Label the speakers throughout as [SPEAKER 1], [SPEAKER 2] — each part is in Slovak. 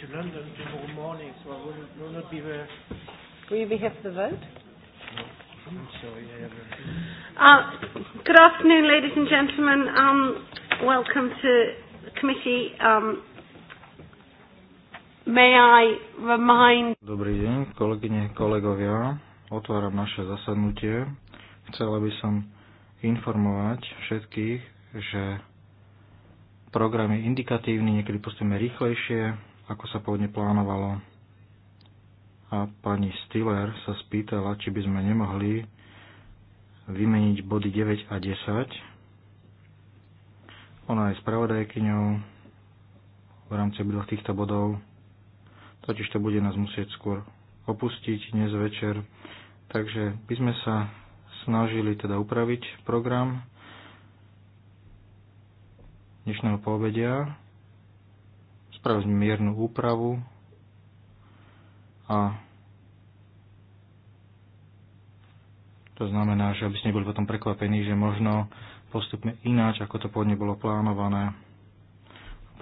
[SPEAKER 1] to London tomorrow morning, so I will will not be there.
[SPEAKER 2] Will you be here for the vote? No.
[SPEAKER 1] I'm sorry, I have a...
[SPEAKER 2] uh, good afternoon, ladies and gentlemen. Um, welcome to the committee. Um, may I remind...
[SPEAKER 1] Dobrý deň, kolegyne, kolegovia. Otváram naše zasadnutie. Chcela by som informovať všetkých, že program je indikatívny, niekedy postupujeme rýchlejšie, ako sa pôvodne plánovalo. A pani Stiller sa spýtala, či by sme nemohli vymeniť body 9 a 10. Ona je spravodajkyňou v rámci obidvoch týchto bodov, totiž to bude nás musieť skôr opustiť dnes večer, takže by sme sa snažili teda upraviť program dnešného poobedia spraviť miernu úpravu a to znamená, že aby ste neboli potom prekvapení, že možno postupne ináč, ako to pôvodne bolo plánované.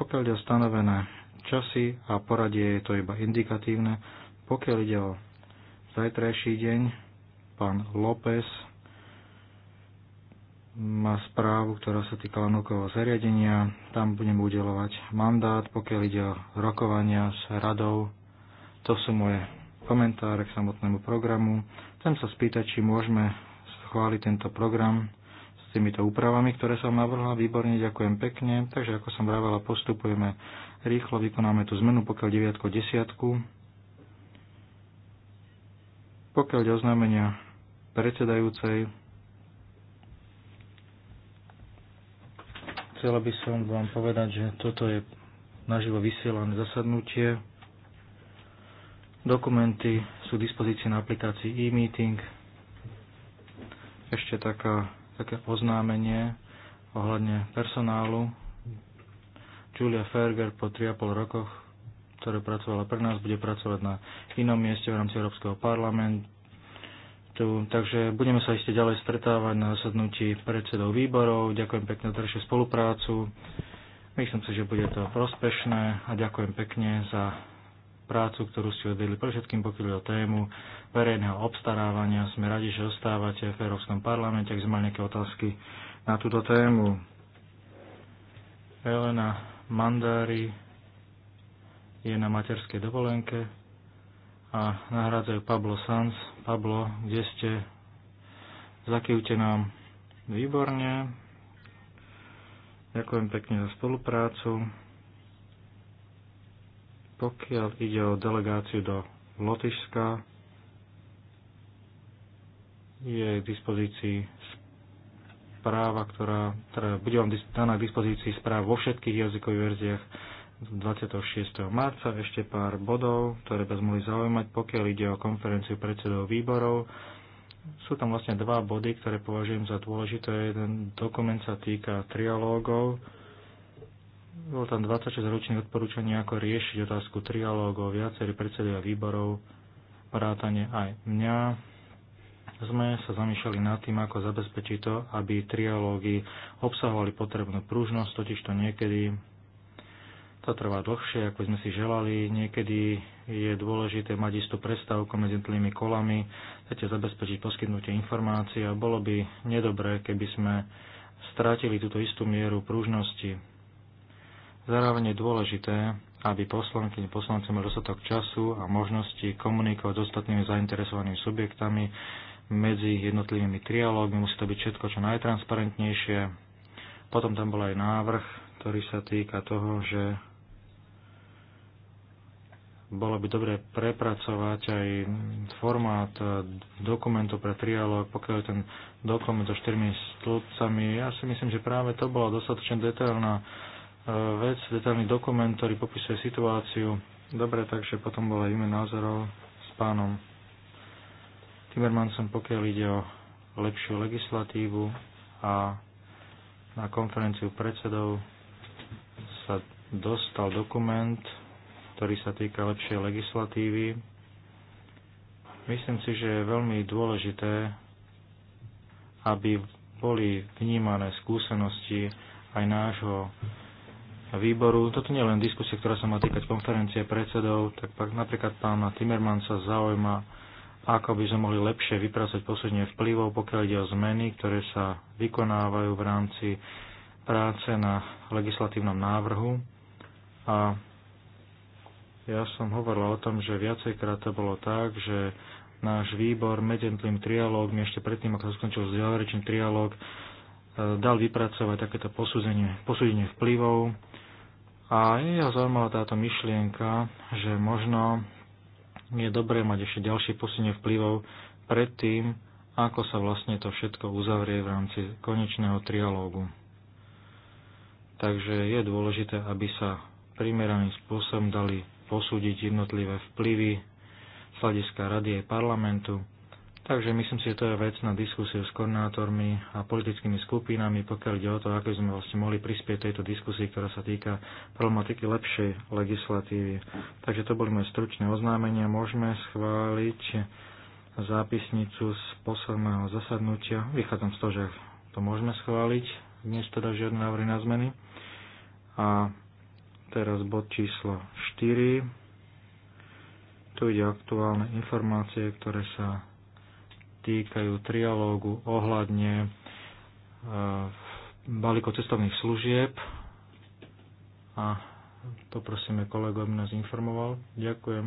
[SPEAKER 1] Pokiaľ ide o stanovené časy a poradie je to iba indikatívne, pokiaľ ide o zajtrajší deň, pán López má správu, ktorá sa týka lanovkového zariadenia. Tam budem udelovať mandát, pokiaľ ide o rokovania s radou. To sú moje komentáre k samotnému programu. Chcem sa spýtať, či môžeme schváliť tento program s týmito úpravami, ktoré som navrhla. Výborne, ďakujem pekne. Takže ako som vravela, postupujeme rýchlo, vykonáme tú zmenu, pokiaľ 9 desiatku. Pokiaľ ide oznámenia predsedajúcej, Chcela by som vám povedať, že toto je naživo vysielané zasadnutie. Dokumenty sú v dispozícii na aplikácii e-meeting. Ešte taká, také oznámenie ohľadne personálu. Julia Ferger po 3,5 rokoch, ktoré pracovala pre nás, bude pracovať na inom mieste v rámci Európskeho parlamentu tu. Takže budeme sa ešte ďalej stretávať na zasadnutí predsedov výborov. Ďakujem pekne za ďalšiu spoluprácu. Myslím si, že bude to prospešné a ďakujem pekne za prácu, ktorú ste odvedli pre všetkým pokiaľ o tému verejného obstarávania. Sme radi, že ostávate v Európskom parlamente, ak sme mali nejaké otázky na túto tému. Elena Mandári je na materskej dovolenke a nahrádzajú Pablo Sanz. Pablo, kde ste? Zakývte nám. Výborne. Ďakujem pekne za spoluprácu. Pokiaľ ide o delegáciu do Lotyšska, je k dispozícii správa, ktorá, bude vám daná k dispozícii správ vo všetkých jazykových verziách 26. marca ešte pár bodov, ktoré by sme mohli zaujímať, pokiaľ ide o konferenciu predsedov výborov. Sú tam vlastne dva body, ktoré považujem za dôležité. Jeden dokument sa týka trialógov. Bolo tam 26 ročných odporúčaní, ako riešiť otázku trialógov. viacerých predsedovia výborov, vrátane aj mňa, sme sa zamýšľali nad tým, ako zabezpečiť to, aby trialógy obsahovali potrebnú pružnosť, totiž to niekedy to trvá dlhšie, ako sme si želali. Niekedy je dôležité mať istú prestávku medzi tými kolami, chcete zabezpečiť poskytnutie informácií a bolo by nedobré, keby sme strátili túto istú mieru pružnosti. Zároveň je dôležité, aby poslanky a poslanci mali dostatok času a možnosti komunikovať s ostatnými zainteresovanými subjektami medzi jednotlivými trialógmi. Musí to byť všetko čo najtransparentnejšie. Potom tam bol aj návrh, ktorý sa týka toho, že bolo by dobre prepracovať aj formát dokumentu pre trialog, pokiaľ je ten dokument so štyrmi stĺpcami. Ja si myslím, že práve to bola dostatočne detailná e, vec, detailný dokument, ktorý popisuje situáciu. Dobre, takže potom bola imen názorov s pánom Timmermansom, pokiaľ ide o lepšiu legislatívu a na konferenciu predsedov sa dostal dokument ktorý sa týka lepšej legislatívy. Myslím si, že je veľmi dôležité, aby boli vnímané skúsenosti aj nášho výboru. Toto nie je len diskusia, ktorá sa má týkať konferencie predsedov, tak pak napríklad pána sa zaujíma, ako by sme mohli lepšie vypracovať posledne vplyvov, pokiaľ ide o zmeny, ktoré sa vykonávajú v rámci práce na legislatívnom návrhu. A ja som hovorila o tom, že viacejkrát to bolo tak, že náš výbor medzentlým trialógmi ešte predtým, ako sa skončil záverečný trialóg, e, dal vypracovať takéto posúdenie, posúdenie vplyvov. A ja zaujímala táto myšlienka, že možno je dobré mať ešte ďalšie posúdenie vplyvov predtým, ako sa vlastne to všetko uzavrie v rámci konečného trialógu. Takže je dôležité, aby sa primeraným spôsobom dali posúdiť jednotlivé vplyvy z hľadiska rady aj parlamentu. Takže myslím si, že to je vec na diskusiu s koordinátormi a politickými skupinami, pokiaľ ide o to, ako sme vlastne mohli prispieť tejto diskusii, ktorá sa týka problematiky lepšej legislatívy. Takže to boli moje stručné oznámenia. Môžeme schváliť zápisnicu z posledného zasadnutia. Vychádzam z toho, že to môžeme schváliť. Dnes teda žiadne návrhy na zmeny. A Teraz bod číslo 4. Tu ide aktuálne informácie, ktoré sa týkajú trialógu ohľadne e, balíko cestovných služieb a poprosíme kolegu, aby nás informoval. Ďakujem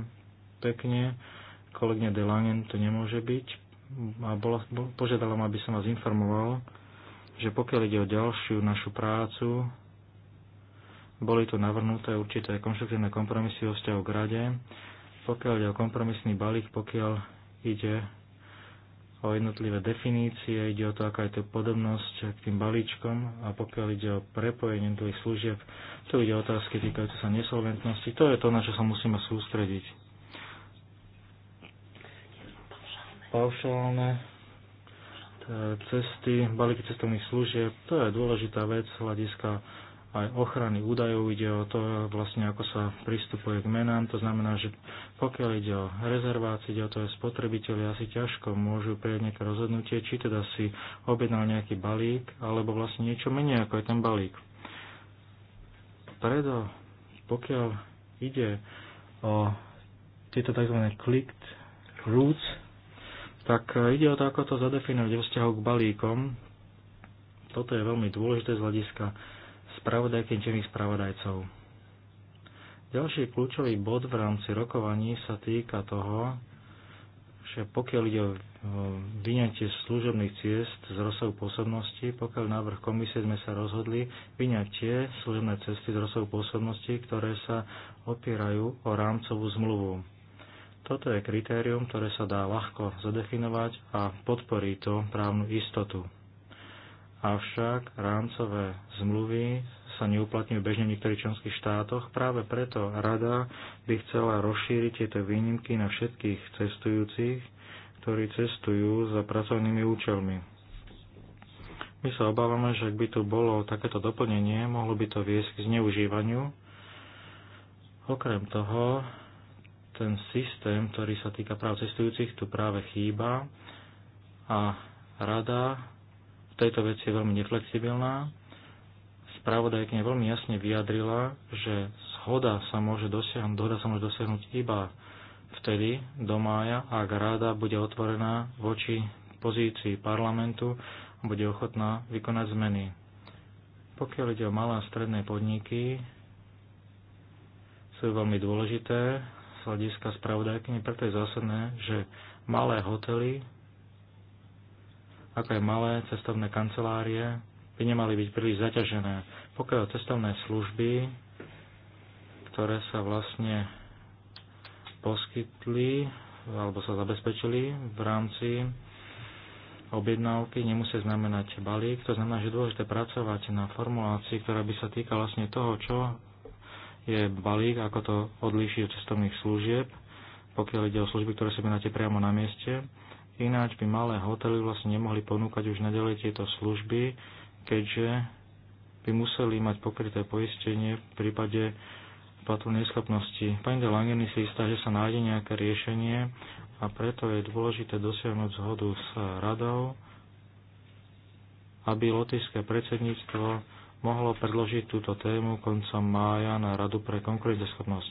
[SPEAKER 1] pekne. Kolegne Delangen to nemôže byť a bola, bo, požiadala ma, aby som vás informoval, že pokiaľ ide o ďalšiu našu prácu, boli tu navrhnuté určité konštruktívne kompromisy o vzťahu k rade, pokiaľ ide o kompromisný balík, pokiaľ ide o jednotlivé definície, ide o to, aká je to podobnosť k tým balíčkom a pokiaľ ide o prepojenie tých služieb, tu ide o otázky týkajúce sa nesolventnosti. To je to, na čo sa musíme sústrediť. Paušálne cesty, balíky cestovných služieb, to je dôležitá vec hľadiska aj ochrany údajov, ide o to vlastne, ako sa pristupuje k menám. To znamená, že pokiaľ ide o rezervácie, ide o to, že spotrebitelia asi ťažko môžu prijať nejaké rozhodnutie, či teda si objednal nejaký balík, alebo vlastne niečo menej, ako je ten balík. Preto, pokiaľ ide o tieto tzv. clicked routes, tak eh, ide o to, ako to zadefinovať vzťahu k balíkom. Toto je veľmi dôležité z hľadiska spravodajky spravodajcov. Ďalší kľúčový bod v rámci rokovaní sa týka toho, že pokiaľ ide o vyňatie služobných ciest z rozsahu pôsobnosti, pokiaľ návrh komisie sme sa rozhodli vyňať tie služobné cesty z rozsahu pôsobnosti, ktoré sa opierajú o rámcovú zmluvu. Toto je kritérium, ktoré sa dá ľahko zadefinovať a podporí to právnu istotu. Avšak rámcové zmluvy sa neuplatňujú bežne v niektorých členských štátoch. Práve preto rada by chcela rozšíriť tieto výnimky na všetkých cestujúcich, ktorí cestujú za pracovnými účelmi. My sa obávame, že ak by tu bolo takéto doplnenie, mohlo by to viesť k zneužívaniu. Okrem toho, ten systém, ktorý sa týka práv cestujúcich, tu práve chýba a rada tejto veci je veľmi neflexibilná. Spravodajkňa veľmi jasne vyjadrila, že zhoda sa môže dosiahnuť, dohoda sa môže dosiahnuť iba vtedy do mája, ak ráda bude otvorená voči pozícii parlamentu a bude ochotná vykonať zmeny. Pokiaľ ide o malé a stredné podniky, sú veľmi dôležité z hľadiska spravodajkyne, preto je zásadné, že malé hotely ako aj malé cestovné kancelárie, by nemali byť príliš zaťažené. Pokiaľ cestovné služby, ktoré sa vlastne poskytli alebo sa zabezpečili v rámci objednávky nemusia znamenať balík. To znamená, že je dôležité pracovať na formulácii, ktorá by sa týka vlastne toho, čo je balík, ako to odlíši od cestovných služieb, pokiaľ ide o služby, ktoré sa vynáte priamo na mieste. Ináč by malé hotely vlastne nemohli ponúkať už nadalej tieto služby, keďže by museli mať pokryté poistenie v prípade platu neschopnosti. Pani de Langeny si istá, že sa nájde nejaké riešenie a preto je dôležité dosiahnuť zhodu s radou, aby lotyšské predsedníctvo mohlo predložiť túto tému koncom mája na Radu pre konkurenceschopnosť.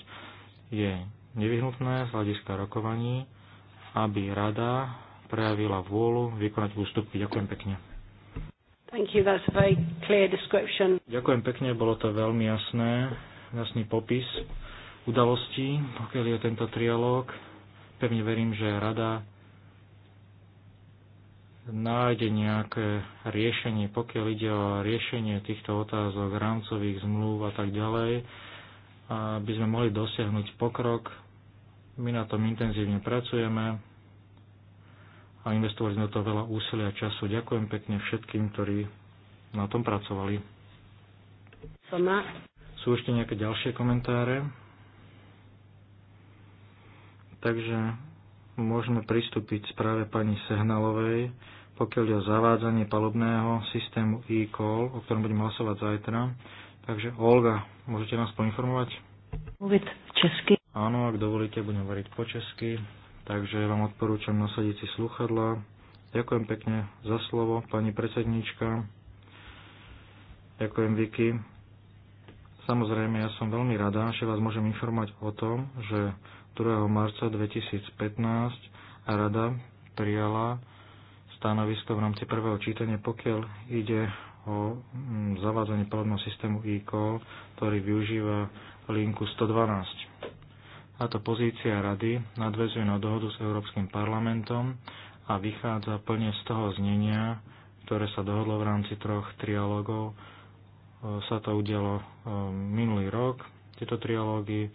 [SPEAKER 1] Je nevyhnutné z hľadiska rokovaní, aby rada prejavila vôľu vykonať ústupky. Ďakujem pekne. Thank you, that's a very clear description. Ďakujem pekne, bolo to veľmi jasné, jasný popis udalostí, pokiaľ je tento trialóg. Pevne verím, že rada nájde nejaké riešenie, pokiaľ ide o riešenie týchto otázok, rámcových zmluv a tak ďalej, aby sme mohli dosiahnuť pokrok. My na tom intenzívne pracujeme a investovali sme do toho veľa úsilia a času. Ďakujem pekne všetkým, ktorí na tom pracovali. Sama. Sú ešte nejaké ďalšie komentáre? Takže môžeme pristúpiť správe pani Sehnalovej, pokiaľ je o zavádzanie palubného systému e-call, o ktorom budeme hlasovať zajtra. Takže Olga, môžete nás poinformovať? Mluviť česky. Áno, ak dovolíte, budem variť po česky takže vám odporúčam nasadiť si sluchadla. Ďakujem pekne za slovo, pani predsedníčka. Ďakujem, Vicky. Samozrejme, ja som veľmi rada, že vás môžem informovať o tom, že 2. marca 2015 rada prijala stanovisko v rámci prvého čítania, pokiaľ ide o mm, zavádzanie plodného systému e ktorý využíva linku 112. Táto pozícia rady nadvezuje na dohodu s Európskym parlamentom a vychádza plne z toho znenia, ktoré sa dohodlo v rámci troch trialógov. E, sa to udialo e, minulý rok, tieto trialógy.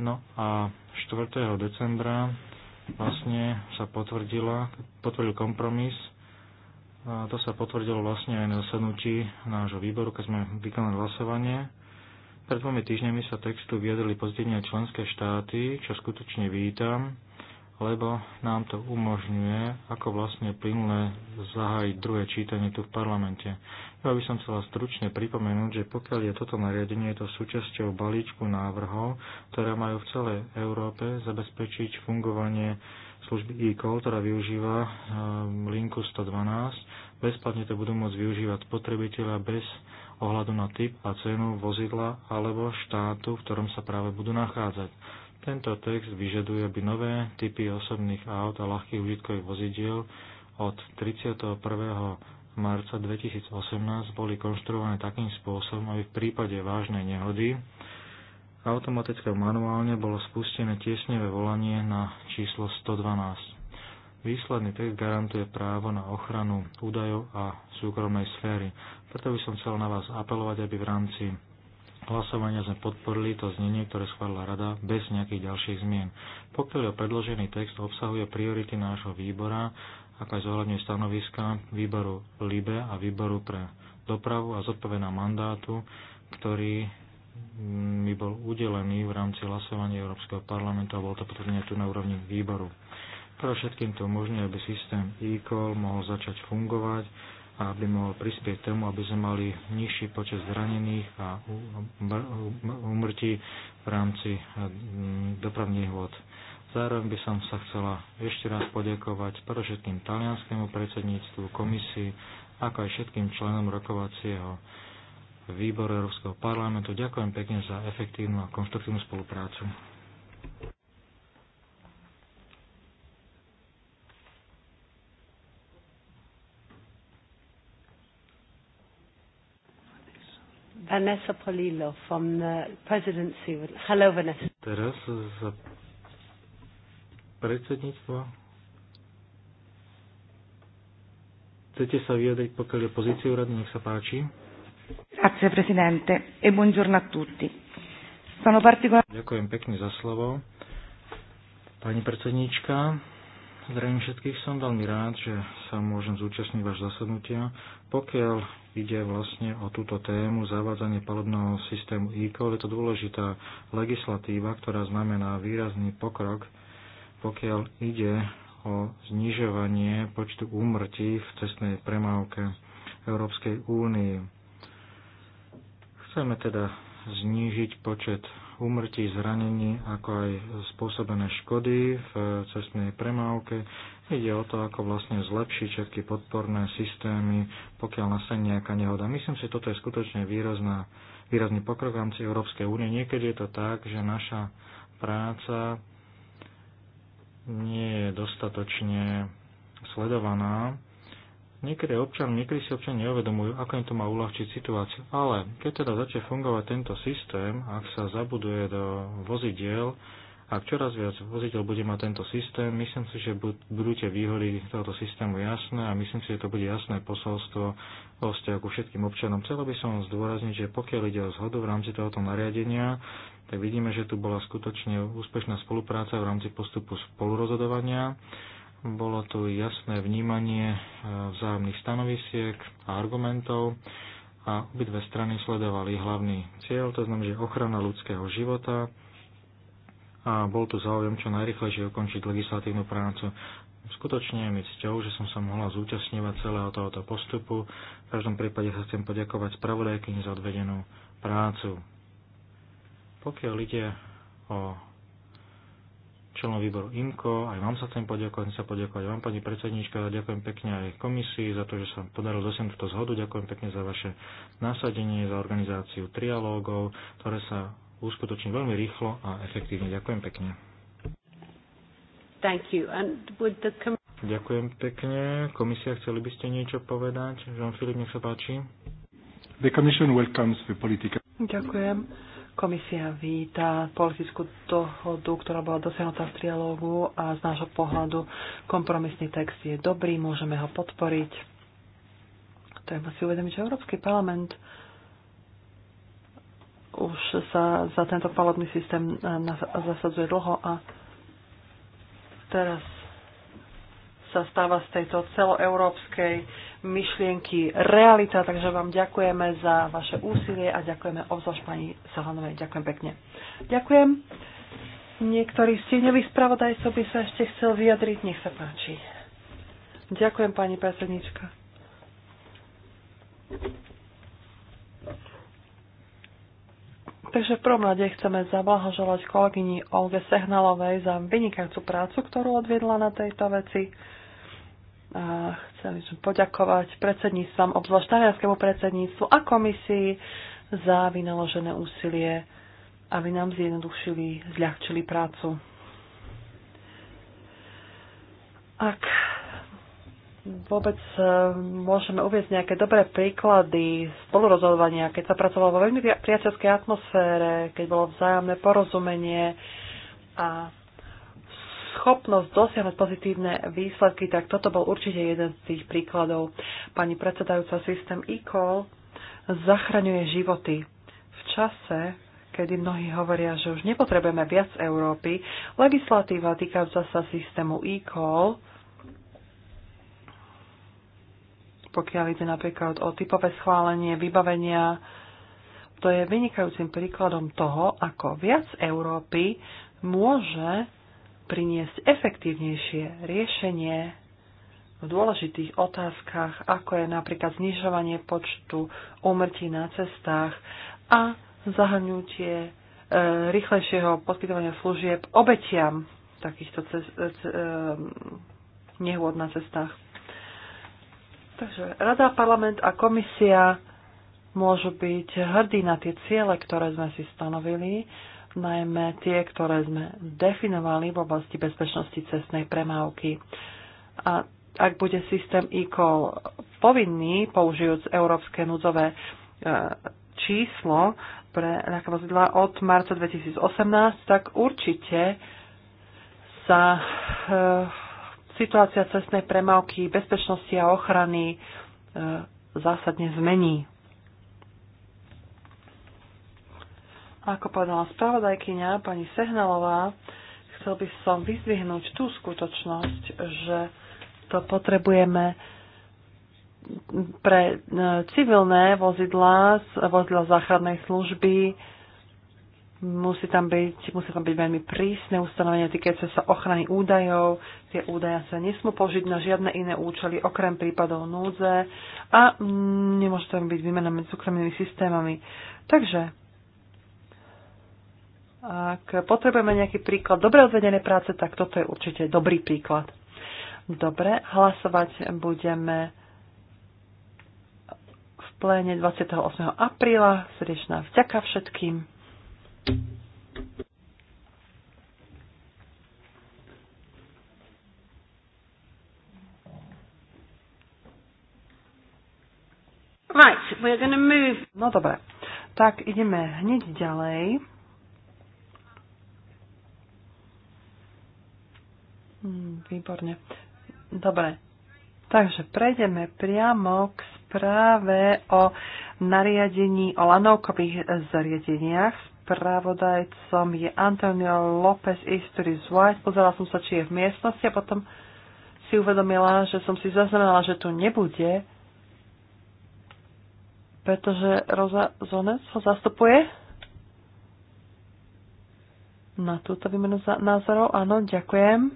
[SPEAKER 1] No a 4. decembra vlastne sa potvrdila, potvrdil kompromis. A to sa potvrdilo vlastne aj na zasadnutí nášho výboru, keď sme vykonali hlasovanie. Pred dvomi týždňami sa textu vyjadrili pozitívne členské štáty, čo skutočne vítam, lebo nám to umožňuje, ako vlastne plynule zahájiť druhé čítanie tu v parlamente. Ja by som chcela stručne pripomenúť, že pokiaľ je toto nariadenie, je to súčasťou balíčku návrhov, ktoré majú v celej Európe zabezpečiť fungovanie služby e-call, ktorá využíva ehm, linku 112. Bezplatne to budú môcť využívať potrebiteľa bez ohľadu na typ a cenu vozidla alebo štátu, v ktorom sa práve budú nachádzať. Tento text vyžaduje, aby nové typy osobných aut a ľahkých užitkových vozidiel od 31. marca 2018 boli konštruované takým spôsobom, aby v prípade vážnej nehody automaticky manuálne bolo spustené tiesnevé volanie na číslo 112. Výsledný text garantuje právo na ochranu údajov a súkromnej sféry. Preto by som chcel na vás apelovať, aby v rámci hlasovania sme podporili to znenie, ktoré schválila Rada bez nejakých ďalších zmien. Pokiaľ je predložený text obsahuje priority nášho výbora, ako aj zohľadňuje stanoviska výboru LIBE a výboru pre dopravu a zodpovedná mandátu, ktorý mm, mi bol udelený v rámci hlasovania Európskeho parlamentu a bol to potvrdené tu na úrovni výboru. Pre všetkým to umožňuje, aby systém e-call mohol začať fungovať a aby mohol prispieť tomu, aby sme mali nižší počet zranených a umrtí v rámci eh, dopravných vod. Zároveň by som sa chcela ešte raz poďakovať pre všetkým talianskému predsedníctvu, komisii, ako aj všetkým členom rokovacieho výboru Európskeho parlamentu. Ďakujem pekne za efektívnu a konštruktívnu spoluprácu.
[SPEAKER 2] Vanessa Polillo from the presidency. Hello, Vanessa.
[SPEAKER 1] Teraz za predsedníctvo. Chcete sa vyjadriť, pokiaľ je pozíciu rady? Nech sa páči.
[SPEAKER 2] Grazie, presidente, e buongiorno a tutti. Sono
[SPEAKER 1] particolar... Ďakujem pekne za slovo. Pani predsedníčka, Zdravím všetkých, som veľmi rád, že sa môžem zúčastniť váš zasadnutia. Pokiaľ ide vlastne o túto tému, zavádzanie palobného systému ICO, je to dôležitá legislatíva, ktorá znamená výrazný pokrok, pokiaľ ide o znižovanie počtu úmrtí v cestnej premávke Európskej únii. Chceme teda znížiť počet úmrtí, zranení, ako aj spôsobené škody v cestnej premávke. Ide o to, ako vlastne zlepšiť všetky podporné systémy, pokiaľ nastane nejaká nehoda. Myslím si, toto je skutočne výrazná, výrazný pokrok v rámci Európskej únie. Niekedy je to tak, že naša práca nie je dostatočne sledovaná Niekedy občan, niekedy si občan neuvedomujú, ako im to má uľahčiť situáciu. Ale keď teda začne fungovať tento systém, ak sa zabuduje do vozidiel, ak čoraz viac voziteľ bude mať tento systém, myslím si, že budú tie výhody tohoto systému jasné a myslím si, že to bude jasné posolstvo o vzťahu ku všetkým občanom. Chcel by som zdôrazniť, že pokiaľ ide o zhodu v rámci tohoto nariadenia, tak vidíme, že tu bola skutočne úspešná spolupráca v rámci postupu spolurozhodovania bolo tu jasné vnímanie e, vzájomných stanovisiek a argumentov a obidve strany sledovali hlavný cieľ, to znamená, že ochrana ľudského života a bol tu záujem čo najrychlejšie ukončiť legislatívnu prácu. Skutočne je mi cťou, že som sa mohla zúčastňovať celého tohoto postupu. V každom prípade sa chcem poďakovať spravodajkyni za odvedenú prácu. Pokiaľ ide o členom výboru IMKO, aj vám sa chcem poďakovať, chcem sa poďakovať vám, pani predsednička, ďakujem pekne aj komisii za to, že sa podarilo dosiahnuť túto zhodu, ďakujem pekne za vaše nasadenie, za organizáciu trialógov, ktoré sa uskutoční veľmi rýchlo a efektívne. Ďakujem pekne.
[SPEAKER 2] Thank you. And would the com-
[SPEAKER 1] Ďakujem pekne. Komisia, chceli by ste niečo povedať? Jean-Philippe, nech sa páči. The commission welcomes the political...
[SPEAKER 3] Ďakujem. Komisia víta politickú dohodu, ktorá bola dosiahnutá v trialógu a z nášho pohľadu kompromisný text je dobrý, môžeme ho podporiť. Treba si uvedomiť, že Európsky parlament už sa za tento palobný systém eh, zasadzuje dlho a teraz sa stáva z tejto celoeurópskej myšlienky realita, takže vám ďakujeme za vaše úsilie a ďakujeme obzvlášť pani Sohanovej. Ďakujem pekne. Ďakujem. Niektorí stieňových spravodajcov by sa ešte chcel vyjadriť. Nech sa páči. Ďakujem, pani predsednička. Takže v prvom rade chceme zablahoželať kolegyni Olge Sehnalovej za vynikajúcu prácu, ktorú odviedla na tejto veci. A chceli sme poďakovať predsedníctvom, obzvlášť talianskému predsedníctvu a komisii za vynaložené úsilie, aby nám zjednodušili, zľahčili prácu. Ak vôbec e, môžeme uvieť nejaké dobré príklady spolurozhodovania, keď sa pracovalo vo veľmi priateľskej atmosfére, keď bolo vzájomné porozumenie a schopnosť dosiahnuť pozitívne výsledky, tak toto bol určite jeden z tých príkladov. Pani predsedajúca, systém e-call zachraňuje životy v čase, kedy mnohí hovoria, že už nepotrebujeme viac Európy, legislatíva týkajúca sa systému e-call, pokiaľ ide napríklad o typové schválenie, vybavenia, to je vynikajúcim príkladom toho, ako viac Európy môže priniesť efektívnejšie riešenie v dôležitých otázkach, ako je napríklad znižovanie počtu úmrtí na cestách a zahrnutie e, rýchlejšieho poskytovania služieb obetiam takýchto e, e, nehôd na cestách. Takže Rada, parlament a komisia môžu byť hrdí na tie ciele, ktoré sme si stanovili najmä tie, ktoré sme definovali v oblasti bezpečnosti cestnej premávky. A ak bude systém e-call povinný, použijúc európske núdzové e, číslo pre ľahké vozidla od marca 2018, tak určite sa e, situácia cestnej premávky, bezpečnosti a ochrany e, zásadne zmení. Ako povedala spravodajkyňa pani Sehnalová, chcel by som vyzvihnúť tú skutočnosť, že to potrebujeme pre e, civilné vozidlá, vozidla záchrannej služby, musí tam byť, musí tam byť veľmi prísne ustanovenie týkajúce sa ochrany údajov. Tie údaje sa nesmú použiť na žiadne iné účely, okrem prípadov núdze a mm, nemôže tam byť výmena medzi súkromnými systémami. Takže ak potrebujeme nejaký príklad dobre odvedené práce, tak toto je určite dobrý príklad. Dobre, hlasovať budeme v pléne 28. apríla. Srdečná vďaka všetkým.
[SPEAKER 2] Right, we're move.
[SPEAKER 3] No dobre, tak ideme hneď ďalej. Mm, výborne. Dobre. Takže prejdeme priamo k správe o nariadení o lanovkových zariadeniach. Spravodajcom je Antonio López Isturiz White. Pozerala som sa, či je v miestnosti a potom si uvedomila, že som si zaznamenala, že tu nebude, pretože Roza Zonec ho zastupuje na túto výmenu názorov. Áno, ďakujem.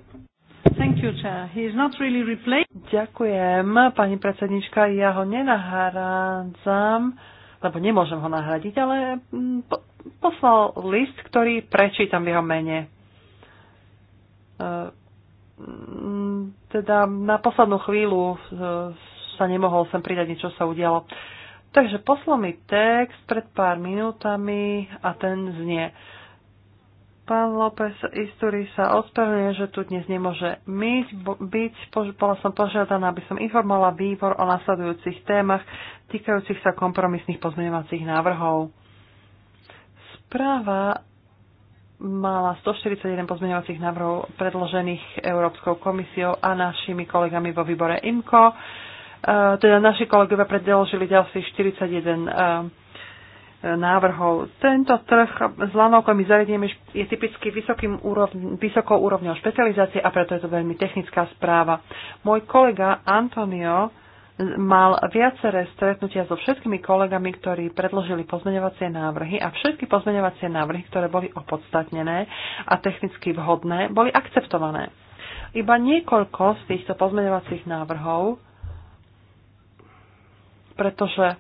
[SPEAKER 3] Thank you, Chair. He is not really replaced. Ďakujem, pani predsednička. Ja ho nenahrádzam, lebo nemôžem ho nahradiť, ale mm, po- poslal list, ktorý prečítam v jeho mene. E, mm, teda na poslednú chvíľu e, sa nemohol sem pridať niečo sa udialo. Takže poslal mi text pred pár minútami a ten znie. Pán López Isturi sa ospravedlňuje, že tu dnes nemôže myť, byť. Bola som požiadaná, aby som informovala výbor o nasledujúcich témach týkajúcich sa kompromisných pozmeňovacích návrhov. Správa mala 141 pozmeňovacích návrhov predložených Európskou komisiou a našimi kolegami vo výbore IMCO. E, teda naši kolegovia predložili ďalších 41 návrhov. Tento trh s lanovkami zariadeniami je typicky vysokým úrovň, vysokou úrovňou špecializácie a preto je to veľmi technická správa. Môj kolega Antonio mal viaceré stretnutia so všetkými kolegami, ktorí predložili pozmeňovacie návrhy a všetky pozmeňovacie návrhy, ktoré boli opodstatnené a technicky vhodné, boli akceptované. Iba niekoľko z týchto pozmeňovacích návrhov, pretože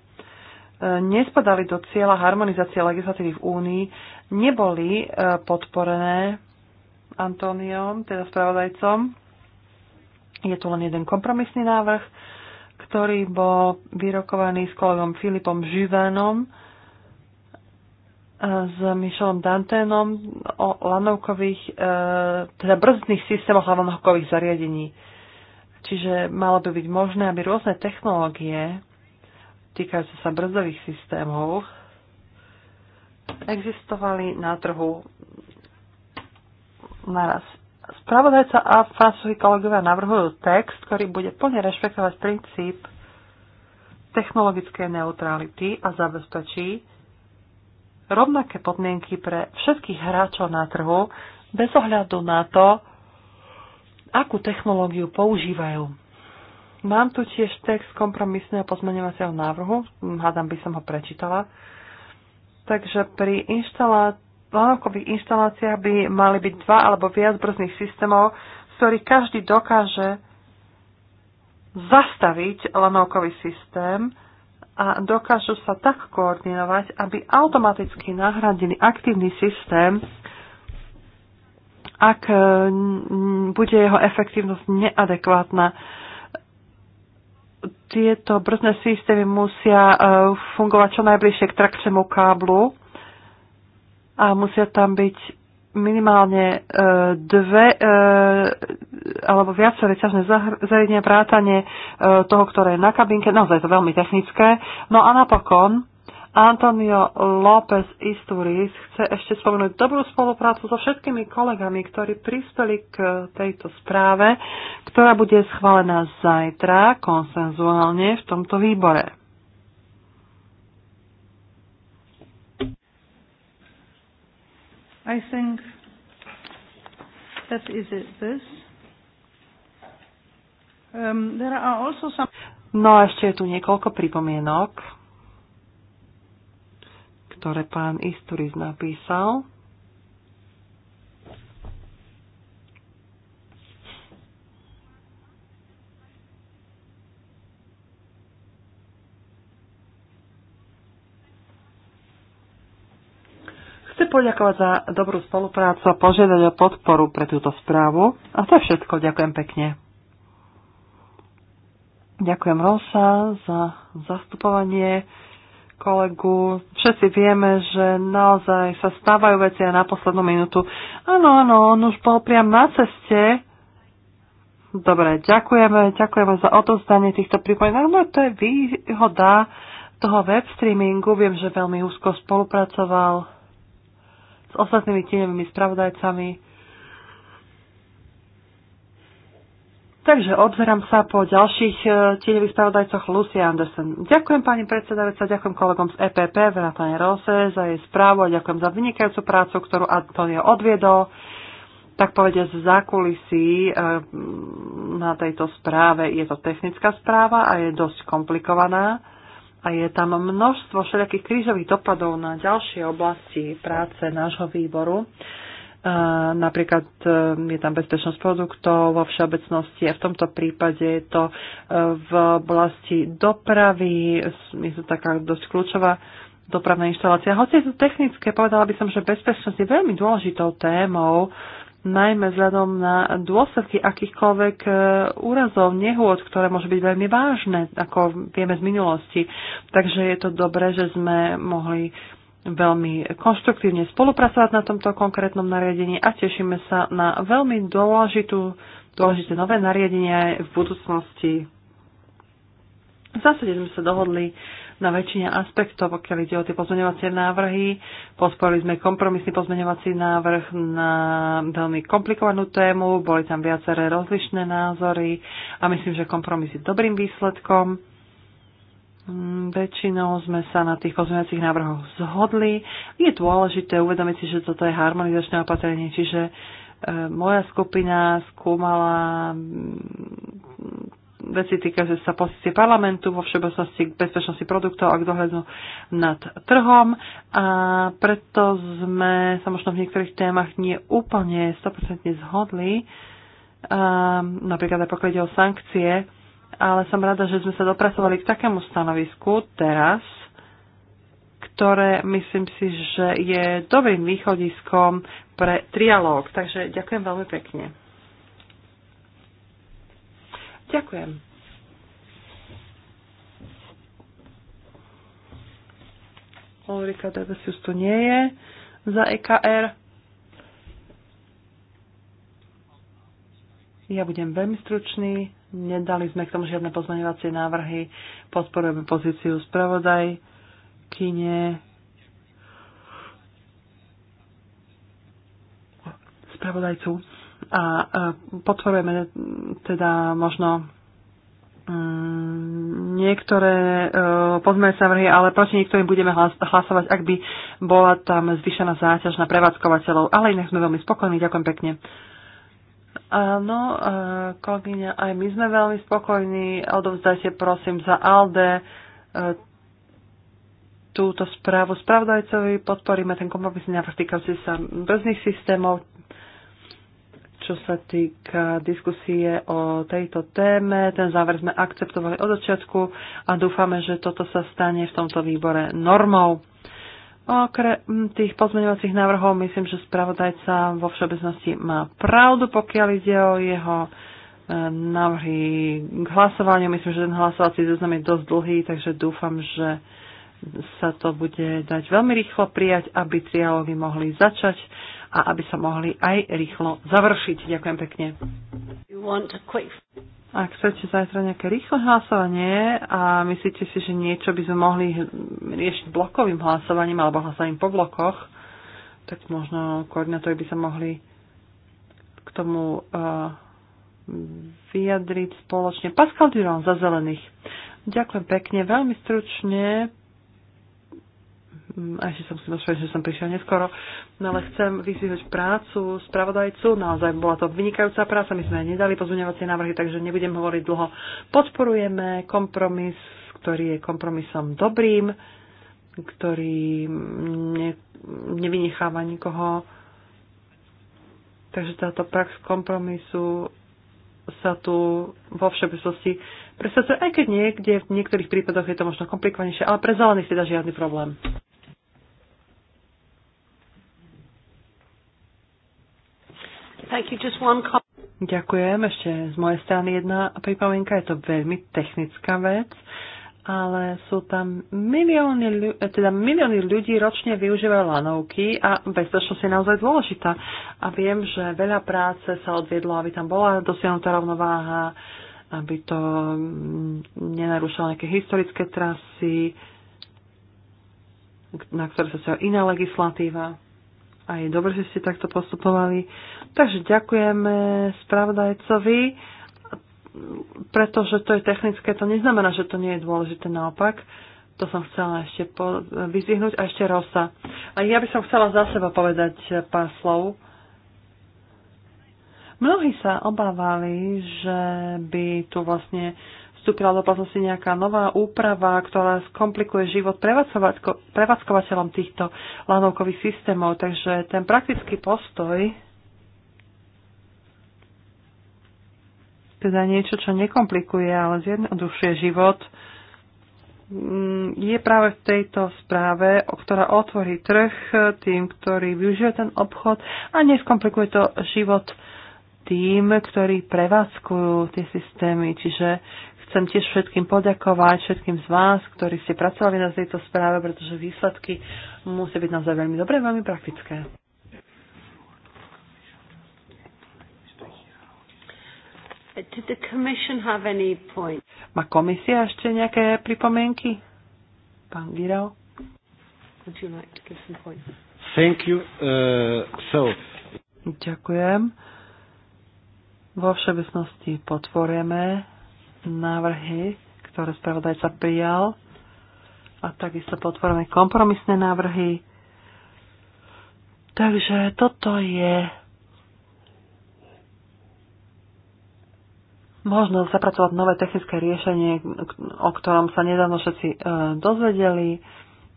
[SPEAKER 3] nespadali do cieľa harmonizácie legislatívy v Únii, neboli e, podporené Antóniom, teda spravodajcom. Je tu len jeden kompromisný návrh, ktorý bol vyrokovaný s kolegom Filipom Živánom, e, s Michelom Danténom o lanovkových, e, teda brzdných systémoch lanovkových zariadení. Čiže malo by byť možné, aby rôzne technológie týkajúce sa brzdových systémov, existovali na trhu naraz. Spravodajca a francúzi kolegovia navrhujú text, ktorý bude plne rešpektovať princíp technologickej neutrality a zabezpečí rovnaké podmienky pre všetkých hráčov na trhu bez ohľadu na to, akú technológiu používajú. Mám tu tiež text kompromisného pozmeňovacieho návrhu, hm, hádam by som ho prečítala. Takže pri lanovkových inštaláciách by mali byť dva alebo viac brzdných systémov, z ktorých každý dokáže zastaviť lanovkový systém a dokážu sa tak koordinovať, aby automaticky nahradili aktívny systém, ak bude jeho efektívnosť neadekvátna tieto brzdné systémy musia e, fungovať čo najbližšie k trakčnému káblu a musia tam byť minimálne e, dve e, alebo viaceré ťažné zariadenia vrátanie toho, ktoré je na kabinke. Naozaj je to veľmi technické. No a napokon Antonio López Isturiz chce ešte spomenúť dobrú spoluprácu so všetkými kolegami, ktorí prispeli k tejto správe, ktorá bude schválená zajtra konsenzuálne v tomto výbore. I think that is it, this. Um, there are also some... No a ešte je tu niekoľko pripomienok ktoré pán Isturiz napísal. Chcem poďakovať za dobrú spoluprácu a požiadať o podporu pre túto správu. A to je všetko. Ďakujem pekne. Ďakujem Rosa za zastupovanie kolegu. Všetci vieme, že naozaj sa stávajú veci aj na poslednú minútu. Áno, áno, on už bol priam na ceste. Dobre, ďakujeme, ďakujeme za odozdanie týchto pripomienok. No to je výhoda toho web streamingu. Viem, že veľmi úzko spolupracoval s ostatnými tieňovými spravodajcami Takže obzerám sa po ďalších e, tieňových spravodajcoch Lucy Anderson. Ďakujem pani predsedajúca, ďakujem kolegom z EPP, vrátane Rose za jej správu a ďakujem za vynikajúcu prácu, ktorú Antonio odviedol, tak povedia, z zákulisí e, na tejto správe. Je to technická správa a je dosť komplikovaná a je tam množstvo všelijakých krížových dopadov na ďalšie oblasti práce nášho výboru. Eh, napríklad eh, je tam bezpečnosť produktov vo všeobecnosti a v tomto prípade je to eh, v oblasti dopravy, je to taká dosť kľúčová dopravná inštalácia. Hoci je to technické, povedala by som, že bezpečnosť je veľmi dôležitou témou, najmä vzhľadom na dôsledky akýchkoľvek úrazov, nehôd, ktoré môžu byť veľmi vážne, ako vieme z minulosti. Takže je to dobré, že sme mohli veľmi konštruktívne spolupracovať na tomto konkrétnom nariadení a tešíme sa na veľmi dôležitú, dôležité nové nariadenie v budúcnosti. V zásade sme sa dohodli na väčšine aspektov, pokiaľ ide o tie pozmeňovacie návrhy. Podporili sme kompromisný pozmeňovací návrh na veľmi komplikovanú tému, boli tam viaceré rozlišné názory a myslím, že kompromis je dobrým výsledkom Mm, väčšinou sme sa na tých pozmeňovacích návrhoch zhodli. Je dôležité uvedomiť si, že toto je harmonizačné opatrenie, čiže e, moja skupina skúmala mm, veci týkajúce sa pozície parlamentu vo všeobecnosti k bezpečnosti produktov a k dohľadu nad trhom a preto sme sa možno v niektorých témach nie úplne 100% zhodli, um, napríklad aj pokiaľ ide o sankcie, ale som rada, že sme sa dopracovali k takému stanovisku teraz, ktoré myslím si, že je dobrým východiskom pre trialóg. Takže ďakujem veľmi pekne. Ďakujem. Ulrika Debesius tu nie je za EKR. Ja budem veľmi stručný. Nedali sme k tomu žiadne pozmeňovacie návrhy. Podporujeme pozíciu spravodaj kine. Spravodajcu. A podporujeme teda možno mm, niektoré e, pozmeňovacie návrhy, ale proti niektorým budeme hlasovať, ak by bola tam zvyšená záťaž na prevádzkovateľov. Ale inak sme veľmi spokojní. Ďakujem pekne. Áno, e, kolegyňa, aj my sme veľmi spokojní. Odovzdajte prosím za ALDE e, túto správu spravodajcovi. Podporíme ten kompromisný návrh týkajúci sa rôznych systémov, čo sa týka diskusie o tejto téme. Ten záver sme akceptovali od začiatku a dúfame, že toto sa stane v tomto výbore normou. Okrem tých pozmeňovacích návrhov myslím, že spravodajca vo všeobecnosti má pravdu, pokiaľ ide o jeho e, návrhy k hlasovaniu. Myslím, že ten hlasovací zoznam je dosť dlhý, takže dúfam, že sa to bude dať veľmi rýchlo prijať, aby trialógy mohli začať a aby sa mohli aj rýchlo završiť. Ďakujem pekne. Ak chcete zajtra nejaké rýchle hlasovanie a myslíte si, že niečo by sme mohli riešiť blokovým hlasovaním alebo hlasovaním po blokoch, tak možno koordinátori by sa mohli k tomu uh, vyjadriť spoločne. Pascal Duron za zelených. Ďakujem pekne, veľmi stručne Mm, a ešte som si ospravedlniť, že som prišiel neskoro, no ale chcem vyzvihnúť prácu spravodajcu, naozaj bola to vynikajúca práca, my sme nedali pozmeňovacie návrhy, takže nebudem hovoriť dlho. Podporujeme kompromis, ktorý je kompromisom dobrým, ktorý ne, nevynecháva nikoho. Takže táto prax kompromisu sa tu vo všeobecnosti presadzuje, aj keď niekde v niektorých prípadoch je to možno komplikovanejšie, ale pre zelených teda žiadny problém.
[SPEAKER 2] Thank you. Just one
[SPEAKER 3] Ďakujem. Ešte z mojej strany jedna pripomienka. Je to veľmi technická vec, ale sú tam milióny, eh, teda milióny ľudí ročne využívajú lanovky a bezpečnosť je naozaj dôležitá. A viem, že veľa práce sa odviedlo, aby tam bola dosiahnutá rovnováha, aby to mm, nenarúšalo nejaké historické trasy, na ktoré sa sa iná legislatíva. A je dobre, že ste takto postupovali Takže ďakujeme spravodajcovi, pretože to je technické, to neznamená, že to nie je dôležité, naopak. To som chcela ešte po- vyzvihnúť a ešte Rosa. A ja by som chcela za seba povedať pár slov. Mnohí sa obávali, že by tu vlastne vstúpila do platnosti nejaká nová úprava, ktorá skomplikuje život prevádzkovateľom týchto lanovkových systémov. Takže ten praktický postoj teda niečo, čo nekomplikuje, ale zjednodušuje život, mm, je práve v tejto správe, ktorá otvorí trh e, tým, ktorí využijú ten obchod a neskomplikuje to život tým, ktorí prevádzkujú tie systémy. Čiže chcem tiež všetkým poďakovať, všetkým z vás, ktorí ste pracovali na tejto správe, pretože výsledky musia byť naozaj veľmi dobré, veľmi praktické.
[SPEAKER 2] Did the commission have any point?
[SPEAKER 3] Má komisia ešte nejaké pripomienky? Pán Girao?
[SPEAKER 2] Would you like to give some points?
[SPEAKER 1] Thank you. Uh, so.
[SPEAKER 3] Ďakujem. Vo všeobecnosti podporujeme návrhy, ktoré spravodajca prijal a takisto podporujeme kompromisné návrhy. Takže toto je možno zapracovať nové technické riešenie, o ktorom sa nedávno všetci e, dozvedeli.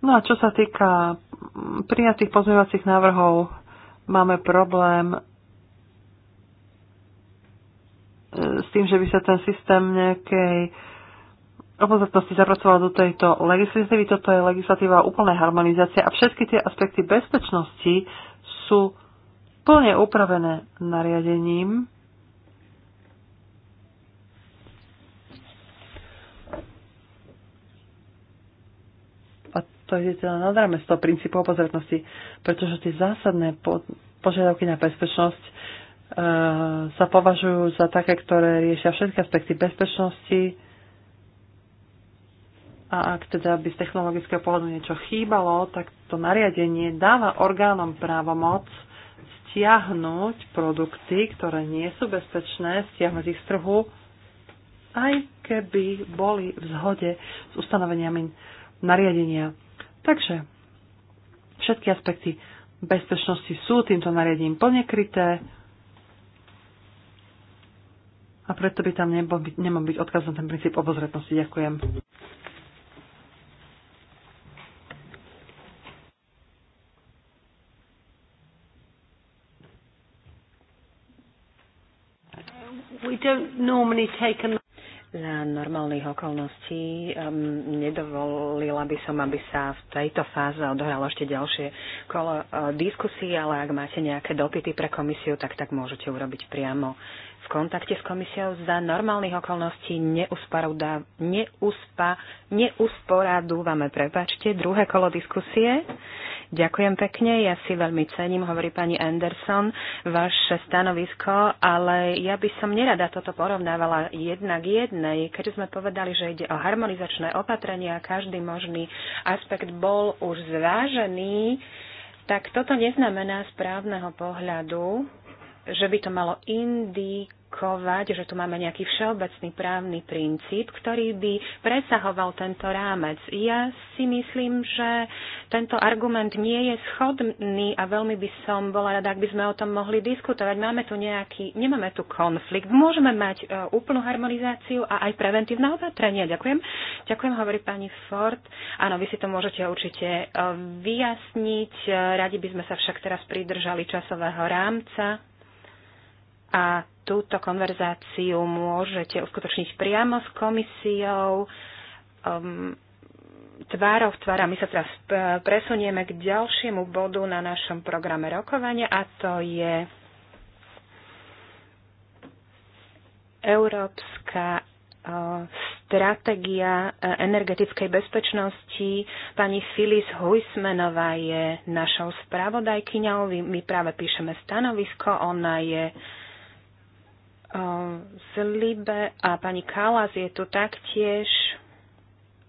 [SPEAKER 3] No a čo sa týka prijatých pozmeňovacích návrhov, máme problém e, s tým, že by sa ten systém nejakej obozretnosti zapracoval do tejto legislatívy. Toto je legislatíva úplnej harmonizácie a všetky tie aspekty bezpečnosti sú plne upravené nariadením to je teda nad z toho princípu opozornosti, pretože tie zásadné po, požiadavky na bezpečnosť e, sa považujú za také, ktoré riešia všetky aspekty bezpečnosti a ak teda by z technologického pohľadu niečo chýbalo, tak to nariadenie dáva orgánom právomoc stiahnuť produkty, ktoré nie sú bezpečné, stiahnuť ich z trhu, aj keby boli v zhode s ustanoveniami nariadenia. Takže všetky aspekty bezpečnosti sú týmto nariadením plne kryté a preto by tam nebol, nemal byť odkaz na ten princíp obozretnosti. Ďakujem.
[SPEAKER 4] We don't normally take a... Za normálnych okolností um, nedovolila by som, aby sa v tejto fáze odohralo ešte ďalšie kolo uh, diskusí, ale ak máte nejaké dopity pre komisiu, tak tak môžete urobiť priamo v kontakte s komisiou. Za normálnych okolností neusparodá, neuspa, neusporadúvame, prepačte, druhé kolo diskusie. Uh, Ďakujem pekne, ja si veľmi cením, hovorí pani Anderson, vaše stanovisko, ale ja by som nerada toto porovnávala jednak jednej, keďže sme povedali, že ide o harmonizačné opatrenia a každý možný aspekt bol už zvážený, tak toto neznamená správneho pohľadu, že by to malo indikovať aplikovať, že tu máme nejaký všeobecný právny princíp, ktorý by presahoval tento rámec. Ja si myslím, že tento argument nie je schodný a veľmi by som bola rada, ak by sme o tom mohli diskutovať. Máme tu nejaký, nemáme tu konflikt. Môžeme mať e, úplnú harmonizáciu a aj preventívne opatrenia. Ďakujem. Ďakujem, hovorí pani Ford. Áno, vy si to môžete určite e, vyjasniť. E, radi by sme sa však teraz pridržali časového rámca a túto konverzáciu môžete uskutočniť priamo s komisiou. Um, tvárov tvára. My sa teraz e, presunieme k ďalšiemu bodu na našom programe rokovania a to je Európska e, stratégia e, energetickej bezpečnosti. Pani Filis Huismenová je našou spravodajkyňou. My práve píšeme stanovisko. Ona je uh, z Libe a pani Kalas je tu taktiež.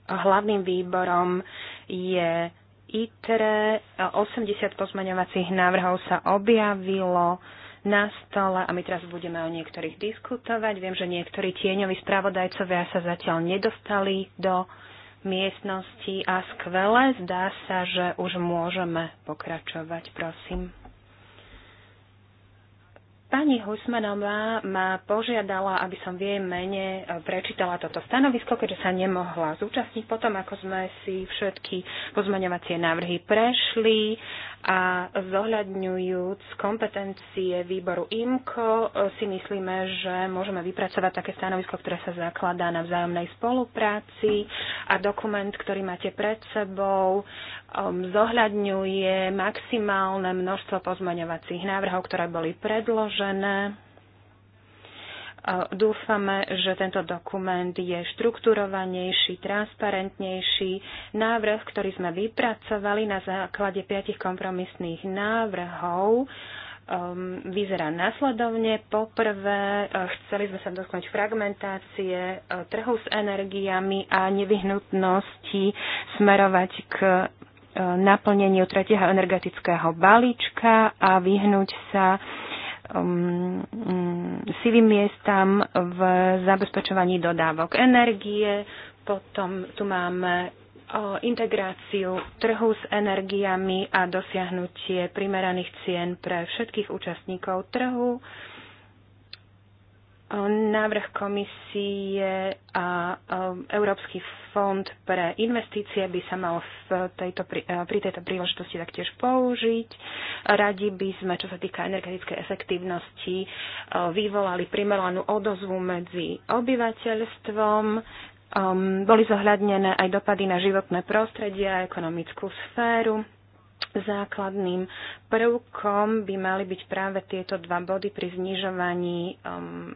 [SPEAKER 4] Hlavným výborom je ITRE. 80 pozmeňovacích návrhov sa objavilo na stole a my teraz budeme o niektorých diskutovať. Viem, že niektorí tieňoví spravodajcovia sa zatiaľ nedostali do miestnosti a skvele. Zdá sa, že už môžeme pokračovať. Prosím. Pani Husmanová ma požiadala, aby som v jej mene e, prečítala toto stanovisko, keďže sa nemohla zúčastniť potom, ako sme si všetky pozmaňovacie návrhy prešli a zohľadňujúc kompetencie výboru IMCO e, si myslíme, že môžeme vypracovať také stanovisko, ktoré sa zakladá na vzájomnej spolupráci a dokument, ktorý máte pred sebou, e, zohľadňuje maximálne množstvo pozmaňovacích návrhov, ktoré boli predložené Dúfame, že tento dokument je štrukturovanejší, transparentnejší. Návrh, ktorý sme vypracovali na základe piatich kompromisných návrhov, um, vyzerá následovne. Poprvé, uh, chceli sme sa dotknúť fragmentácie uh, trhu s energiami a nevyhnutnosti smerovať k uh, naplneniu tretieho energetického balíčka a vyhnúť sa um, um, sivým miestam v zabezpečovaní dodávok energie, potom tu máme o integráciu trhu s energiami a dosiahnutie primeraných cien pre všetkých účastníkov trhu. Um, Návrh komisie a um, Európsky fond pre investície by sa mal v tejto, eh, pri tejto príležitosti taktiež použiť. Radi by sme, čo sa týka energetickej efektívnosti, eh, vyvolali primeranú odozvu medzi obyvateľstvom. Um, boli zohľadnené aj dopady na životné prostredie a ekonomickú sféru Základným prvkom by mali byť práve tieto dva body pri znižovaní um,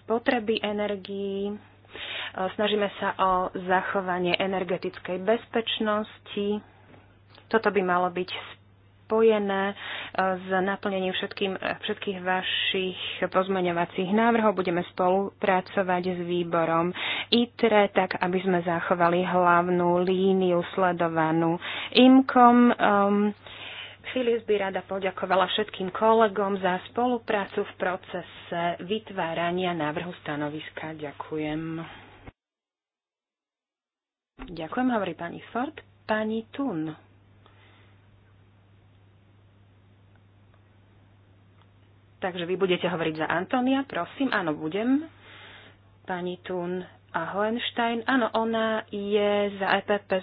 [SPEAKER 4] spotreby energií. Snažíme sa o zachovanie energetickej bezpečnosti. Toto by malo byť spojené e, s naplnením všetkým, všetkých vašich pozmeňovacích návrhov. Budeme spolupracovať s výborom ITRE, tak aby sme zachovali hlavnú líniu sledovanú IMKOM. Um, ehm, Filis by rada poďakovala všetkým kolegom za spoluprácu v procese vytvárania návrhu stanoviska. Ďakujem. Ďakujem, hovorí pani Ford. Pani Tun. Takže vy budete hovoriť za Antonia, prosím. Áno, budem. Pani Tun a Hohenstein. Áno, ona je za EPP, e,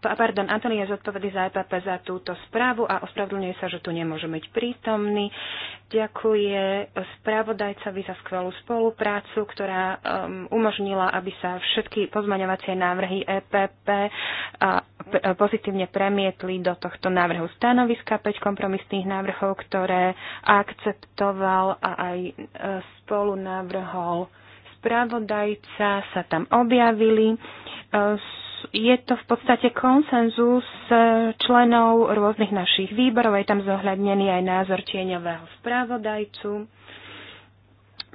[SPEAKER 4] pardon, Antonia je zodpovedný za EPP za túto správu a ospravedlňuje sa, že tu nemôže byť prítomný. Ďakuje správodajcovi za skvelú spoluprácu, ktorá um, umožnila, aby sa všetky pozmaňovacie návrhy EPP a, e, pozitívne premietli do tohto návrhu stanoviska 5 kompromisných návrhov, ktoré akceptoval a aj e, spolu navrhol spravodajca sa tam objavili. Eh, je to v podstate konsenzus eh, členov rôznych našich výborov, je tam zohľadnený aj názor tieňového spravodajcu.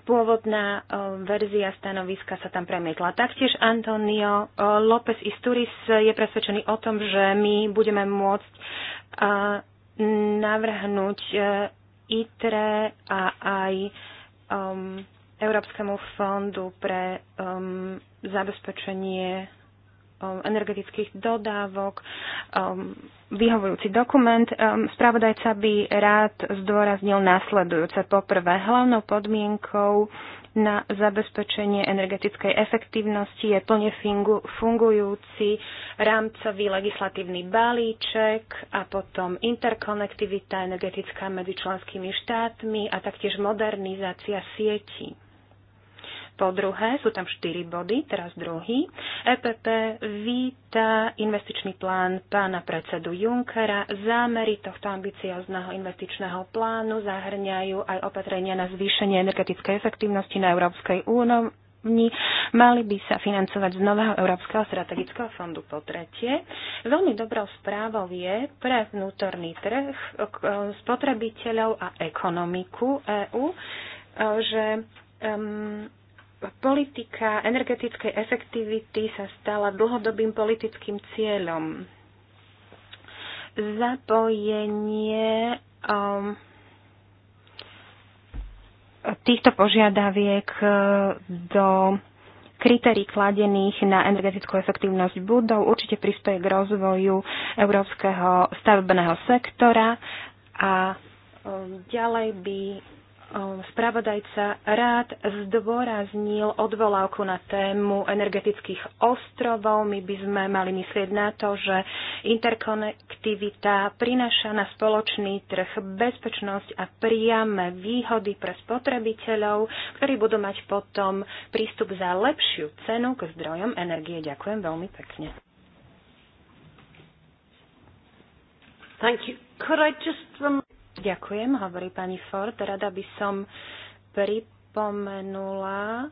[SPEAKER 4] Pôvodná eh, verzia stanoviska sa tam premietla. Taktiež Antonio López Isturis je presvedčený o tom, že my budeme môcť navrhnúť ITRE a aj um, Európskemu fondu pre um, zabezpečenie um, energetických dodávok, um, vyhovujúci dokument. Um, spravodajca by rád zdôraznil následujúce. Poprvé, hlavnou podmienkou na zabezpečenie energetickej efektívnosti je plne fungu, fungujúci rámcový legislatívny balíček a potom interkonektivita energetická medzi členskými štátmi a taktiež modernizácia sietí. Po druhé, sú tam štyri body, teraz druhý. EPP víta investičný plán pána predsedu Junckera. Zámery tohto ambiciozného investičného plánu zahrňajú aj opatrenia na zvýšenie energetickej efektívnosti na Európskej úrovni mali by sa financovať z nového Európskeho strategického fondu. Po tretie, veľmi dobrou správou je pre vnútorný trh, e, spotrebiteľov a ekonomiku EÚ, e, že um, politika energetickej efektivity sa stala dlhodobým politickým cieľom. Zapojenie um, týchto požiadaviek uh, do kritérií kladených na energetickú efektívnosť budov určite prispieje k rozvoju európskeho stavebného sektora a um, ďalej by Ehm, spravodajca rád zdôraznil odvolávku na tému energetických ostrovov. My by sme mali myslieť na to, že interkonektivita prináša na spoločný trh bezpečnosť a priame výhody pre spotrebiteľov, ktorí budú mať potom prístup za lepšiu cenu k zdrojom energie. Ďakujem veľmi pekne. Thank you. Could I just remind Ďakujem, hovorí pani Ford. Rada by som pripomenula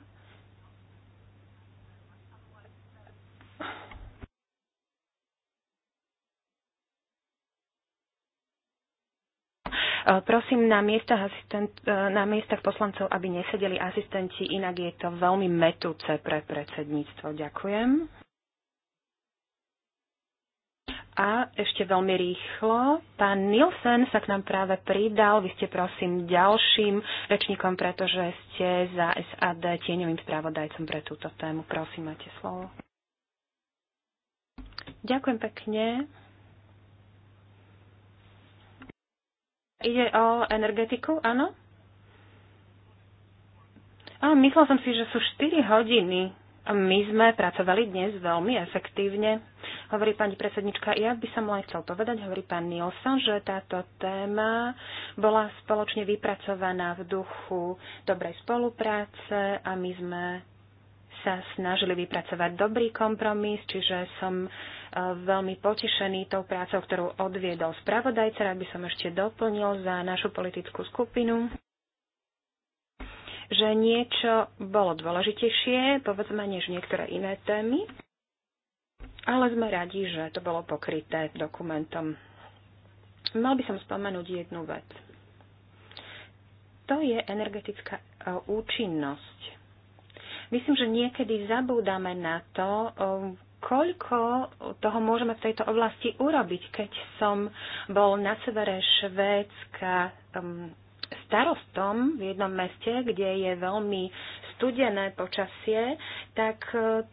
[SPEAKER 4] Prosím na miestach, asistent, na miestach poslancov, aby nesedeli asistenti, inak je to veľmi metúce pre predsedníctvo. Ďakujem. A ešte veľmi rýchlo, pán Nielsen sa k nám práve pridal. Vy ste prosím ďalším rečníkom, pretože ste za SAD tieňovým správodajcom pre túto tému. Prosím, máte slovo. Ďakujem pekne. Ide o energetiku, áno? Áno, myslel som si, že sú 4 hodiny my sme pracovali dnes veľmi efektívne, hovorí pani predsednička. Ja by som len chcel povedať, hovorí pán Nilsson, že táto téma bola spoločne vypracovaná v duchu dobrej spolupráce a my sme sa snažili vypracovať dobrý kompromis, čiže som e, veľmi potešený tou prácou, ktorú odviedol spravodajca. aby som ešte doplnil za našu politickú skupinu že niečo bolo dôležitejšie, povedzme, než niektoré iné témy, ale sme radi, že to bolo pokryté dokumentom. Mal by som spomenúť jednu vec. To je energetická e, účinnosť. Myslím, že niekedy zabúdame na to, e, koľko toho môžeme v tejto oblasti urobiť. Keď som bol na severe Švédska, starostom v jednom meste, kde je veľmi studené počasie, tak e,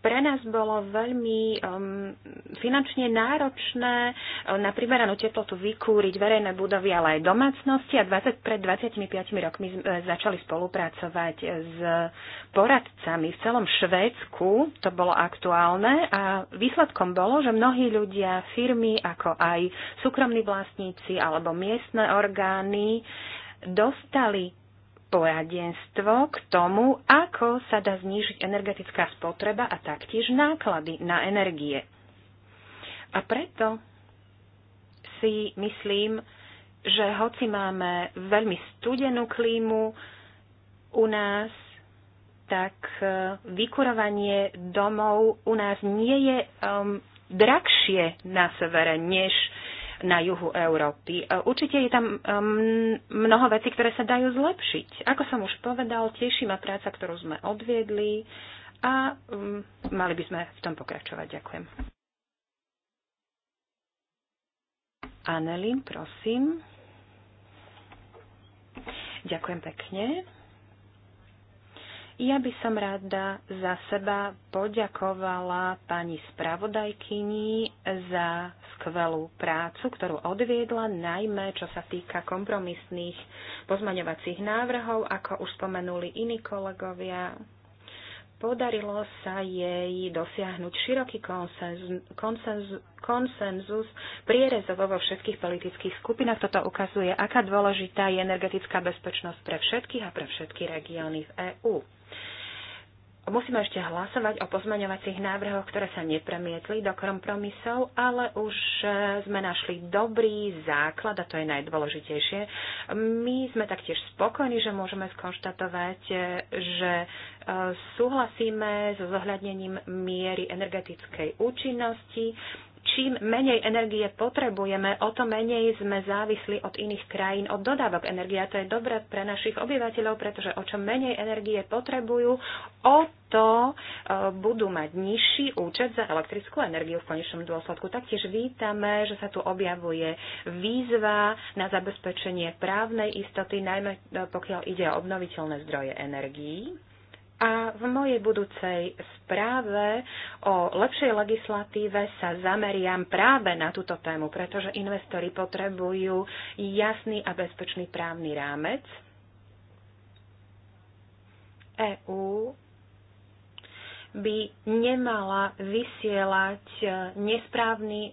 [SPEAKER 4] pre nás bolo veľmi um, finančne náročné um, na primeranú teplotu vykúriť verejné budovy, ale aj domácnosti a 20, pred 25 rokmi sme začali spolupracovať s poradcami v celom Švédsku, to bolo aktuálne a výsledkom bolo, že mnohí ľudia, firmy ako aj súkromní vlastníci alebo miestne orgány dostali poradenstvo k tomu, ako sa dá znížiť energetická spotreba a taktiež náklady na energie. A preto si myslím, že hoci máme veľmi studenú klímu u nás, tak e, vykurovanie domov u nás nie je um, drahšie na severe než na juhu Európy. E, určite je tam e, mnoho vecí, ktoré sa dajú zlepšiť. Ako som už povedal, teší ma práca, ktorú sme odviedli a mali by sme v tom pokračovať. Ďakujem. Anelin, prosím. Ďakujem pekne. Ja by som rada za seba poďakovala pani spravodajkyni za skvelú prácu, ktorú odviedla, najmä čo sa týka kompromisných pozmaňovacích návrhov, ako už spomenuli iní kolegovia. Podarilo sa jej dosiahnuť široký konsenzus prierezovo vo všetkých politických skupinách. Toto ukazuje, aká dôležitá je energetická bezpečnosť pre všetkých a pre všetky regióny v EÚ. Musíme ešte hlasovať o pozmeňovacích návrhoch, ktoré sa nepremietli do kompromisov, ale už e, sme našli dobrý základ a to je najdôležitejšie. My sme taktiež spokojní, že môžeme skonštatovať, e, že e, súhlasíme so zohľadnením miery energetickej účinnosti čím menej energie potrebujeme, o to menej sme závisli od iných krajín, od dodávok energie. A to je dobré pre našich obyvateľov, pretože o čo menej energie potrebujú, o to e, budú mať nižší účet za elektrickú energiu v konečnom dôsledku. Taktiež vítame, že sa tu objavuje výzva na zabezpečenie právnej istoty, najmä e, pokiaľ ide o obnoviteľné zdroje energií a v mojej budúcej správe o lepšej legislatíve sa zameriam práve na túto tému, pretože investori potrebujú jasný a bezpečný právny rámec. EÚ by nemala vysielať e, nesprávny e,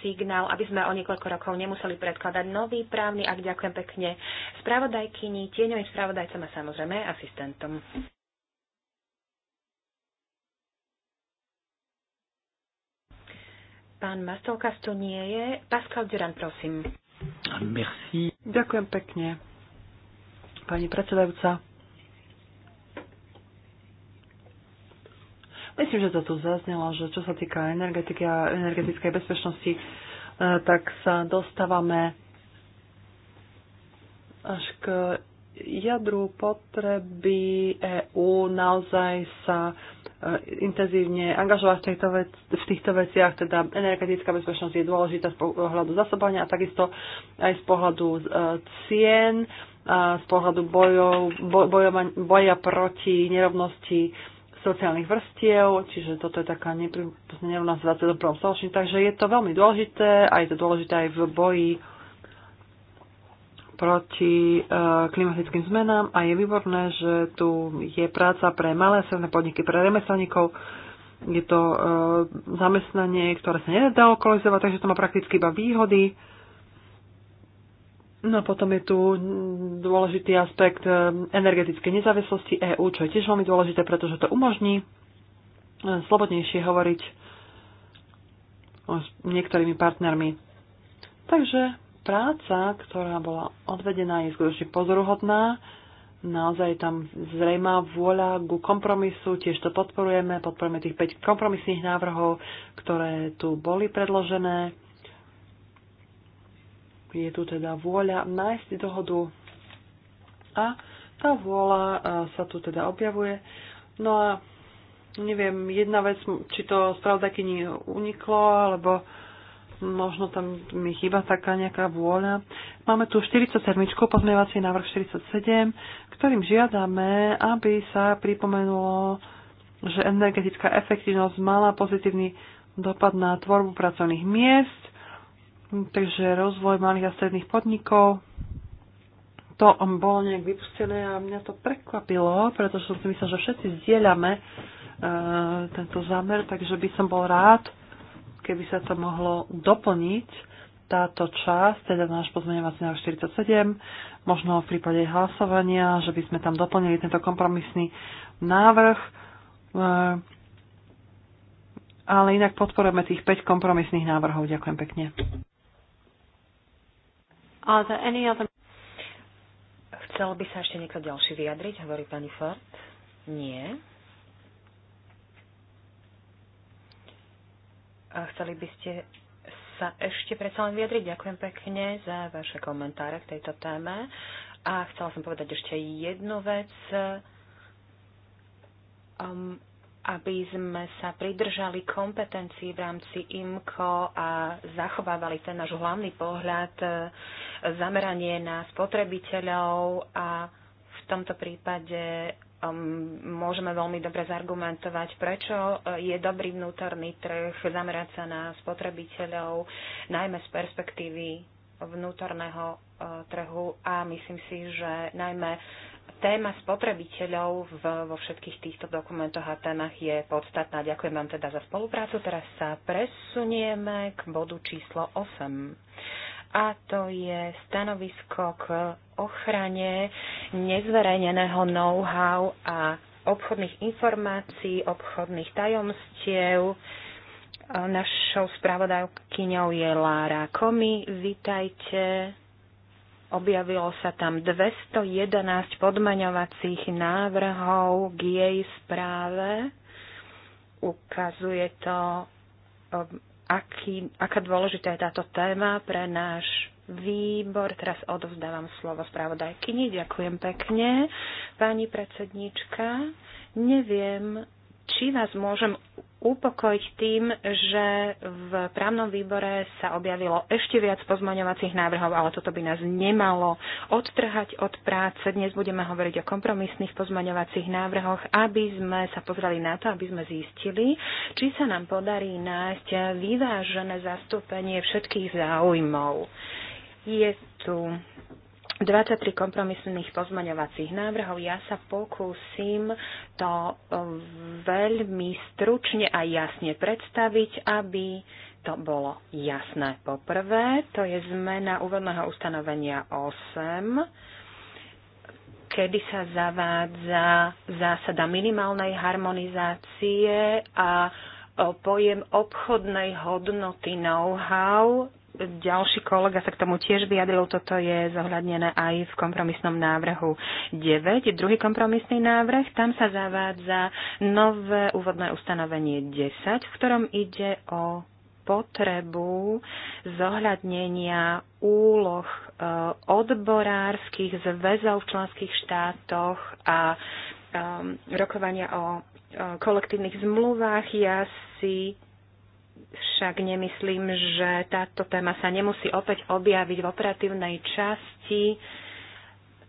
[SPEAKER 4] signál, aby sme o niekoľko rokov nemuseli predkladať nový právny ak Ďakujem pekne spravodajkyni, tieňovým spravodajcom a samozrejme asistentom. Pán Mastelkas tu nie je. Pascal Duran, prosím.
[SPEAKER 3] Merci. Ďakujem pekne. Pani predsedajúca. Myslím, že to tu zaznelo, že čo sa týka energetiky a energetickej bezpečnosti, eh, tak sa dostávame až k jadru potreby EÚ naozaj sa intenzívne angažovať v, tejto vec, v týchto veciach, teda energetická bezpečnosť je dôležitá z pohľadu zasobania a takisto aj z pohľadu e, cien, a z pohľadu bojov, boja, boja proti nerovnosti sociálnych vrstiev, čiže toto je taká nerovnosť v 21. storočí, takže je to veľmi dôležité a je to dôležité aj v boji proti e, klimatickým zmenám a je výborné, že tu je práca pre malé silné podniky, pre remeselníkov. Je to e, zamestnanie, ktoré sa nedá okolizovať, takže to má prakticky iba výhody. No a potom je tu dôležitý aspekt e, energetickej nezávislosti EÚ, čo je tiež veľmi dôležité, pretože to umožní slobodnejšie hovoriť s niektorými partnermi. Takže Práca, ktorá bola odvedená, je skutočne pozoruhodná. Naozaj tam zrejmá vôľa ku kompromisu, tiež to podporujeme, podporujeme tých 5 kompromisných návrhov, ktoré tu boli predložené. Je tu teda vôľa nájsť dohodu a tá vôľa e, sa tu teda objavuje. No a neviem, jedna vec, či to spravodajkyni uniklo, alebo možno tam mi chýba taká nejaká vôľa. Máme tu 47, pozmievací návrh 47, ktorým žiadame, aby sa pripomenulo, že energetická efektívnosť mala pozitívny dopad na tvorbu pracovných miest, takže rozvoj malých a stredných podnikov. To bolo nejak vypustené a mňa to prekvapilo, pretože som si myslel, že všetci zdieľame eh, tento zámer, takže by som bol rád, keby sa to mohlo doplniť, táto časť, teda náš pozmeňovací návrh 47, možno v prípade hlasovania, že by sme tam doplnili tento kompromisný návrh, eh, ale inak podporujeme tých 5 kompromisných návrhov. Ďakujem pekne.
[SPEAKER 4] Chcel by sa ešte niekto ďalší vyjadriť, hovorí pani Ford? Nie. Chceli by ste sa ešte predsa len vyjadriť. Ďakujem pekne za vaše komentáre k tejto téme. A chcela som povedať ešte jednu vec, um, aby sme sa pridržali kompetencií v rámci IMCO a zachovávali ten náš hlavný pohľad, e, zameranie na spotrebiteľov a v tomto prípade môžeme veľmi dobre zargumentovať, prečo eh, je dobrý vnútorný trh zamerať sa na spotrebiteľov, najmä z perspektívy vnútorného eh, trhu a myslím si, že najmä téma spotrebiteľov v, vo všetkých týchto dokumentoch a témach je podstatná. Ďakujem vám teda za spoluprácu. Teraz sa presunieme k bodu číslo 8 a to je stanovisko k ochrane nezverejneného know-how a obchodných informácií, obchodných tajomstiev. Našou spravodajkyňou je Lára Komi. Vítajte. Objavilo sa tam 211 podmaňovacích návrhov k jej správe. Ukazuje to aký, aká dôležitá je táto téma pre náš výbor. Teraz odovzdávam slovo správodajkyni. Ďakujem pekne. Pani predsedníčka, neviem, či vás môžem upokojiť tým, že v právnom výbore sa objavilo ešte viac pozmaňovacích návrhov, ale toto by nás nemalo odtrhať od práce. Dnes budeme hovoriť o kompromisných pozmaňovacích návrhoch, aby sme sa pozreli na to, aby sme zistili, či sa nám podarí nájsť vyvážené zastúpenie všetkých záujmov. Je tu 23 kompromisných pozmaňovacích návrhov. Ja sa pokúsim to e, veľmi stručne a jasne predstaviť, aby to bolo jasné. Poprvé, to je zmena úvodného ustanovenia 8, kedy sa zavádza zásada minimálnej harmonizácie a e, pojem obchodnej hodnoty know-how ďalší kolega sa k tomu tiež vyjadril, toto je zohľadnené aj v kompromisnom návrhu 9. Druhý kompromisný návrh, tam sa zavádza nové úvodné ustanovenie 10, v ktorom ide o potrebu zohľadnenia úloh eh, odborárskych zväzov v členských štátoch a eh, rokovania o eh, kolektívnych zmluvách. Ja si však nemyslím, že táto téma sa nemusí opäť objaviť v operatívnej časti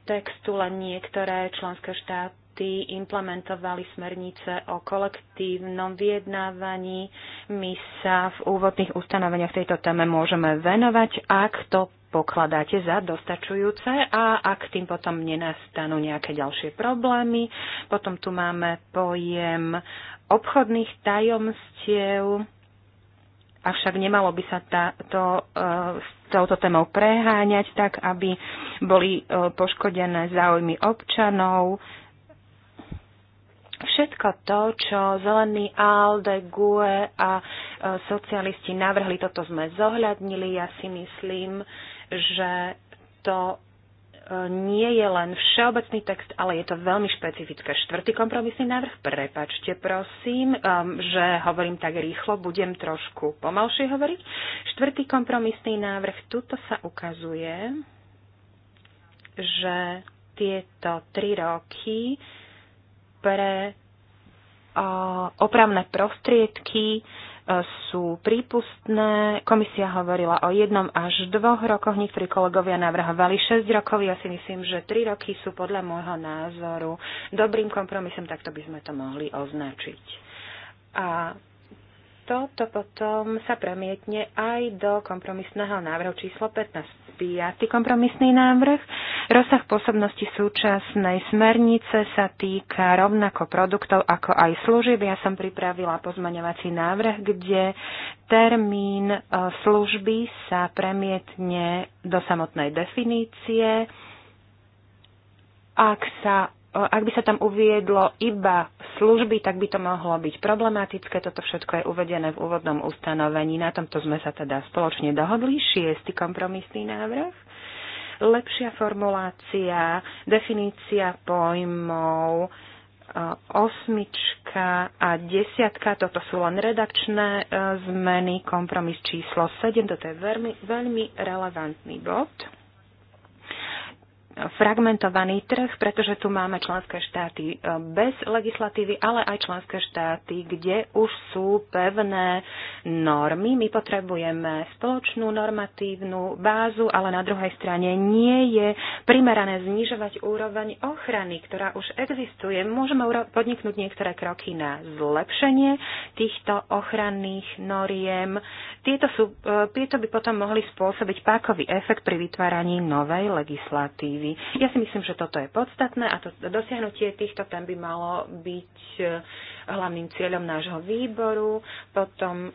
[SPEAKER 4] textu, len niektoré členské štáty implementovali smernice o kolektívnom vyjednávaní. My sa v úvodných ustanoveniach tejto téme môžeme venovať, ak to pokladáte za dostačujúce a ak tým potom nenastanú nejaké ďalšie problémy. Potom tu máme pojem obchodných tajomstiev avšak nemalo by sa táto, e, s touto témou preháňať tak, aby boli e, poškodené záujmy občanov. Všetko to, čo Zelený ALDE, GUE a e, socialisti navrhli, toto sme zohľadnili. Ja si myslím, že to nie je len všeobecný text, ale je to veľmi špecifické. Štvrtý kompromisný návrh, prepačte prosím, um, že hovorím tak rýchlo, budem trošku pomalšie hovoriť. Štvrtý kompromisný návrh, tuto sa ukazuje, že tieto tri roky pre uh, opravné prostriedky sú prípustné. Komisia hovorila o jednom až dvoch rokoch, niektorí kolegovia navrhovali 6 rokov, ja si myslím, že 3 roky sú podľa môjho názoru dobrým kompromisom, takto by sme to mohli označiť. A toto potom sa premietne aj do kompromisného návrhu číslo 15 piaty kompromisný návrh. Rozsah pôsobnosti súčasnej smernice sa týka rovnako produktov ako aj služieb. Ja som pripravila pozmaňovací návrh, kde termín e, služby sa premietne do samotnej definície. Ak sa ak by sa tam uviedlo iba služby, tak by to mohlo byť problematické. Toto všetko je uvedené v úvodnom ustanovení. Na tomto sme sa teda spoločne dohodli. Šiestý kompromisný návrh. Lepšia formulácia, definícia pojmov, e, osmička a desiatka, toto sú len redakčné e, zmeny, kompromis číslo 7, toto je veľmi, veľmi relevantný bod fragmentovaný trh, pretože tu máme členské štáty e, bez legislatívy, ale aj členské štáty, kde už sú pevné normy. My potrebujeme spoločnú normatívnu bázu, ale na druhej strane nie je primerané znižovať úroveň ochrany, ktorá už existuje. Môžeme podniknúť niektoré kroky na zlepšenie týchto ochranných noriem. Tieto, sú, e, tieto by potom mohli spôsobiť pákový efekt pri vytváraní novej legislatívy vplyvy. Ja si myslím, že toto je podstatné a to, dosiahnutie týchto tém by malo byť e, hlavným cieľom nášho výboru. Potom e,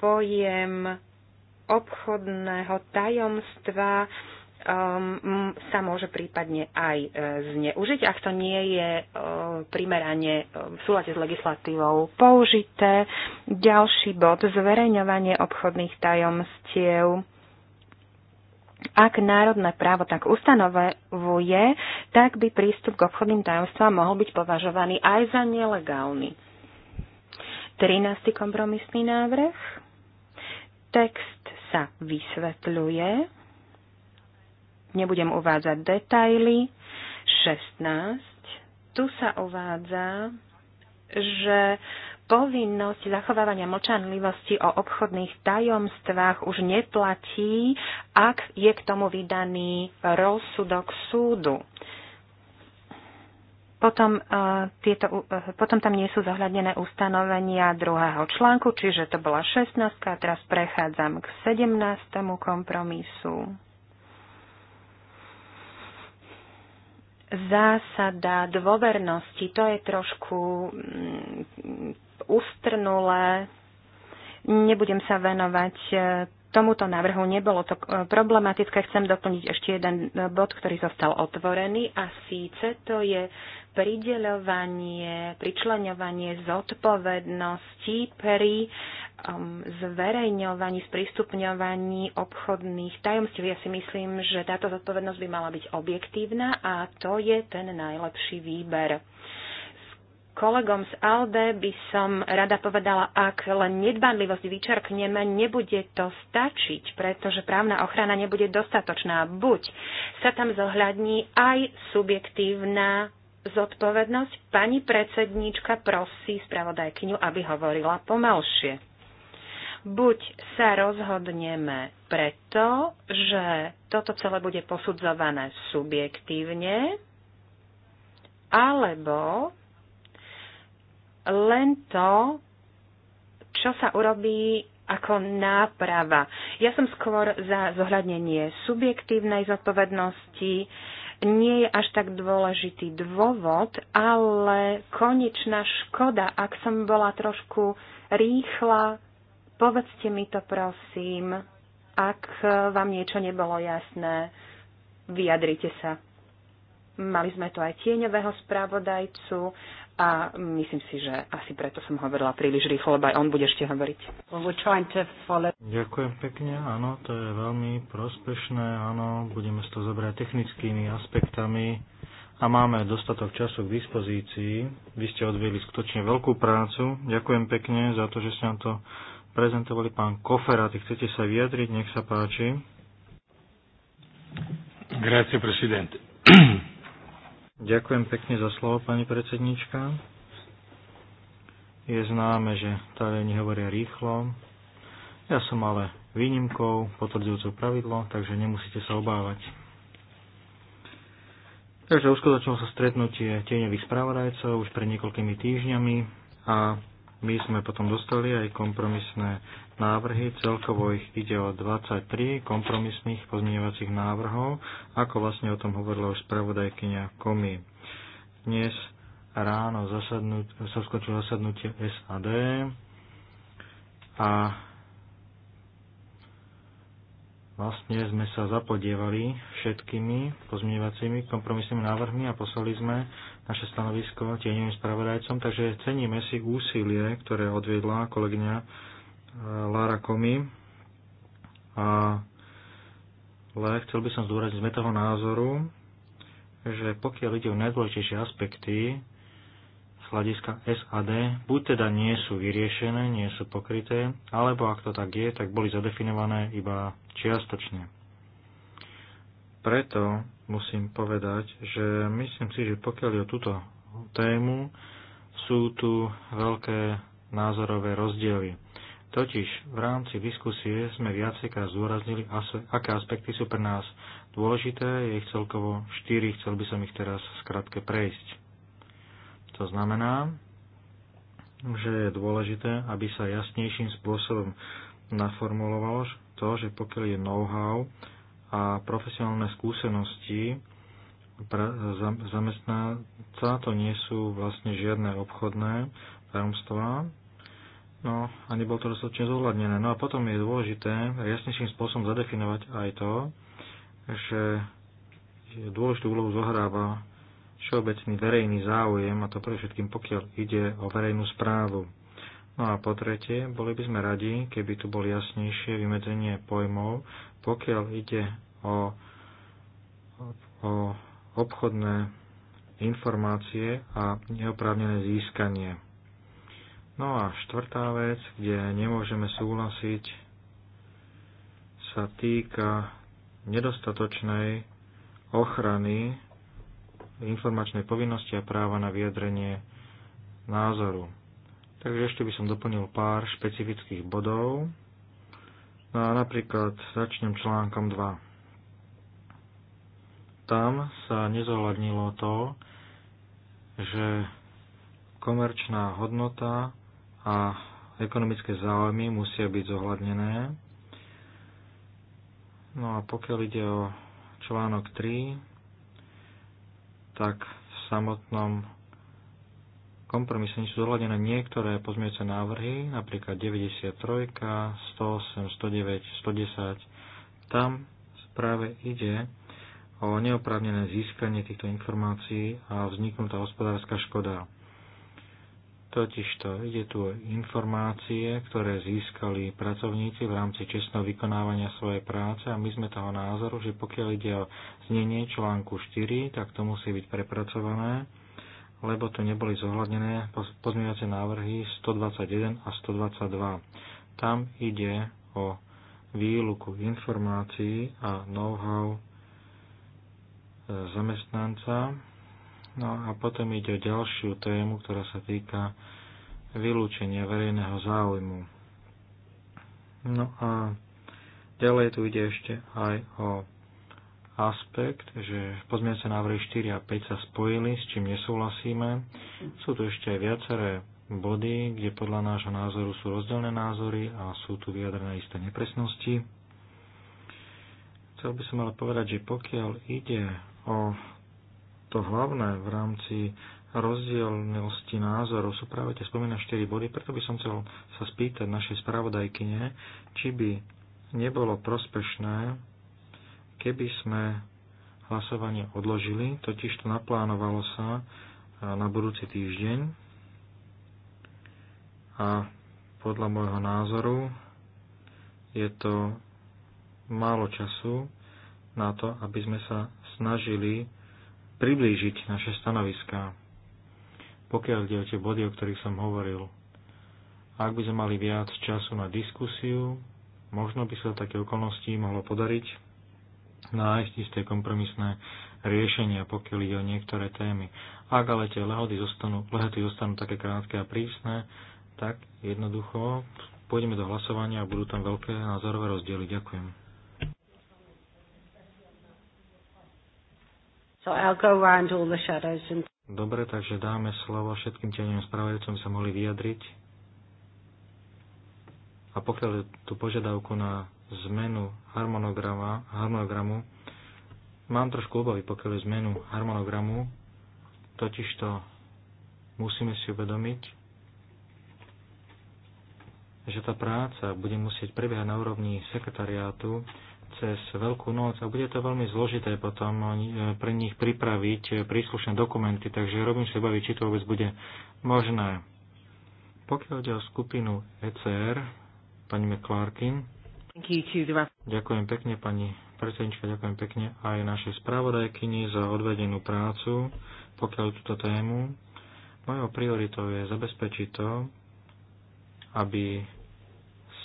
[SPEAKER 4] pojem obchodného tajomstva um, sa môže prípadne aj e, zneužiť, ak to nie je e, primerane e, v súlade s legislatívou použité. Ďalší bod, zverejňovanie obchodných tajomstiev ak národné právo tak ustanovuje, tak by prístup k obchodným tajomstvám mohol byť považovaný aj za nelegálny. 13. kompromisný návrh. Text sa vysvetľuje. Nebudem uvádzať detaily. 16. Tu sa uvádza, že povinnosť zachovávania mlčanlivosti o obchodných tajomstvách už neplatí, ak je k tomu vydaný rozsudok súdu. Potom, uh, tieto, uh, potom tam nie sú zohľadnené ustanovenia druhého článku, čiže to bola 16 a teraz prechádzam k 17. kompromisu. Zásada dôvernosti, to je trošku mm, ustrnulé. Nebudem sa venovať e, tomuto návrhu nebolo to e, problematické. Chcem doplniť ešte jeden e, bod, ktorý zostal otvorený a síce to je prideľovanie, pričlenovanie zodpovednosti pri um, zverejňovaní, sprístupňovaní obchodných tajomstiev. Ja si myslím, že táto zodpovednosť by mala byť objektívna a to je ten najlepší výber kolegom z ALDE by som rada povedala, ak len nedbanlivosť vyčerkneme, nebude to stačiť, pretože právna ochrana nebude dostatočná. Buď sa tam zohľadní aj subjektívna zodpovednosť. Pani predsedníčka prosí spravodajkyňu, aby hovorila pomalšie. Buď sa rozhodneme preto, že toto celé bude posudzované subjektívne, alebo len to, čo sa urobí ako náprava. Ja som skôr za zohľadnenie subjektívnej zodpovednosti, nie je až tak dôležitý dôvod, ale konečná škoda, ak som bola trošku rýchla, povedzte mi to prosím, ak vám niečo nebolo jasné, vyjadrite sa. Mali sme tu aj tieňového spravodajcu a myslím si, že asi preto som hovorila príliš rýchlo, lebo aj on bude ešte hovoriť.
[SPEAKER 1] Ďakujem pekne, áno, to je veľmi prospešné, áno, budeme sa to zobrať technickými aspektami a máme dostatok času k dispozícii. Vy ste odvieli skutočne veľkú prácu. Ďakujem pekne za to, že ste nám to prezentovali. Pán ty chcete sa vyjadriť? Nech sa páči. Grazie, presidente. Ďakujem pekne za slovo, pani predsednička. Je známe, že Taliani hovoria rýchlo. Ja som ale výnimkou, potvrdzujúcou pravidlo, takže nemusíte sa obávať. Takže uskutočnilo sa stretnutie tieňových spravodajcov už pred niekoľkými týždňami a my sme potom dostali aj kompromisné návrhy, celkovo ich ide o 23 kompromisných pozmeňovacích návrhov, ako vlastne o tom hovorila už spravodajkynia Komi. Dnes ráno sa skončilo zasadnutie SAD a vlastne sme sa zapodievali všetkými pozmeňovacími kompromisnými návrhmi a poslali sme naše stanovisko tieňovým spravodajcom, takže ceníme si úsilie, ktoré odviedla kolegyňa Lara Komi. A ale chcel by som zdôrazniť sme toho názoru, že pokiaľ ide o najdôležitejšie aspekty z hľadiska SAD, buď teda nie sú vyriešené, nie sú pokryté, alebo ak to tak je, tak boli zadefinované iba čiastočne. Preto musím povedať, že myslím si, že pokiaľ je o túto tému, sú tu veľké názorové rozdiely Totiž v rámci diskusie sme viacejkrát zdôraznili, aké aspekty sú pre nás dôležité, je ich celkovo štyri, chcel by som ich teraz skrátke prejsť. To znamená, že je dôležité, aby sa jasnejším spôsobom naformulovalo to, že pokiaľ je know-how a profesionálne skúsenosti zamestnanca, to nie sú vlastne žiadne obchodné tajomstvá, No a nebolo to dostatočne zohľadnené. No a potom je dôležité jasnejším spôsobom zadefinovať aj to, že dôležitú úlohu zohráva všeobecný verejný záujem, a to pre všetkým, pokiaľ ide o verejnú správu. No a po tretie, boli by sme radi, keby tu bol jasnejšie vymedzenie pojmov, pokiaľ ide o, o obchodné informácie a neoprávnené získanie. No a štvrtá vec, kde nemôžeme súhlasiť, sa týka nedostatočnej ochrany informačnej povinnosti a práva na vyjadrenie názoru. Takže ešte by som doplnil pár špecifických bodov. No a napríklad začnem článkom 2. Tam sa nezohľadnilo to, že komerčná hodnota a ekonomické záujmy musia byť zohľadnené. No a pokiaľ ide o článok 3, tak v samotnom kompromise sú zohľadené niektoré pozmeňujúce návrhy, napríklad 93, 108, 109, 110. Tam práve ide o neoprávnené získanie týchto informácií a vzniknutá hospodárska škoda. Totižto ide tu o informácie, ktoré získali pracovníci v rámci čestného vykonávania svojej práce a my sme toho názoru, že pokiaľ ide o znenie článku 4, tak to musí byť prepracované, lebo tu neboli zohľadnené pozmeňovacie návrhy 121 a 122. Tam ide o výluku informácií a know-how e, zamestnanca No a potom ide o ďalšiu tému, ktorá sa týka vylúčenia verejného záujmu. No a ďalej tu ide ešte aj o aspekt, že pozmiace návrhy 4 a 5 sa spojili, s čím nesúhlasíme. Sú tu ešte aj viaceré body, kde podľa nášho názoru sú rozdielne názory a sú tu vyjadrené isté nepresnosti. Chcel by som ale povedať, že pokiaľ ide o to hlavné v rámci rozdielnosti názorov sú práve tie spomínané 4 body, preto by som chcel sa spýtať našej spravodajkyne, či by nebolo prospešné, keby sme hlasovanie odložili, totiž to naplánovalo sa e, na budúci týždeň a podľa môjho názoru je to málo času na to, aby sme sa snažili priblížiť naše stanoviská, pokiaľ ide o tie body, o ktorých som hovoril. Ak by sme mali viac času na diskusiu, možno by sa také okolnosti mohlo podariť nájsť isté kompromisné riešenia, pokiaľ ide o niektoré témy. Ak ale tie lehody zostanú, lehody zostanú také krátke a prísne, tak jednoducho pôjdeme do hlasovania a budú tam veľké názorové rozdiely. Ďakujem.
[SPEAKER 2] So I'll go around all the shadows and...
[SPEAKER 1] Dobre, takže dáme slovo všetkým tieňom spravodajcom sa mohli vyjadriť. A pokiaľ je tu požiadavku na zmenu harmonograma, harmonogramu, mám trošku obavy, pokiaľ je zmenu harmonogramu, totižto musíme si uvedomiť, že tá práca bude musieť prebiehať na úrovni sekretariátu, cez Veľkú noc a bude to veľmi zložité potom e, pre nich pripraviť e, príslušné dokumenty, takže robím si obavy, či to vôbec bude možné. Pokiaľ ide o skupinu ECR, pani McClarkin, ďakujem pekne pani predsednička, ďakujem pekne aj našej správodajkyni za odvedenú prácu, pokiaľ túto tému. Mojou prioritou je zabezpečiť to, aby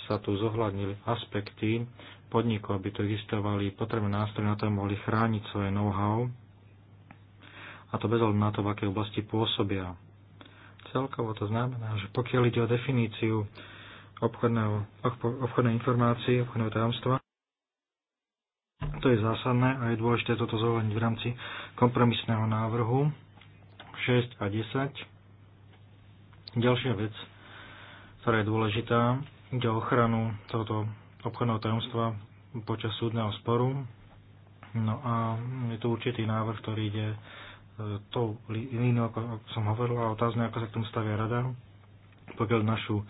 [SPEAKER 1] sa tu zohľadnili aspekty podnikov, aby tu existovali potrebné nástroje na to, aby mohli chrániť svoje know-how, a to bez ohľadu na to, v akej oblasti pôsobia. Celkovo to znamená, že pokiaľ ide o definíciu obchodnej informácie, obchodného tajomstva, to je zásadné a je dôležité toto zohľadniť v rámci kompromisného návrhu 6 a 10. Ďalšia vec, ktorá je dôležitá, ide o ochranu tohoto obchodného tajomstva počas súdneho sporu. No a je to určitý návrh, ktorý ide e, tou líniou, ako som hovoril, a otázne, ako sa k tomu stavia rada. Pokiaľ našu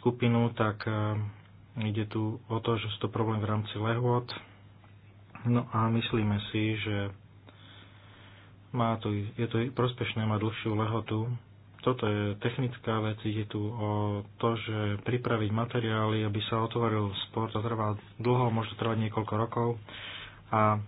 [SPEAKER 1] skupinu, tak e, ide tu o to, že sú to problém v rámci lehôd. No a myslíme si, že má to, je to prospešné mať dlhšiu lehotu, toto je technická vec, ide tu o to, že pripraviť materiály, aby sa otvoril sport, to trvá dlho, môže trvať niekoľko rokov a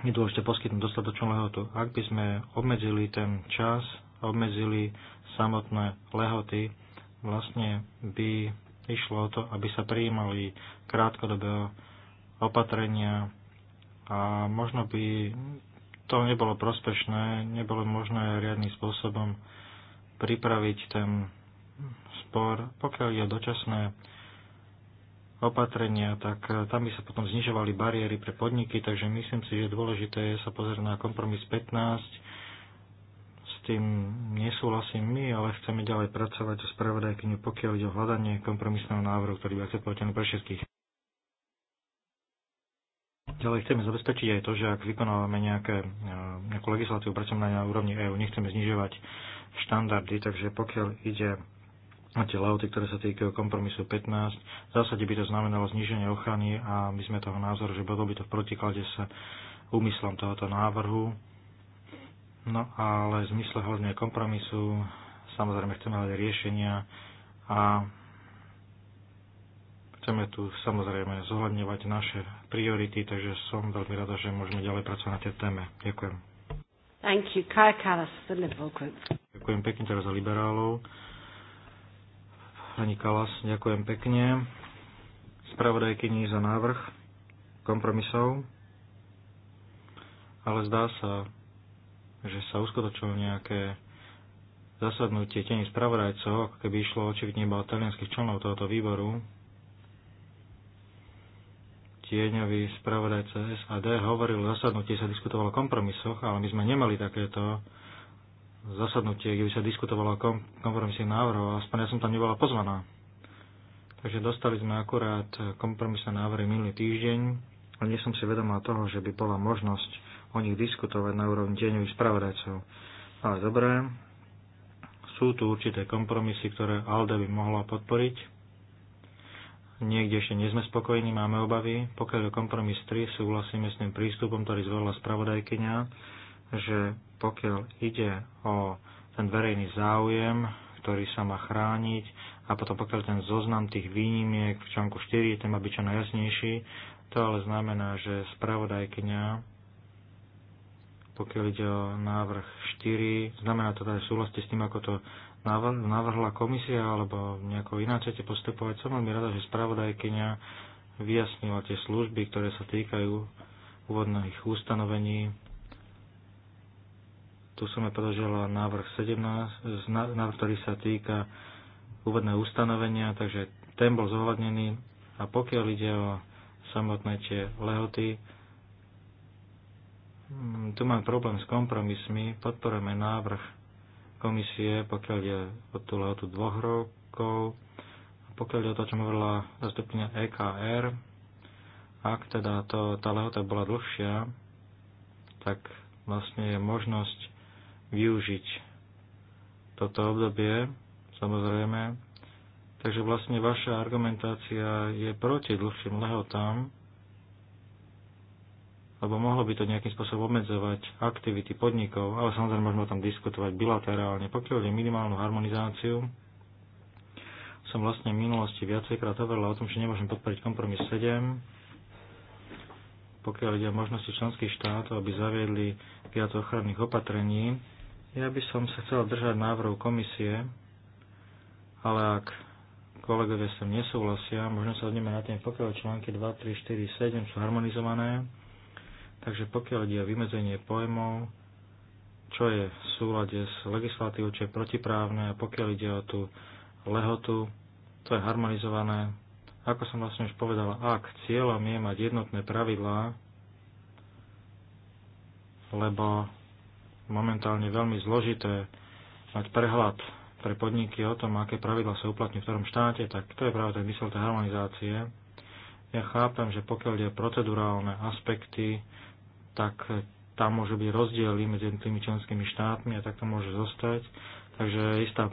[SPEAKER 1] je dôležité poskytnúť dostatočnú lehotu. Ak by sme obmedzili ten čas, obmedzili samotné lehoty, vlastne by išlo o to, aby sa prijímali krátkodobé opatrenia a možno by to nebolo prospešné, nebolo možné riadným spôsobom pripraviť ten spor. Pokiaľ je dočasné opatrenia, tak eh, tam by sa potom znižovali bariéry pre podniky, takže myslím si, že dôležité je sa pozrieť na kompromis 15. S tým nesúhlasím my, ale chceme ďalej pracovať o spravodajkyniu, pokiaľ ide o hľadanie kompromisného návrhu, ktorý by akceptovateľný pre všetkých. Ďalej chceme zabezpečiť aj to, že ak vykonávame nejaké, e, nejakú legislatívu pracujeme na úrovni EÚ, nechceme znižovať štandardy, takže pokiaľ ide na tie lauty, ktoré sa týkajú kompromisu 15, v zásade by to znamenalo zníženie ochrany a my sme toho názoru, že bolo by to v protiklade sa úmyslom tohoto návrhu. No ale v zmysle hlavne kompromisu samozrejme chceme hľadať riešenia a chceme tu samozrejme zohľadňovať naše priority, takže som veľmi rada, že môžeme ďalej pracovať na tej téme. Ďakujem.
[SPEAKER 2] Thank you. Kai Kallas, the Liberal Group.
[SPEAKER 1] Ďakujem pekne teraz za liberálov. Pani Kalas, ďakujem pekne. Spravodajkyni za návrh kompromisov. Ale zdá sa, že sa uskutočilo nejaké zasadnutie tení spravodajcov, ako keby išlo očividne iba o talianských členov tohoto výboru, tieňový spravodajca SAD hovoril o zasadnutí, sa diskutovalo o kompromisoch, ale my sme nemali takéto zasadnutie, kde by sa diskutovalo o kom, kompromisných návrhov, aspoň ja som tam nebola pozvaná. Takže dostali sme akurát kompromisné návrhy minulý týždeň a nie som si vedomá toho, že by bola možnosť o nich diskutovať na úrovni tieňových spravodajcov. Ale dobré, sú tu určité kompromisy, ktoré ALDE by mohla podporiť Niekde ešte nie sme spokojní, máme obavy. Pokiaľ je kompromis 3, súhlasíme s tým prístupom, ktorý zvolila spravodajkynia, že pokiaľ ide o ten verejný záujem, ktorý sa má chrániť, a potom pokiaľ ten zoznam tých výnimiek v článku 4, ten má byť čo najjasnejší, to ale znamená, že spravodajkynia, pokiaľ ide o návrh 4, znamená to teda súhlasíte s tým, ako to navrhla komisia alebo nejako iná chcete postupovať. Som veľmi rada, že spravodajkyňa vyjasnila tie služby, ktoré sa týkajú úvodných ustanovení. Tu som ja predložila návrh 17, návrh, ktorý sa týka úvodného ustanovenia, takže ten bol zohľadnený a pokiaľ ide o samotné tie lehoty, mm, tu mám problém s kompromismi, podporujeme návrh komisie, pokiaľ je od tú lehotu dvoch rokov, pokiaľ je o to, čo hovorila zastupňa EKR, ak teda to, tá lehota bola dlhšia, tak vlastne je možnosť využiť toto obdobie, samozrejme. Takže vlastne vaša argumentácia je proti dlhším lehotám, lebo mohlo by to nejakým spôsobom obmedzovať aktivity podnikov, ale samozrejme môžeme o tom diskutovať bilaterálne. Pokiaľ ide minimálnu harmonizáciu, som vlastne v minulosti viacejkrát hovorila o tom, že nemôžem podporiť kompromis 7, pokiaľ ide o možnosti členských štátov, aby zaviedli viac ochranných opatrení. Ja by som sa chcel držať návrhu komisie, ale ak kolegovia sem nesúhlasia, možno sa odneme na tým, pokiaľ články 2, 3, 4, 7 sú harmonizované, Takže pokiaľ ide o vymedzenie pojmov, čo je v súlade s legislatívou, čo je protiprávne a pokiaľ ide o tú lehotu, to je harmonizované. Ako som vlastne už povedala, ak cieľom je mať jednotné pravidlá, lebo momentálne veľmi zložité mať prehľad pre podniky o tom, aké pravidlá sa uplatňujú v ktorom štáte, tak to je práve ten mysel tej harmonizácie. Ja chápem, že pokiaľ ide procedurálne aspekty, tak eh, tam môžu byť rozdiely medzi tými členskými štátmi a tak to môže zostať. Takže istá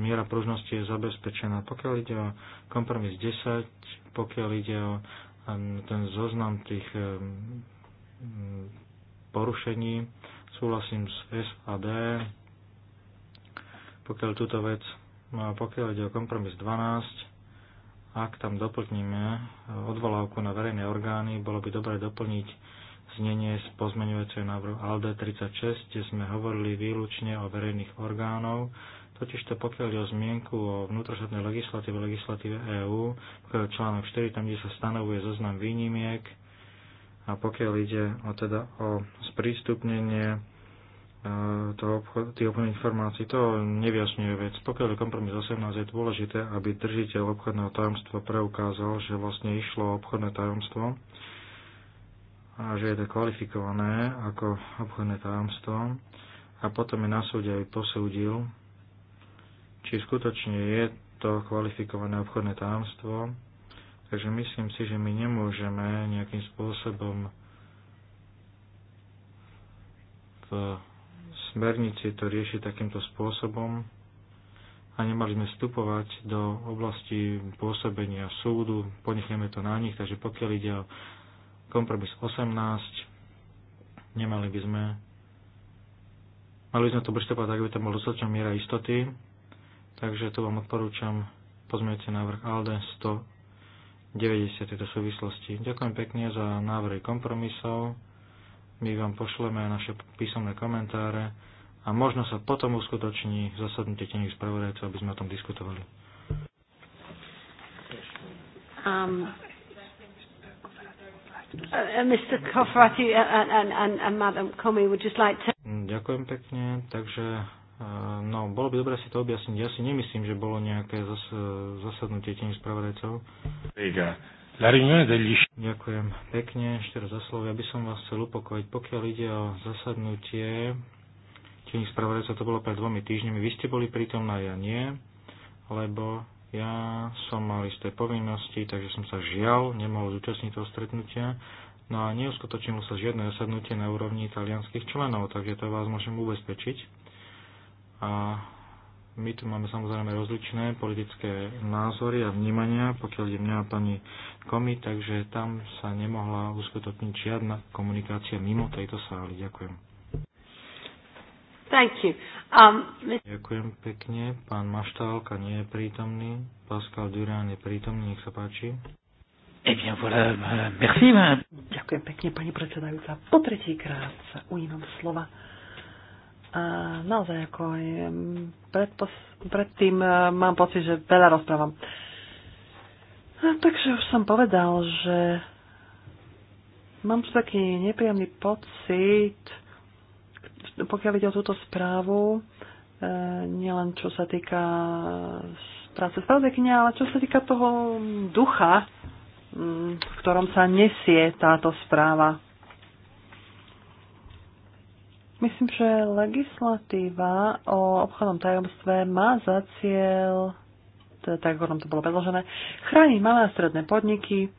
[SPEAKER 1] miera pružnosti je zabezpečená. Pokiaľ ide o kompromis 10, pokiaľ ide o ten zoznam tých porušení, súhlasím s SAD, pokiaľ túto vec, no a pokiaľ ide o kompromis 12, ak tam doplníme eh, odvolávku na verejné orgány, bolo by dobre doplniť znenie z pozmeňujúceho návrhu ALDE 36, kde sme hovorili výlučne o verejných orgánov, totižto pokiaľ je o zmienku o vnútroštátnej legislatíve, legislatíve EÚ, pokiaľ článok 4, tam, kde sa stanovuje zoznam výnimiek, a pokiaľ ide o, teda, o sprístupnenie e, tých obchod, tých obchodných informácií, to nevyjasňuje vec. Pokiaľ je kompromis 18, je dôležité, aby držiteľ obchodného tajomstva preukázal, že vlastne išlo o obchodné tajomstvo, a že je to kvalifikované ako obchodné tajomstvo a potom je na súde aj posúdil, či skutočne je to kvalifikované obchodné tajomstvo. Takže myslím si, že my nemôžeme nejakým spôsobom v smernici to riešiť takýmto spôsobom a nemali sme vstupovať do oblasti pôsobenia súdu, ponechajme to na nich, takže pokiaľ ide o kompromis 18. Nemali by sme Mali by sme to pristupovať tak, aby tam bol dostatočná miera istoty, takže tu vám odporúčam pozmeňujúci návrh ALDE 190 tejto súvislosti. Ďakujem pekne za návrhy kompromisov, my vám pošleme naše písomné komentáre a možno sa potom uskutoční zasadnutie tených spravodajcov, aby sme o tom diskutovali.
[SPEAKER 2] Um, Uh, uh, uh,
[SPEAKER 1] mm, ďakujem pekne, takže no, bolo by dobre si to objasniť. Ja si nemyslím, že bolo nejaké zas, zasadnutie tým spravodajcov. Ďakujem pekne, ešte raz za slovo. Ja by som vás chcel upokojiť, pokiaľ ide o zasadnutie tým spravodajcov, to bolo pred dvomi týždňami. Vy ste boli pritomná, ja nie, lebo ja som mal isté povinnosti, takže som sa žiaľ nemohol zúčastniť toho stretnutia, no a neuskutočnilo sa žiadne osadnutie na úrovni italianských členov, takže to vás môžem ubezpečiť. A my tu máme samozrejme rozličné politické názory a vnímania, pokiaľ je mňa a pani Komi, takže tam sa nemohla uskutočniť žiadna komunikácia mimo tejto sály. Ďakujem.
[SPEAKER 2] Thank you. Um,
[SPEAKER 1] Ďakujem pekne. Pán Maštálka nie je prítomný. Pascal Durán je prítomný, nech sa páči. Eh bien voilà, merci.
[SPEAKER 3] Ďakujem pekne, pani predsedajúca. Po tretíkrát sa ujímam slova. A naozaj, ako aj predpos- predtým mám pocit, že veľa rozprávam. A takže už som povedal, že mám taký nepríjemný pocit, pokiaľ ide o túto správu, e, nielen čo sa týka práce spravodajkyne, ale čo sa týka toho ducha, mm, v ktorom sa nesie táto správa. Myslím, že legislatíva o obchodnom tajomstve má za cieľ, je tak, to bolo predložené, chrániť malé a stredné podniky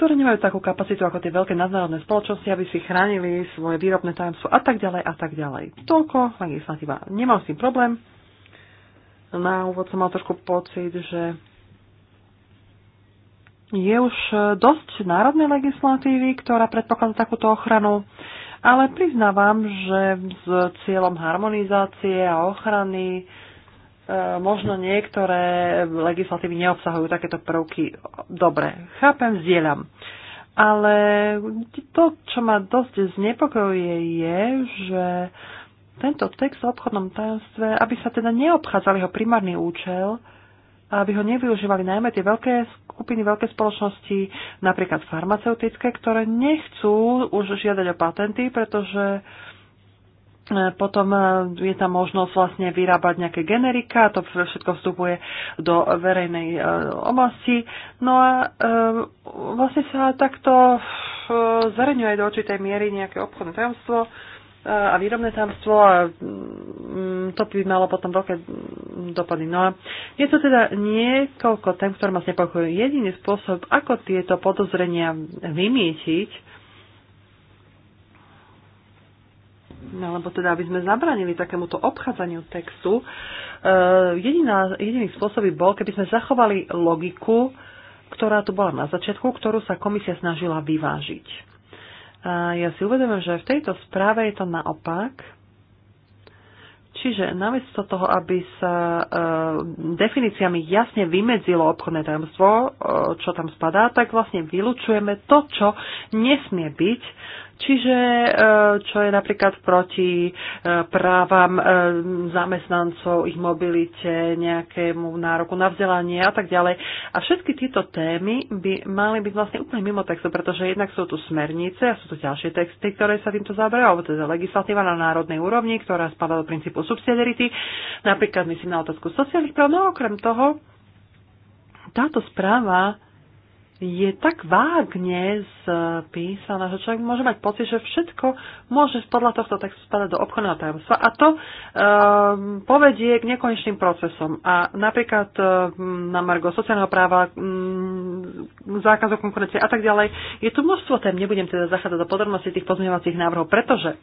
[SPEAKER 3] ktoré nemajú takú kapacitu ako tie veľké nadnárodné spoločnosti, aby si chránili svoje výrobné tajomstvo a tak ďalej a tak ďalej. Toľko legislatíva. Nemám s tým problém. Na úvod som mal trošku pocit, že je už dosť národnej legislatívy, ktorá predpokladá takúto ochranu, ale priznávam, že s cieľom harmonizácie a ochrany E, možno niektoré legislatívy neobsahujú takéto prvky. Dobre, chápem, zdieľam. Ale to, čo ma dosť znepokojuje, je, že tento text o obchodnom tajomstve, aby sa teda neobchádzal jeho primárny účel, aby ho nevyužívali najmä tie veľké skupiny, veľké spoločnosti, napríklad farmaceutické, ktoré nechcú už žiadať o patenty, pretože uh, E, potom e, je tam možnosť vlastne vyrábať nejaké generika, to všetko vstupuje do verejnej e, oblasti. No a vlastne sa takto zareňuje do určitej miery nejaké obchodné tajomstvo a výrobné tajomstvo a mm, to by malo potom veľké dopady. No a je to teda niekoľko tém, ktoré ma znepokojujú. Jediný spôsob, ako tieto podozrenia vymietiť, alebo no, teda aby sme zabranili takémuto obchádzaniu textu, e, jediná, jediný spôsob by bol, keby sme zachovali logiku, ktorá tu bola na začiatku, ktorú sa komisia snažila vyvážiť. A ja si uvedomujem, že v tejto správe je to naopak. Čiže namiesto toho, aby sa e, definíciami jasne vymedzilo obchodné tajomstvo, e, čo tam spadá, tak vlastne vylučujeme to, čo nesmie byť Čiže e, čo je napríklad proti e, právam e, zamestnancov, ich mobilite, nejakému nároku na vzdelanie a tak ďalej. A všetky tieto témy by mali byť vlastne úplne mimo textu, pretože jednak sú tu smernice a sú tu ďalšie texty, ktoré sa týmto zaberajú, alebo teda legislatíva na národnej úrovni, ktorá spadá do princípu subsidiarity. Napríklad myslím na otázku sociálnych práv, no okrem toho táto správa je tak vágne spísaná, že človek môže mať pocit, že všetko môže podľa tohto textu spadať do obchodného tajomstva a to um, povedie k nekonečným procesom. A napríklad um, na margo sociálneho práva, um, zákazu konkurencie a tak ďalej, je tu množstvo tém, nebudem teda zachádzať do podrobnosti tých pozmeňovacích návrhov, pretože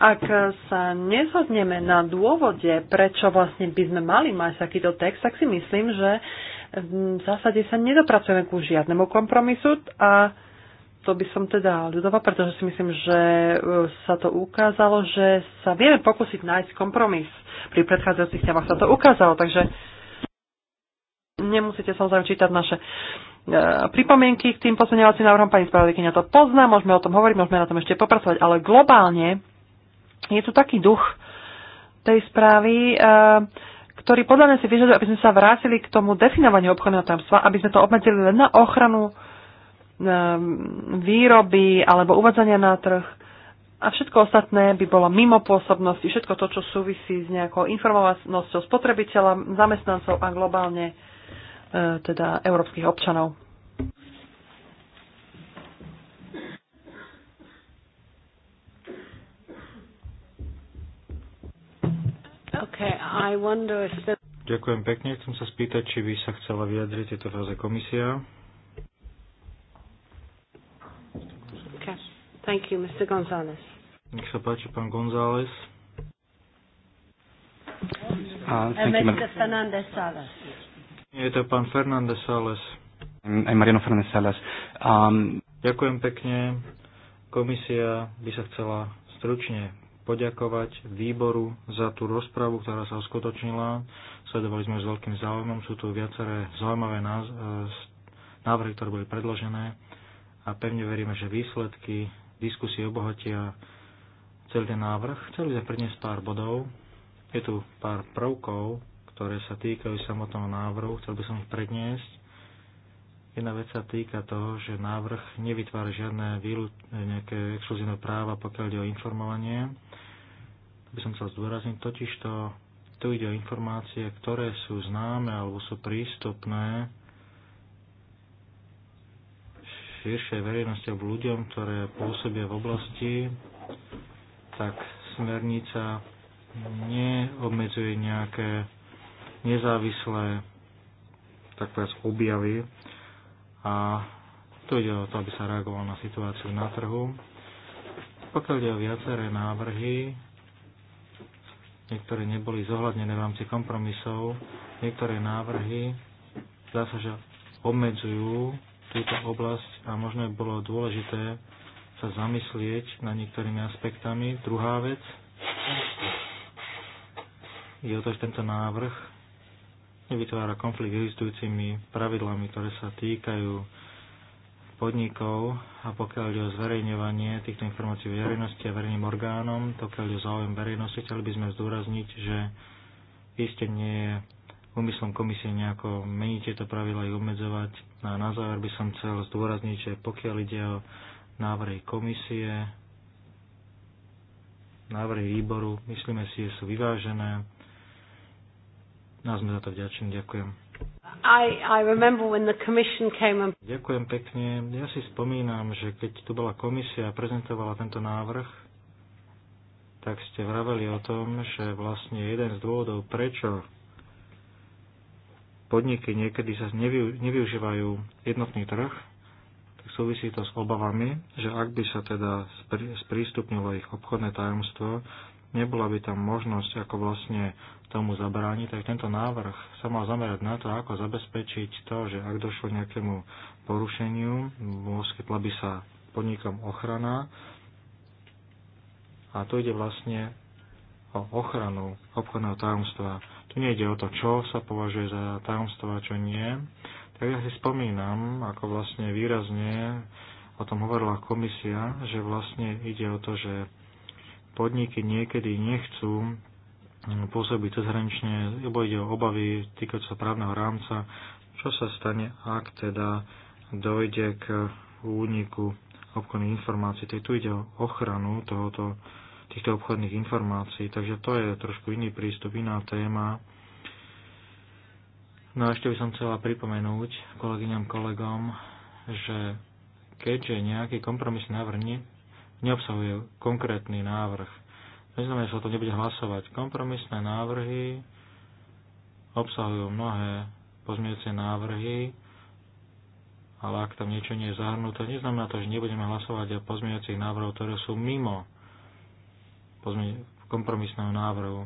[SPEAKER 3] ak sa nezhodneme na dôvode, prečo vlastne by sme mali mať takýto text, tak si myslím, že uh, v zásade sa nedopracujeme ku žiadnemu kompromisu a to by som teda ľudova, pretože si myslím, že e, sa to ukázalo, že sa vieme pokúsiť nájsť kompromis. Pri predchádzajúcich témach sa to ukázalo, takže nemusíte samozrejme čítať naše e, pripomienky k tým posledňovacím návrhom. Pani spravodajkynia to pozná, môžeme o tom hovoriť, môžeme na tom ešte popracovať, ale globálne je tu taký duch tej správy, e, ktorý podľa mňa si vyžaduje, aby sme sa vrátili k tomu definovaniu obchodného tajomstva, aby sme to obmedzili len na ochranu um, výroby alebo uvádzania na trh a všetko ostatné by bolo mimo pôsobnosti, všetko to, čo súvisí s nejakou informovanosťou spotrebiteľa, zamestnancov a globálne e, teda európskych občanov.
[SPEAKER 2] Okay, I wonder if the...
[SPEAKER 1] Ďakujem pekne. Chcem sa spýtať, či by sa chcela vyjadriť tieto fáze komisia.
[SPEAKER 2] Okay. Thank you, Mr. González.
[SPEAKER 1] Nech sa páči, pán González. Uh, thank you, Mr. Fernández Salas. Je to pán Fernández Salas. Aj mm, eh, Mariano Fernández Salas. Um... Ďakujem pekne. Komisia by sa chcela stručne poďakovať výboru za tú rozpravu, ktorá sa uskutočnila. Sledovali sme s veľkým záujmom, sú tu viaceré zaujímavé e, návrhy, ktoré boli predložené a pevne veríme, že výsledky diskusie obohatia celý ten návrh. Chceli sme priniesť pár bodov. Je tu pár prvkov, ktoré sa týkajú samotného návrhu, chcel by som ich predniesť. Jedna vec sa týka toho, že návrh nevytvára žiadne výlu, nejaké exkluzívne práva, pokiaľ ide o informovanie. To by som chcel zdôrazniť. to, tu ide o informácie, ktoré sú známe alebo sú prístupné širšej verejnosti alebo ľuďom, ktoré pôsobia v oblasti, tak smernica neobmedzuje nejaké nezávislé tak povedať, objavy a tu ide o to, aby sa reagovalo na situáciu na trhu. Pokiaľ ide o viaceré návrhy, niektoré neboli zohľadnené v rámci kompromisov, niektoré návrhy zdá sa, že obmedzujú túto oblasť a možno by bolo dôležité sa zamyslieť nad niektorými aspektami. Druhá vec je o to, že tento návrh nevytvára konflikt existujúcimi pravidlami, ktoré sa týkajú podnikov a pokiaľ ide o zverejňovanie týchto informácií verejnosti a verejným orgánom, pokiaľ ide o záujem verejnosti, chceli by sme zdôrazniť, že iste nie je úmyslom komisie nejako meniť tieto pravidla ich obmedzovať. No a na záver by som chcel zdôrazniť, že pokiaľ ide o návrhy komisie, návrhy výboru, myslíme si, že sú vyvážené, a no, sme za to vďační. Ďakujem.
[SPEAKER 2] I, I remember when the
[SPEAKER 1] commission came and... Ďakujem pekne. Ja si spomínam, že keď tu bola komisia a prezentovala tento návrh, tak ste vraveli o tom, že vlastne jeden z dôvodov, prečo podniky niekedy sa nevyu, nevyužívajú jednotný trh, tak súvisí to s obavami, že ak by sa teda sprístupnilo ich obchodné tajomstvo, nebola by tam možnosť, ako vlastne tomu zabrániť, tak tento návrh sa mal zamerať na to, ako zabezpečiť to, že ak došlo nejakému porušeniu, poskytla by sa podnikom ochrana a tu ide vlastne o ochranu obchodného tajomstva. Tu nejde o to, čo sa považuje za tajomstvo a čo nie. Tak ja si spomínam, ako vlastne výrazne o tom hovorila komisia, že vlastne ide o to, že podniky niekedy nechcú mm, pôsobiť cezhranične, lebo ide o obavy týkať sa právneho rámca, čo sa stane, ak teda dojde k úniku obchodných informácií. Teď tu ide o ochranu tohoto, týchto obchodných informácií, takže to je trošku iný prístup, iná téma. No a ešte by som chcela pripomenúť kolegyňam, kolegom, že keďže nejaký kompromisný návrh neobsahuje konkrétny návrh. Neznamená, že sa to nebude hlasovať. Kompromisné návrhy obsahujú mnohé pozmiece návrhy, ale ak tam niečo nie je zahrnuté, neznamená to, že nebudeme hlasovať o pozmeňujúcich návrhov, ktoré sú mimo kompromisného návrhu.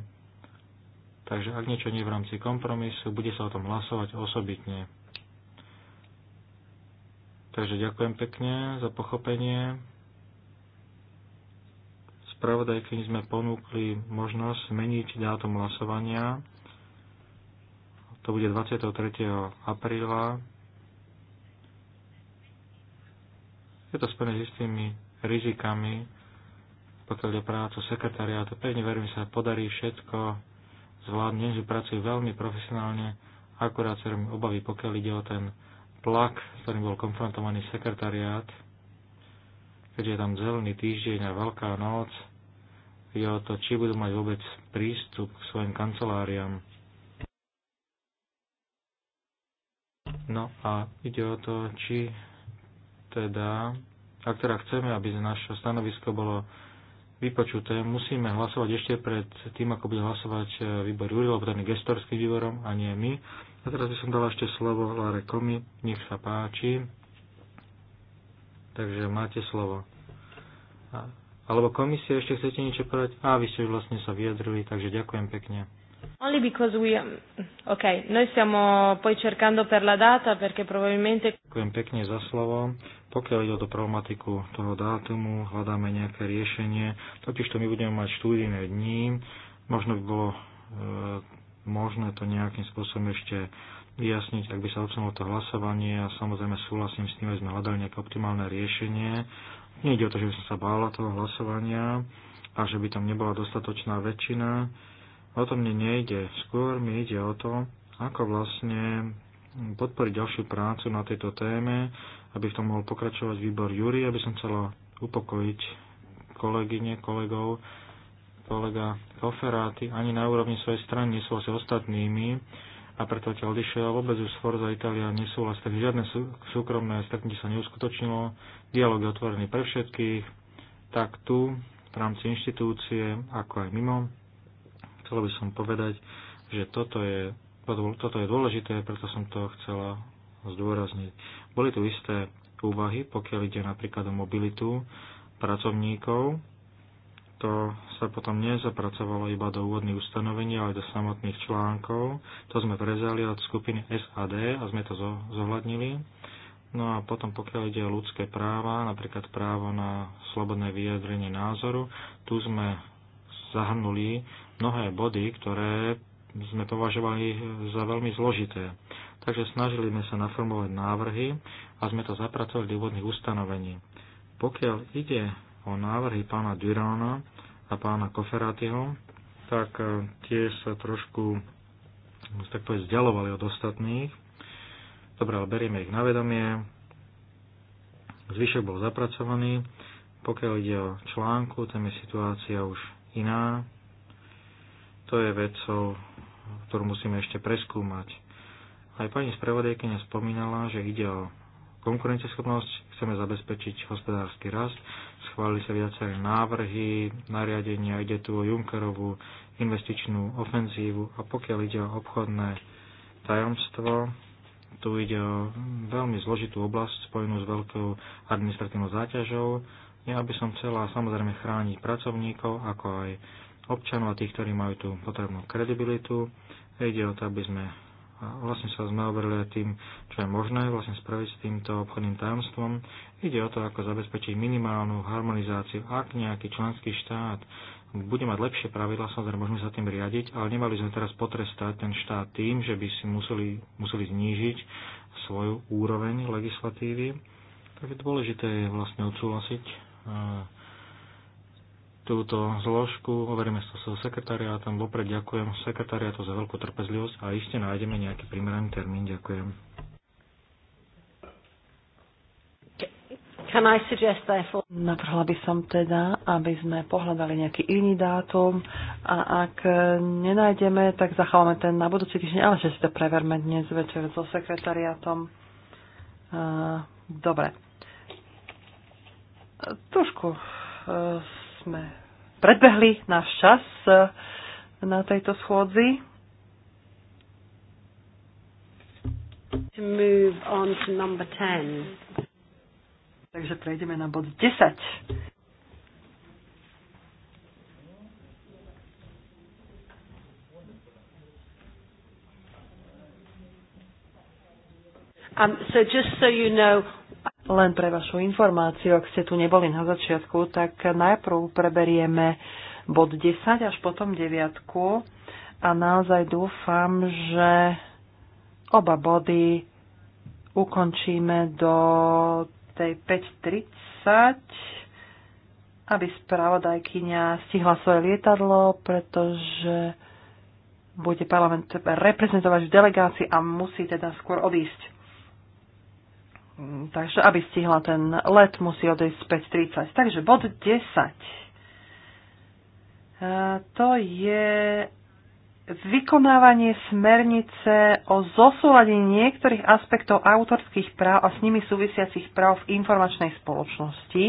[SPEAKER 1] Takže ak niečo nie je v rámci kompromisu, bude sa o tom hlasovať osobitne. Takže ďakujem pekne za pochopenie spravodajky sme ponúkli možnosť zmeniť dátum hlasovania. To bude 23. apríla. Je to spojené s istými rizikami, pokiaľ je prácu sekretariátu. Pevne verím, sa podarí všetko zvládne, že pracujú veľmi profesionálne, akurát sa mi obavy, pokiaľ ide o ten plak, s ktorým bol konfrontovaný sekretariát, keďže je tam zelený týždeň a veľká noc, je o to, či budú mať vôbec prístup k svojim kanceláriám. No a ide o to, či teda, ak teda chceme, aby naše stanovisko bolo vypočuté, musíme hlasovať ešte pred tým, ako bude hlasovať výbor Júri, lebo ten gestorským výborom a nie my. A teraz by som dala ešte slovo Lare Komi, nech sa páči. Takže máte slovo. A alebo komisia, ešte chcete niečo povedať? A vy ste vlastne sa vyjadrili, takže ďakujem pekne.
[SPEAKER 4] Only because we... Um, ok, noi stiamo poi cercando per la data, perché probabilmente...
[SPEAKER 1] Ďakujem pekne za slovo. Pokiaľ ide o tú problematiku toho dátumu, hľadáme nejaké riešenie. Totiž to my budeme mať štúdijné dní. Možno by bolo e, možné to nejakým spôsobom ešte vyjasniť, ak by sa obsunulo to hlasovanie a samozrejme súhlasím s tým, že sme hľadali nejaké optimálne riešenie Nejde o to, že by som sa bála toho hlasovania a že by tam nebola dostatočná väčšina. O to mne nejde. Skôr mi ide o to, ako vlastne podporiť ďalšiu prácu na tejto téme, aby v tom mohol pokračovať výbor Júri, aby som chcela upokojiť kolegyne, kolegov, kolega Koferáty ani na úrovni svojej strany sú asi ostatnými, a preto ťa odišiel. Vôbec už Forza Italia nesúhlas, takže žiadne sú, súkromné stretnutie sa neuskutočnilo. Dialóg je otvorený pre všetkých, tak tu, v rámci inštitúcie, ako aj mimo. Chcel by som povedať, že toto je, toto je dôležité, preto som to chcela zdôrazniť. Boli tu isté úvahy, pokiaľ ide napríklad o mobilitu pracovníkov, to sa potom nezapracovalo iba do úvodných ustanovení, ale do samotných článkov. To sme prezali od skupiny SAD a sme to zohľadnili. No a potom pokiaľ ide o ľudské práva, napríklad právo na slobodné vyjadrenie názoru, tu sme zahrnuli mnohé body, ktoré sme považovali za veľmi zložité. Takže snažili sme sa naformovať návrhy a sme to zapracovali do úvodných ustanovení. Pokiaľ ide o návrhy pána Durána a pána Koferatiho, tak e, tie sa trošku no, tak povedať, vzdialovali od ostatných. Dobre, ale berieme ich na vedomie. Zvyšok bol zapracovaný. Pokiaľ ide o článku, tam je situácia už iná. To je vecou, ktorú musíme ešte preskúmať. Aj pani spravodajkyňa spomínala, že ide o konkurenceschopnosť, chceme zabezpečiť hospodársky rast, schválili sa viaceré návrhy, nariadenia, ide tu o Junckerovú investičnú ofenzívu a pokiaľ ide o obchodné tajomstvo, tu ide o veľmi zložitú oblasť spojenú s veľkou administratívnou záťažou. Ja by som chcela samozrejme chrániť pracovníkov, ako aj občanov a tých, ktorí majú tú potrebnú kredibilitu. Ide o to, aby sme a vlastne sa sme aj tým, čo je možné vlastne spraviť s týmto obchodným tajomstvom. Ide o to, ako zabezpečiť minimálnu harmonizáciu. Ak nejaký členský štát bude mať lepšie pravidla, samozrejme môžeme sa tým riadiť, ale nemali sme teraz potrestať ten štát tým, že by si museli, museli znížiť svoju úroveň legislatívy. Takže dôležité je vlastne odsúhlasiť túto zložku, hovoríme sa so sekretariátom. Vopred ďakujem sekretariátu za veľkú trpezlivosť a ešte nájdeme nejaký primeraný termín. Ďakujem.
[SPEAKER 3] Can I suggest therefore... Navrhla by som teda, aby sme pohľadali nejaký iný dátum a ak nenájdeme, tak zachováme ten na budúci týždeň, ale že si to preverme dnes večer so sekretariátom. Uh, dobre. Trošku uh, sme predbehli náš čas eh, na tejto schôdzi.
[SPEAKER 2] To move on to number 10. Takže prejdeme na bod 10.
[SPEAKER 3] Um, so just so you know, len pre vašu informáciu, ak ste tu neboli na začiatku, tak najprv preberieme bod 10 až potom 9 a naozaj dúfam, že oba body ukončíme do tej 5.30, aby spravodajkyňa stihla svoje lietadlo, pretože bude parlament reprezentovať v delegácii a musí teda skôr odísť. Mm, takže aby stihla ten let, musí odejsť 5.30. Takže bod 10. E, to je vykonávanie smernice o zosúladení niektorých aspektov autorských práv a s nimi súvisiacich práv v informačnej spoločnosti.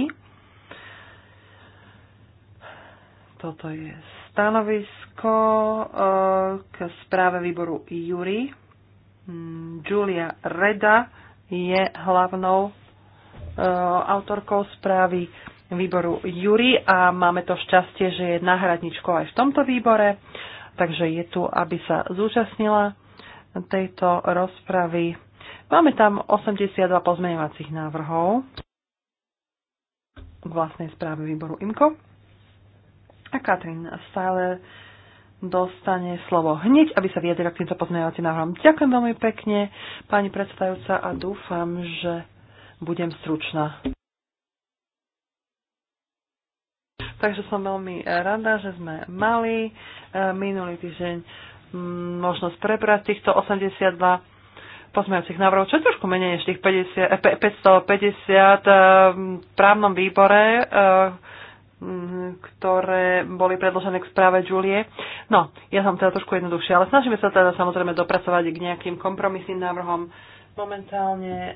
[SPEAKER 3] Toto je stanovisko e, k správe výboru Jury. Mm, Julia Reda je hlavnou e, autorkou správy výboru Jury a máme to šťastie, že je náhradničkou aj v tomto výbore, takže je tu, aby sa zúčastnila tejto rozpravy. Máme tam 82 pozmeňovacích návrhov k vlastnej správe výboru IMKO. A Katrin Stále dostane slovo hneď, aby sa vyjadrila k týmto pozmeňovacím návrhom. Ďakujem veľmi pekne, pani predstavujúca, a dúfam, že budem stručná. Takže som veľmi rada, že sme mali e, minulý týždeň možnosť prebrať týchto 82 pozmeňujúcich návrhov, čo je trošku menej než tých 50, 550 e, e, v právnom výbore ktoré boli predložené k správe Julie. No, ja som teda trošku jednoduchšie, ale snažíme sa teda samozrejme dopracovať k nejakým kompromisným návrhom. Momentálne eh,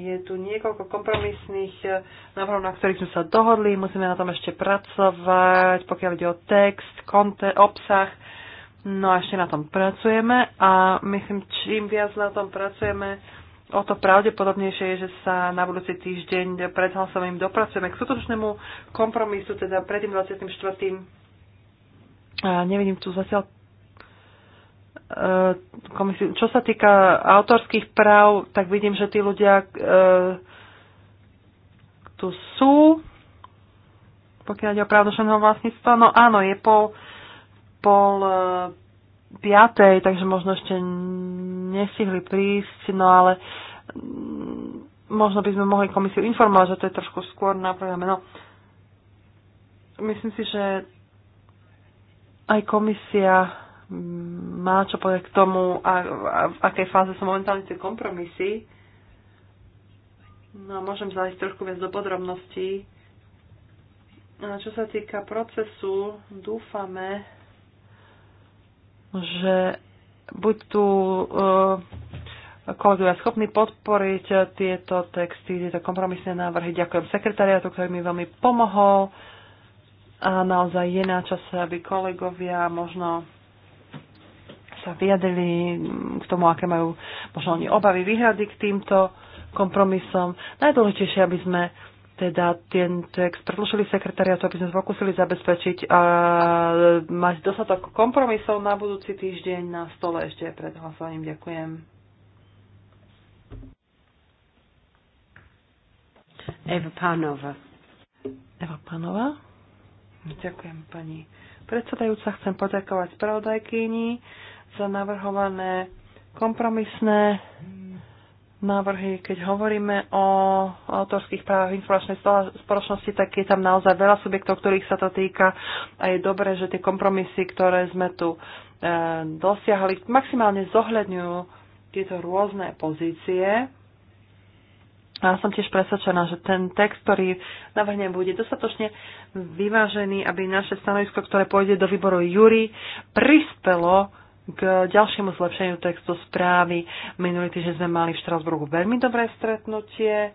[SPEAKER 3] je tu niekoľko kompromisných eh, návrhov, na ktorých sme sa dohodli. Musíme na tom ešte pracovať, pokiaľ ide o text, konte, obsah. No a ešte na tom pracujeme a myslím, čím viac na tom pracujeme, o to pravdepodobnejšie je, že sa na budúci týždeň pred hlasovaním dopracujeme k skutočnému kompromisu, teda pred tým 24. A nevidím tu zatiaľ e, komisiu. Čo sa týka autorských práv, tak vidím, že tí ľudia e, tu sú, pokiaľ ide o právnošeného vlastníctva. No áno, je pol, pol e, 5, takže možno ešte nestihli prísť, no ale mm, možno by sme mohli komisiu informovať, že to je trošku skôr na programe. No, myslím si, že aj komisia mm, má čo povedať k tomu, a, a v akej fáze sú momentálne tie kompromisy. No, môžem zájsť trošku viac do podrobností. A čo sa týka procesu, dúfame, že buď tu eh, kolegovia schopní podporiť tieto texty, tieto kompromisné návrhy. Ďakujem sekretariatu, ktorý mi veľmi pomohol. A naozaj je na čase, aby kolegovia možno sa vyjadrili k tomu, aké majú možno oni obavy, výhrady k týmto kompromisom. Najdôležitejšie, aby sme teda ten text predložili sekretariatu, aby sme pokúsili zabezpečiť a mať dostatok kompromisov na budúci týždeň na stole ešte pred hlasovaním. Ďakujem. Eva Pánova. Eva Pánova. Ďakujem pani predsedajúca. Chcem poďakovať spravodajkyni za navrhované kompromisné návrhy, keď hovoríme o autorských právach informačnej spoločnosti, tak je tam naozaj veľa subjektov, ktorých sa to týka a je dobré, že tie kompromisy, ktoré sme tu e, dosiahli, maximálne zohľadňujú tieto rôzne pozície. A som tiež presvedčená, že ten text, ktorý navrhnem, bude dostatočne vyvážený, aby naše stanovisko, ktoré pôjde do výboru Jury, prispelo k ďalšiemu zlepšeniu textu správy. Minulý týždeň sme mali v Štrasburgu veľmi dobré stretnutie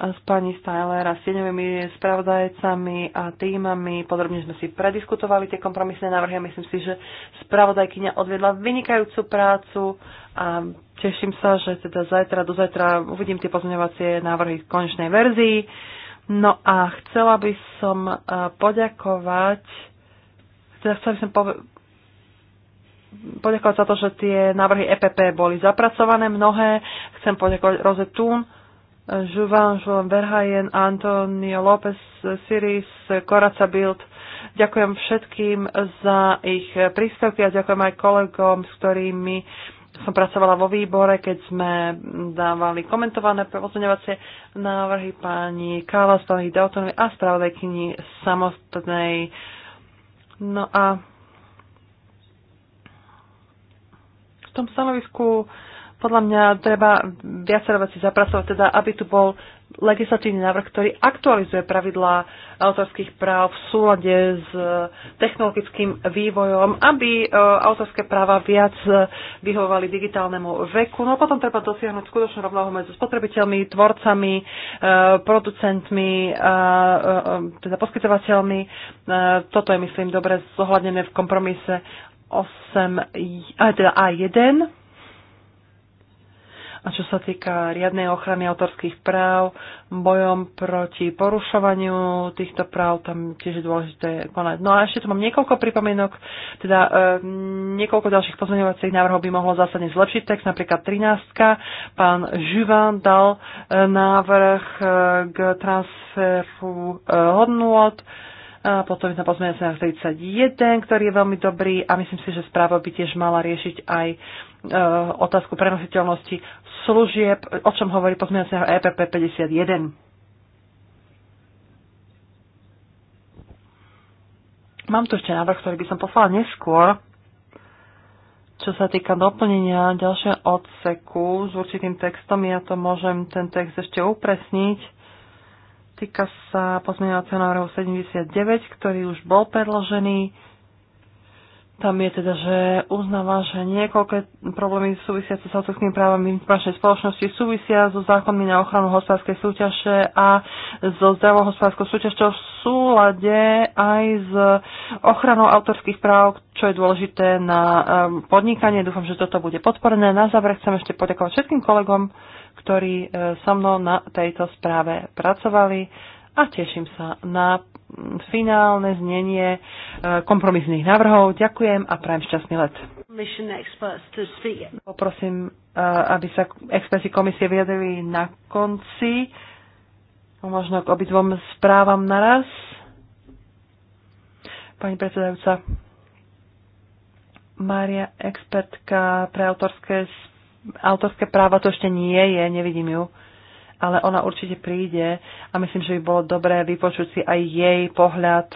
[SPEAKER 3] s pani Styler a s tieňovými spravodajcami a týmami. Podrobne sme si prediskutovali tie kompromisné návrhy a myslím si, že spravodajkyňa odvedla vynikajúcu prácu a teším sa, že teda zajtra do zajtra uvidím tie pozmeňovacie návrhy v konečnej verzii. No a chcela by som eh, poďakovať teda chcela by som poďakovať za to, že tie návrhy EPP boli zapracované mnohé. Chcem poďakovať Rose Thun, Juvan, Juan Verhajen, Antonio López, Siris, Koraca Bild. Ďakujem všetkým za ich príspevky a ďakujem aj kolegom, s ktorými som pracovala vo výbore, keď sme dávali komentované pozmeňovacie návrhy pani Kála, pani Dautonovi a spravodajkyni samostatnej. No a v tom stanovisku podľa mňa treba viacero veci zapracovať, teda aby tu bol legislatívny návrh, ktorý aktualizuje pravidlá autorských práv v súlade s e, technologickým vývojom, aby e, autorské práva viac e, vyhovovali digitálnemu veku. No a potom treba dosiahnuť skutočnú rovnováhu medzi spotrebiteľmi, tvorcami, producentmi, teda poskytovateľmi. Toto je, myslím, dobre zohľadnené v kompromise 8, teda A1. A čo sa týka riadnej ochrany autorských práv, bojom proti porušovaniu týchto práv, tam tiež je dôležité konať. No a ešte tu mám niekoľko pripomienok, teda e, niekoľko ďalších pozmeňovacích návrhov by mohlo zásadne zlepšiť text, napríklad 13. Pán Žuvan dal e, návrh e, k transferu e, hodnôt. E, a potom je tam pozmeňovací návrh 31, ktorý je veľmi dobrý a myslím si, že správa by tiež mala riešiť aj e, otázku prenositeľnosti služieb, o čom hovorí pozmeňovací návrh EPP 51. Mám tu ešte návrh, ktorý by som poslala neskôr, čo sa týka doplnenia ďalšieho odseku s určitým textom. Ja to môžem ten text ešte upresniť. Týka sa pozmeňovacieho návrhu 79, ktorý už bol predložený. Tam je teda, že uznáva, že niekoľko problémy súvisiace s autorskými právami informačnej spoločnosti súvisia so zákonmi na ochranu hospodárskej súťaže a so zdravou hospodárskou súťažou v súlade aj s ochranou autorských práv, čo je dôležité na um, podnikanie. Dúfam, že toto bude podporené. Na záver chcem ešte poďakovať všetkým kolegom, ktorí e, so mnou na tejto správe pracovali a teším sa na finálne znenie e, kompromisných návrhov. Ďakujem a prajem šťastný let. Poprosím, e, aby sa experti komisie vyjadrili na konci, no, možno k obidvom správam naraz. Pani predsedajúca, Mária, expertka pre autorské autorské práva to ešte nie je, nevidím ju, ale ona určite príde a myslím, že by bolo dobré vypočuť si aj jej pohľad.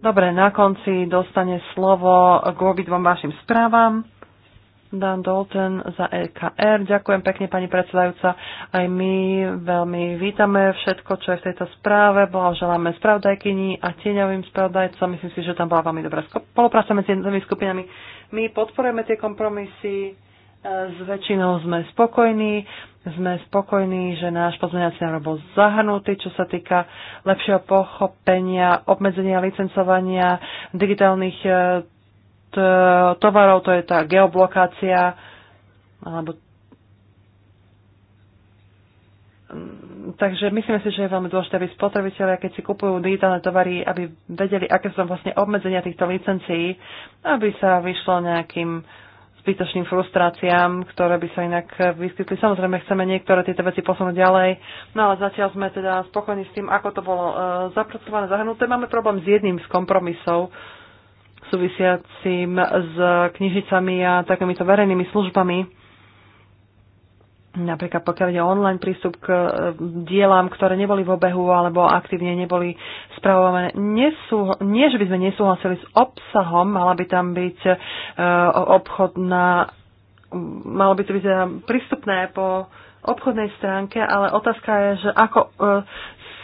[SPEAKER 3] Dobre, na konci dostane slovo k obidvom vašim správam. Dan Dalton za EKR. Ďakujem pekne, pani predsedajúca. Aj my veľmi vítame všetko, čo je v tejto správe. Blahoželáme spravdajkyni a tieňovým spravdajcom. Myslím si, že tam bola veľmi dobrá spolupráca medzi tými skupinami. My podporujeme tie kompromisy. E, s väčšinou sme spokojní. Sme spokojní, že náš pozmeňací návrh bol zahrnutý, čo sa týka lepšieho pochopenia, obmedzenia licencovania digitálnych e, E, tovarov, to je tá geoblokácia, alebo Takže myslím si, že je veľmi dôležité, aby spotrebitelia, keď si kupujú digitálne tovary, aby vedeli, aké sú vlastne obmedzenia týchto licencií, aby sa vyšlo nejakým zbytočným frustráciám, ktoré by sa inak vyskytli. Samozrejme, chceme niektoré tieto veci posunúť ďalej, no ale zatiaľ sme teda spokojní s tým, ako to bolo e, zapracované, zahrnuté. Máme problém s jedným z kompromisov, súvisiacim s knižnicami a takýmito verejnými službami. Napríklad pokiaľ ide online prístup k eh, dielám, ktoré neboli v obehu alebo aktívne neboli spravované, nesúh- nie že by sme nesúhlasili s obsahom, mala by tam byť uh, eh, obchodná, malo by to byť eh, prístupné po obchodnej stránke, ale otázka je, že ako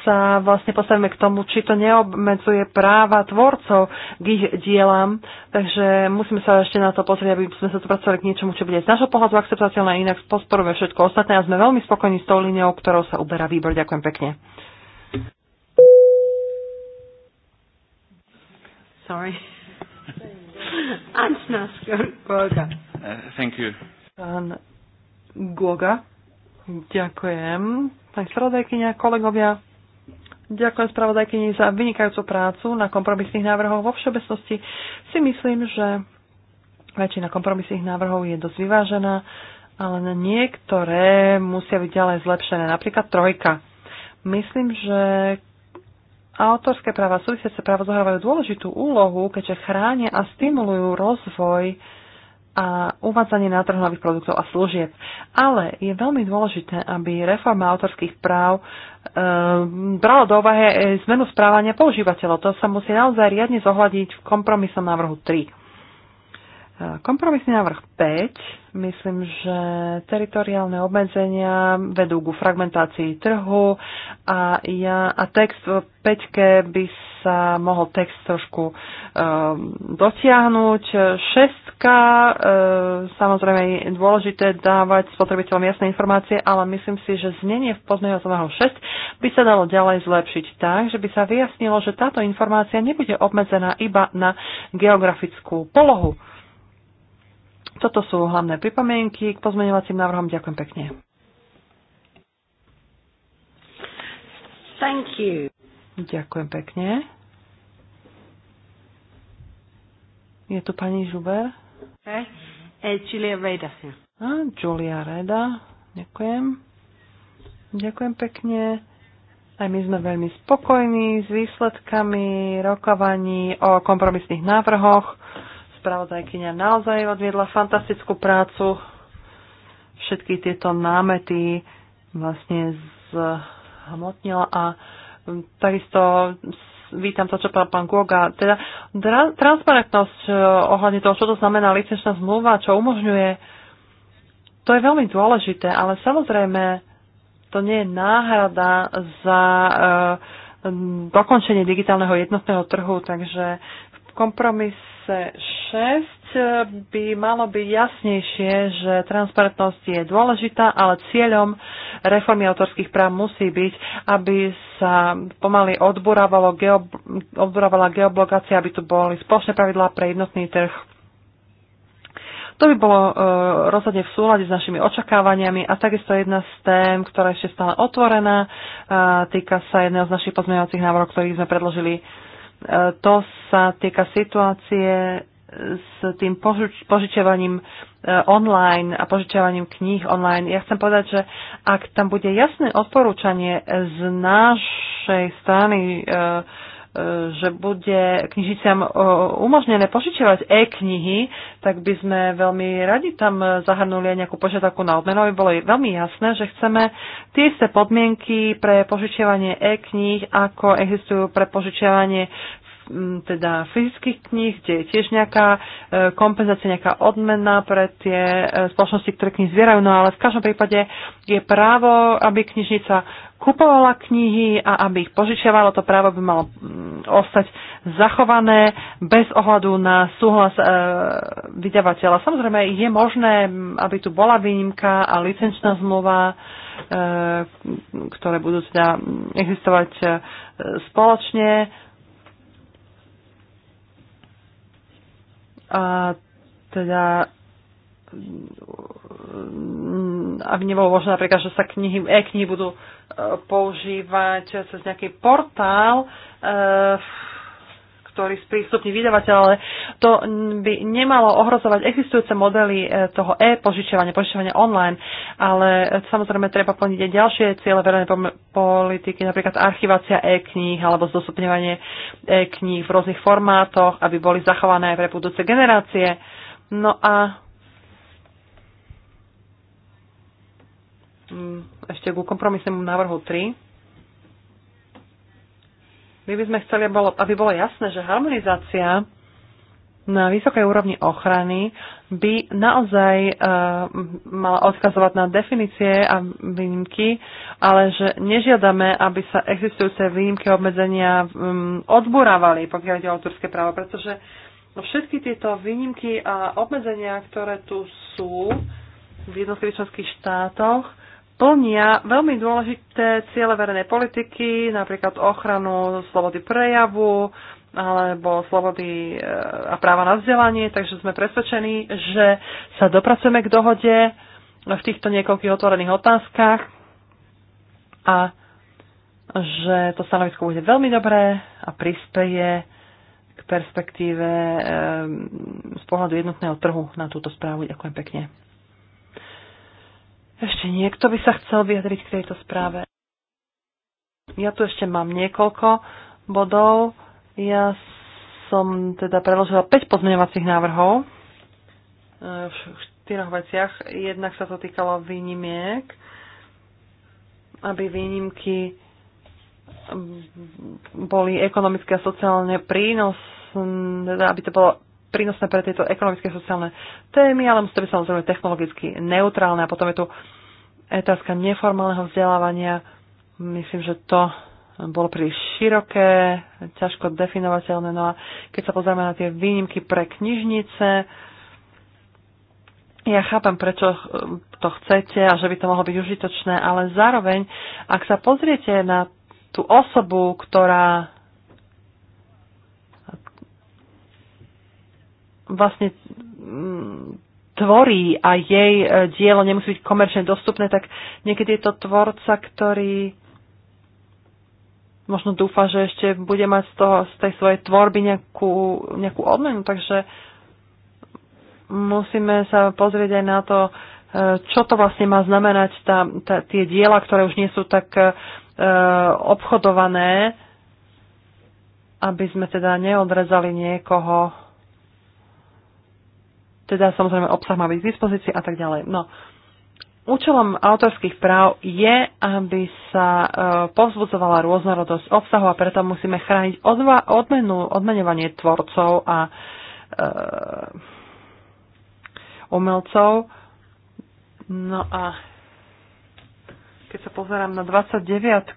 [SPEAKER 3] sa vlastne postavíme k tomu, či to neobmedzuje práva tvorcov k ich dielam. Takže musíme sa ešte na to pozrieť, aby sme sa dopracovali k niečomu, čo bude z našho pohľadu akceptovateľné, inak podporujeme všetko ostatné a sme veľmi spokojní s tou líniou, ktorou sa uberá výbor. Ďakujem pekne.
[SPEAKER 2] Sorry.
[SPEAKER 4] Uh, thank you.
[SPEAKER 3] Pán Goga. Ďakujem. Pani spravodajkynia, kolegovia. Ďakujem spravodajkyni za vynikajúcu prácu na kompromisných návrhoch. Vo všeobecnosti si myslím, že väčšina kompromisných návrhov je dosť vyvážená, ale na niektoré musia byť ďalej zlepšené. Napríklad trojka. Myslím, že autorské práva súvisiace práva zohrávajú dôležitú úlohu, keďže chránia a stimulujú rozvoj a uvádzanie na trh nových produktov a služieb. Ale je veľmi dôležité, aby reforma autorských práv e, brala do úvahy zmenu správania používateľov. To sa musí naozaj riadne zohľadiť v kompromisom návrhu 3. Kompromisný návrh 5. Myslím, že teritoriálne obmedzenia vedú ku fragmentácii trhu a, ja, a text v 5 by sa mohol text trošku um, dotiahnuť. 6. um, e, samozrejme je dôležité dávať spotrebiteľom jasné informácie, ale myslím si, že znenie v pozmeňovacom 6 by sa dalo ďalej zlepšiť tak, že by sa vyjasnilo, že táto informácia nebude obmedzená iba na geografickú polohu toto sú hlavné pripomienky k pozmeňovacím návrhom. Ďakujem pekne. Thank you. Ďakujem pekne. Je tu pani Žuber?
[SPEAKER 2] Okay. Eh, hey, eh, Julia Reda.
[SPEAKER 3] A, Julia Reda. Ďakujem. Ďakujem pekne. Aj my sme veľmi spokojní s výsledkami rokovaní o kompromisných návrhoch Spravodajkyňa naozaj odviedla fantastickú prácu. Všetky tieto námety vlastne zhmotnila a mm, takisto vítam to, čo povedal pán Goga. Teda transparentnosť e, ohľadne toho, čo to znamená licenčná zmluva, čo umožňuje, to je veľmi dôležité, ale samozrejme to nie je náhrada za e, dokončenie digitálneho jednotného trhu, takže kompromis C6 by malo byť jasnejšie, že transparentnosť je dôležitá, ale cieľom reformy autorských práv musí byť, aby sa pomaly geo, odburávala geoblokácia, aby tu boli spoločné pravidlá pre jednotný trh. To by bolo e, rozhodne v súlade s našimi očakávaniami a takisto jedna z tém, ktorá je ešte stále otvorená, a týka sa jedného z našich pozmeňovacích návrhov, ktorých sme predložili to sa týka situácie s tým požičiavaním e, online a požičiavaním kníh online. Ja chcem povedať, že ak tam bude jasné odporúčanie z našej strany e, že bude knižiciam umožnené požičiavať e-knihy, tak by sme veľmi radi tam zahrnuli aj nejakú požiadavku na odmenu, aby bolo veľmi jasné, že chceme tie isté podmienky pre požičiavanie e knih ako existujú pre požičiavanie teda fyzických kníh, kde je tiež nejaká e, kompenzácia, nejaká odmena pre tie e, spoločnosti, ktoré knihy zvierajú. No ale v každom prípade je právo, aby knižnica kupovala knihy a aby ich požičiavalo, To právo by malo ostať zachované bez ohľadu na súhlas e, vydavateľa. Samozrejme, je možné, aby tu bola výnimka a licenčná zmluva, e, ktoré budú teda existovať e, spoločne A teda mm, aby nebolo možné napríklad, že sa knihy, e-knihy budú e, používať cez nejaký portál, e, ktorý sprístupní vydavateľ, ale to by nemalo ohrozovať existujúce modely e, toho e požičovania požičovania online, ale e, samozrejme treba plniť aj ďalšie ciele verejnej politiky, napríklad archivácia e-kníh alebo zdostupňovanie e-kníh v rôznych formátoch, aby boli zachované aj pre budúce generácie. No a mm, ešte ku kompromisnému návrhu 3. My by sme chceli, aby bolo jasné, že harmonizácia na vysokej úrovni ochrany by naozaj uh, mala odkazovať na definície a výnimky, ale že nežiadame, aby sa existujúce výnimky obmedzenia um, mm, odburávali, pokiaľ ide o autorské právo, pretože všetky tieto výnimky a obmedzenia, ktoré tu sú v jednotlivých členských štátoch, plnia veľmi dôležité ciele verejnej politiky, napríklad ochranu slobody prejavu alebo slobody eh, a práva na vzdelanie, takže sme presvedčení, že sa dopracujeme k dohode v týchto niekoľkých otvorených otázkach a že to stanovisko bude veľmi dobré a prispieje k perspektíve eh, z pohľadu jednotného trhu na túto správu. Ďakujem pekne. Ešte niekto by sa chcel vyjadriť k tejto správe. Ja tu ešte mám niekoľko bodov. Ja som teda preložila 5 pozmeňovacích návrhov e, v štyroch veciach. Jednak sa to týkalo výnimiek, aby výnimky boli ekonomické a sociálne prínos, teda aby to bolo prínosné pre tieto ekonomické a sociálne témy, ale musí to byť samozrejme technologicky neutrálne. A potom je tu otázka neformálneho vzdelávania. Myslím, že to bolo príliš široké, ťažko definovateľné. No a keď sa pozrieme na tie výnimky pre knižnice, ja chápem, prečo to chcete a že by to mohlo byť užitočné, ale zároveň, ak sa pozriete na tú osobu, ktorá vlastne mm, tvorí a jej e, dielo nemusí byť komerčne dostupné, tak niekedy je to tvorca, ktorý možno dúfa, že ešte bude mať z, toho, z tej svojej tvorby nejakú, nejakú odmenu. Takže musíme sa pozrieť aj na to, e, čo to vlastne má znamenať tá, tá, tie diela, ktoré už nie sú tak e, obchodované, aby sme teda neodrezali niekoho teda samozrejme obsah má byť k dispozícii a tak ďalej. No, účelom autorských práv je, aby sa e, povzbudzovala rôznorodosť obsahu a preto musíme chrániť odva, odmenu, odmenovanie tvorcov a e, umelcov. No a keď sa pozerám na 29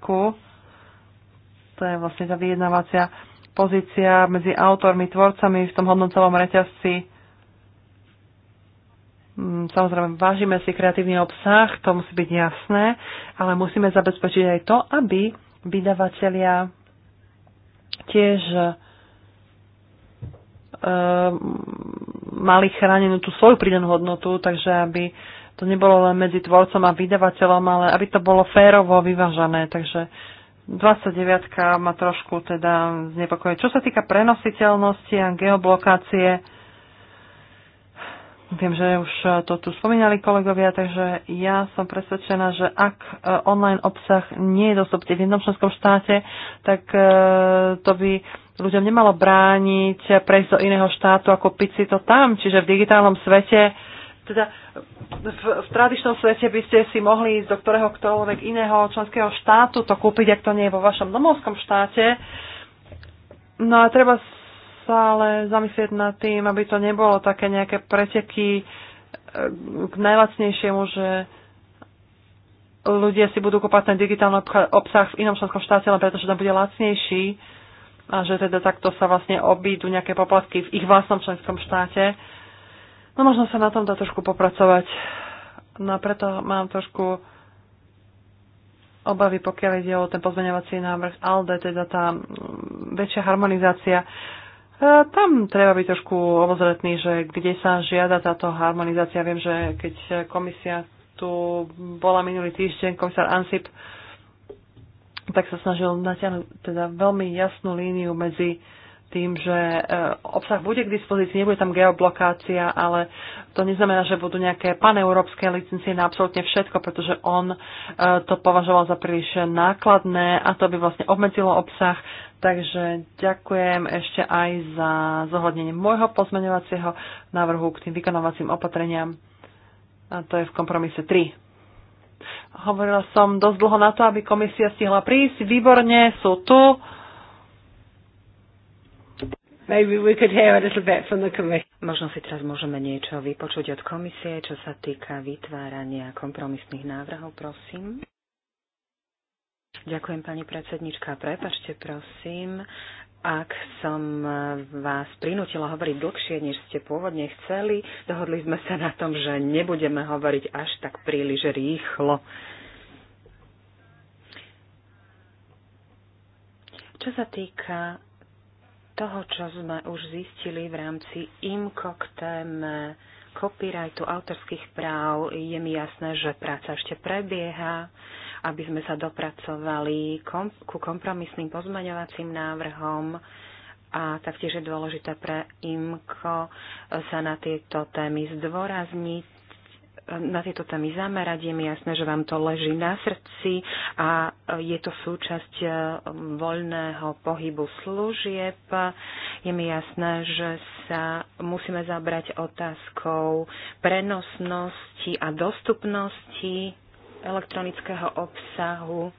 [SPEAKER 3] to je vlastne tá vyjednávacia pozícia medzi autormi, tvorcami v tom hodnotovom reťazci Mm, samozrejme, vážime si kreatívny obsah, to musí byť jasné, ale musíme zabezpečiť aj to, aby vydavatelia tiež e, mali chránenú tú svoju pridanú hodnotu, takže aby to nebolo len medzi tvorcom a vydavateľom, ale aby to bolo férovo vyvážané. Takže 29 ma trošku teda znepokoje. Čo sa týka prenositeľnosti a geoblokácie, Viem, že už e, to tu spomínali kolegovia, takže ja som presvedčená, že ak e, online obsah nie je dostupný v jednom členskom štáte, tak e, to by ľuďom nemalo brániť prejsť do iného štátu ako piť si to tam. Čiže v digitálnom svete, teda v, v tradičnom svete by ste si mohli ísť do ktorého ktoroľvek iného členského štátu to kúpiť, ak to nie je vo vašom domovskom štáte. No a treba ale zamyslieť nad tým, aby to nebolo také nejaké preteky eh, k najlacnejšiemu, že ľudia si budú kúpať ten digitálny obsah v inom členskom štáte, len pretože tam bude lacnejší a že teda takto sa vlastne obídu nejaké poplatky v ich vlastnom členskom štáte. No možno sa na tom dá trošku popracovať. No a preto mám trošku obavy, pokiaľ ide o ten pozmeňovací návrh ALDE, teda tá mm, väčšia harmonizácia. E, tam treba byť trošku obozretný, že kde sa žiada táto harmonizácia. Viem, že keď komisia tu bola minulý týždeň, komisár Ansip, tak sa snažil natiahnuť teda veľmi jasnú líniu medzi tým, že e, obsah bude k dispozícii, nebude tam geoblokácia, ale to neznamená, že budú nejaké paneurópske licencie na absolútne všetko, pretože on e, to považoval za príliš nákladné a to by vlastne obmedzilo obsah. Takže ďakujem ešte aj za zohľadnenie môjho pozmeňovacieho návrhu k tým vykonovacím opatreniam. A to je v kompromise 3. Hovorila som dosť dlho na to, aby komisia stihla prísť. Výborne, sú tu. Maybe we could hear a little bit from the commission. Možno si teraz môžeme niečo vypočuť
[SPEAKER 4] od komisie, čo sa týka vytvárania kompromisných návrhov, prosím. Ďakujem, pani predsednička. Prepačte, prosím, ak som vás prinútila hovoriť dlhšie, než ste pôvodne chceli. Dohodli sme sa na tom, že nebudeme hovoriť až tak príliš rýchlo. Čo sa týka toho, čo sme už zistili v rámci IMCO k téme copyrightu autorských práv, je mi jasné, že práca ešte prebieha, aby sme sa dopracovali kom- ku kompromisným pozmaňovacím návrhom a taktiež je dôležité pre IMCO sa na tieto témy zdôrazniť na tieto témy zamerať. Je mi jasné, že vám to leží na srdci a e, je to súčasť e, voľného pohybu služieb. Je mi jasné, že sa musíme zabrať otázkou prenosnosti a dostupnosti elektronického obsahu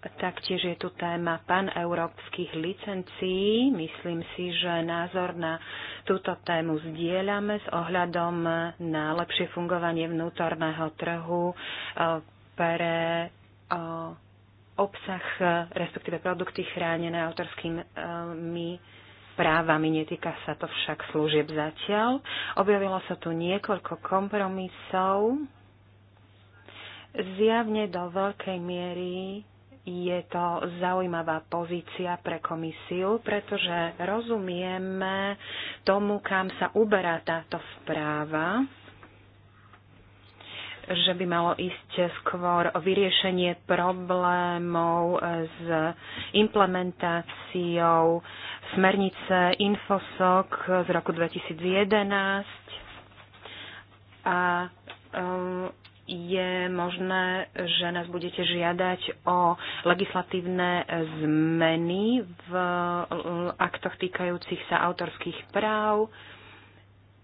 [SPEAKER 4] Taktiež je tu téma paneurópskych licencií. Myslím si, že názor na túto tému zdieľame s ohľadom na lepšie fungovanie vnútorného trhu e, pre e, obsah, respektíve produkty chránené autorskými právami. Netýka sa to však služieb zatiaľ. Objavilo sa tu niekoľko kompromisov. Zjavne do veľkej miery je to zaujímavá pozícia pre komisiu, pretože rozumieme tomu, kam sa uberá táto správa že by malo ísť skôr o vyriešenie problémov s implementáciou smernice Infosok z roku 2011 a um, je možné, že nás budete žiadať o legislatívne zmeny v e, aktoch týkajúcich sa autorských práv.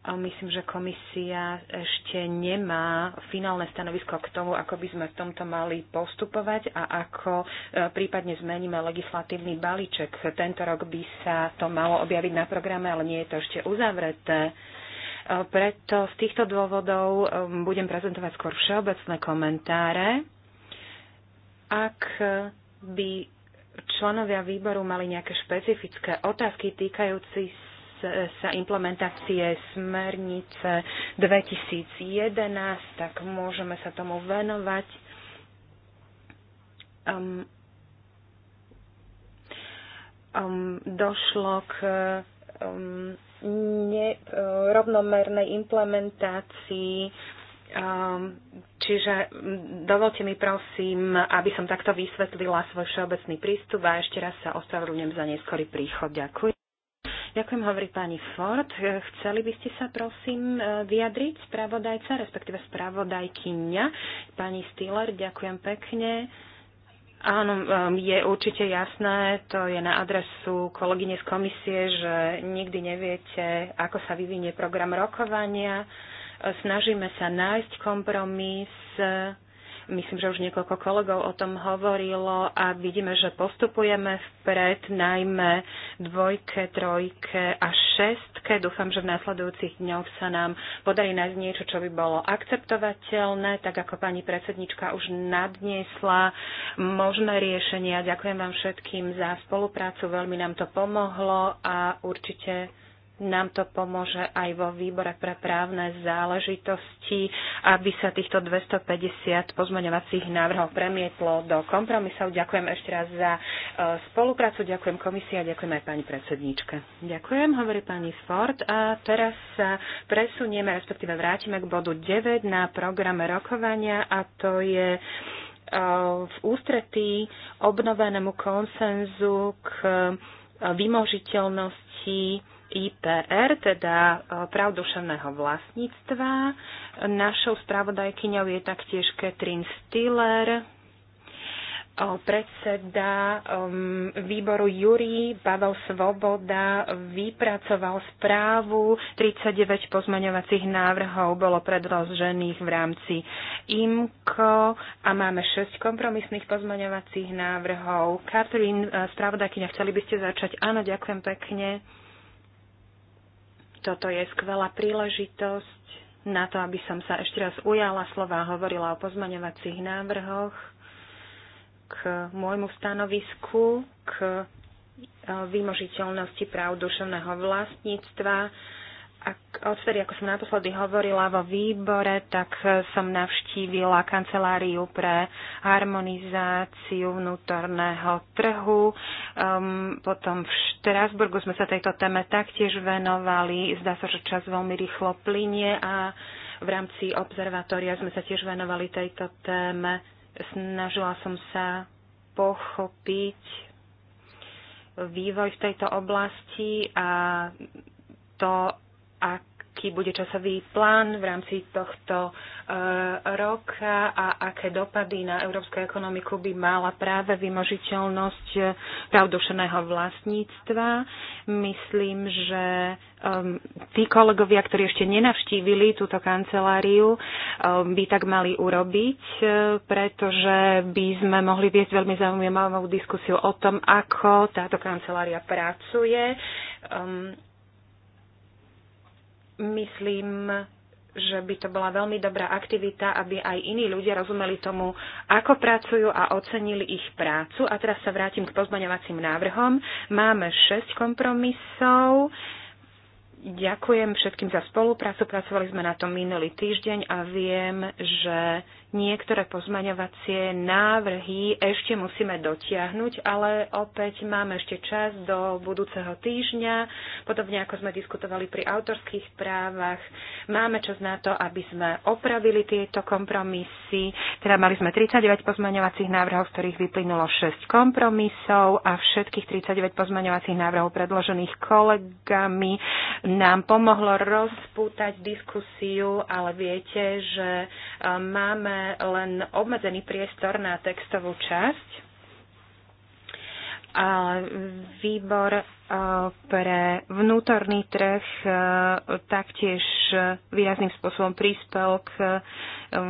[SPEAKER 4] Myslím, že komisia ešte nemá finálne stanovisko k tomu, ako by sme v tomto mali postupovať a ako e, prípadne zmeníme legislatívny balíček. Tento rok by sa to malo objaviť na programe, ale nie je to ešte uzavreté. Preto z týchto dôvodov um, budem prezentovať skôr všeobecné komentáre. Ak by členovia výboru mali nejaké špecifické otázky týkajúci sa implementácie smernice 2011, tak môžeme sa tomu venovať. Um, um, došlo k um, Ne e, rovnomernej implementácii e, Čiže dovolte mi prosím, aby som takto vysvetlila svoj všeobecný prístup a ešte raz sa ospravedlňujem za neskorý príchod. Ďakujem. Ďakujem, hovorí pani Ford. E, chceli by ste sa prosím vyjadriť, spravodajca, respektíve spravodajkyňa. Pani Stiller, ďakujem pekne. Áno, je určite jasné, to je na adresu kolegyne z komisie, že nikdy neviete, ako sa vyvinie program rokovania. Snažíme sa nájsť kompromis Myslím, že už niekoľko kolegov o tom hovorilo a vidíme, že postupujeme vpred, najmä dvojke, trojke a šestke. Dúfam, že v následujúcich dňoch sa nám podarí nájsť niečo, čo by bolo akceptovateľné, tak ako pani predsednička už nadniesla možné riešenia. Ďakujem vám všetkým za spoluprácu, veľmi nám to pomohlo a určite nám to pomôže aj vo výbore pre právne záležitosti, aby sa týchto 250 pozmeňovacích návrhov premietlo do kompromisov. Ďakujem ešte raz za e, spoluprácu, ďakujem komisia, a ďakujem aj pani predsedníčke. Ďakujem, hovorí pani Ford. A teraz sa presunieme, respektíve vrátime k bodu 9 na programe rokovania a to je e, v ústretí obnovenému konsenzu k e, vymožiteľnosti IPR, teda e, práv vlastníctva. Našou spravodajkyňou je taktiež Katrin Stiller, e, predseda e, výboru Jurí Pavel Svoboda vypracoval správu. 39 pozmaňovacích návrhov bolo predložených v rámci IMKO a máme 6 kompromisných pozmaňovacích návrhov. Katrin, spravodajkyňa, chceli by ste začať? Áno, ďakujem pekne. Toto je skvelá príležitosť na to, aby som sa ešte raz ujala slova a hovorila o pozmaňovacích návrhoch k môjmu stanovisku, k e, vymožiteľnosti práv duševného vlastníctva, ak, odvtedy, ako som naposledy hovorila vo výbore, tak som navštívila kanceláriu pre harmonizáciu vnútorného trhu. Um, potom v Štrásburgu sme sa tejto téme taktiež venovali. Zdá sa, že čas veľmi rýchlo plinie a v rámci observatória sme sa tiež venovali tejto téme. Snažila som sa pochopiť vývoj v tejto oblasti a to, aký bude časový plán v rámci tohto e, roka a aké dopady na európsku ekonomiku by mala práve vymožiteľnosť eh, pravdušeného vlastníctva. Myslím, že eh, tí kolegovia, ktorí ešte nenavštívili túto kanceláriu, by tak mali urobiť, e, pretože by sme mohli viesť veľmi zaujímavú diskusiu o tom, ako táto kancelária pracuje. Ehm, myslím, že by to bola veľmi dobrá aktivita, aby aj iní ľudia rozumeli tomu, ako pracujú a ocenili ich prácu. A teraz sa vrátim k pozmaňovacím návrhom. Máme 6 kompromisov. Uh, Ďakujem všetkým za spoluprácu. Pracovali sme na tom minulý týždeň a viem, že niektoré pozmaňovacie návrhy ešte musíme dotiahnuť, ale opäť máme ešte čas do budúceho týždňa. Podobne ako sme diskutovali pri autorských právach, máme čas na to, aby sme opravili tieto kompromisy. Teda mali sme 39 pozmaňovacích návrhov, z ktorých vyplynulo 6 kompromisov a všetkých 39 pozmaňovacích návrhov predložených kolegami nám pomohlo rozpútať diskusiu, ale viete, že e, máme len obmedzený priestor na textovú časť. a výbor e, pre vnútorný trh e, taktiež výrazným spôsobom prispel k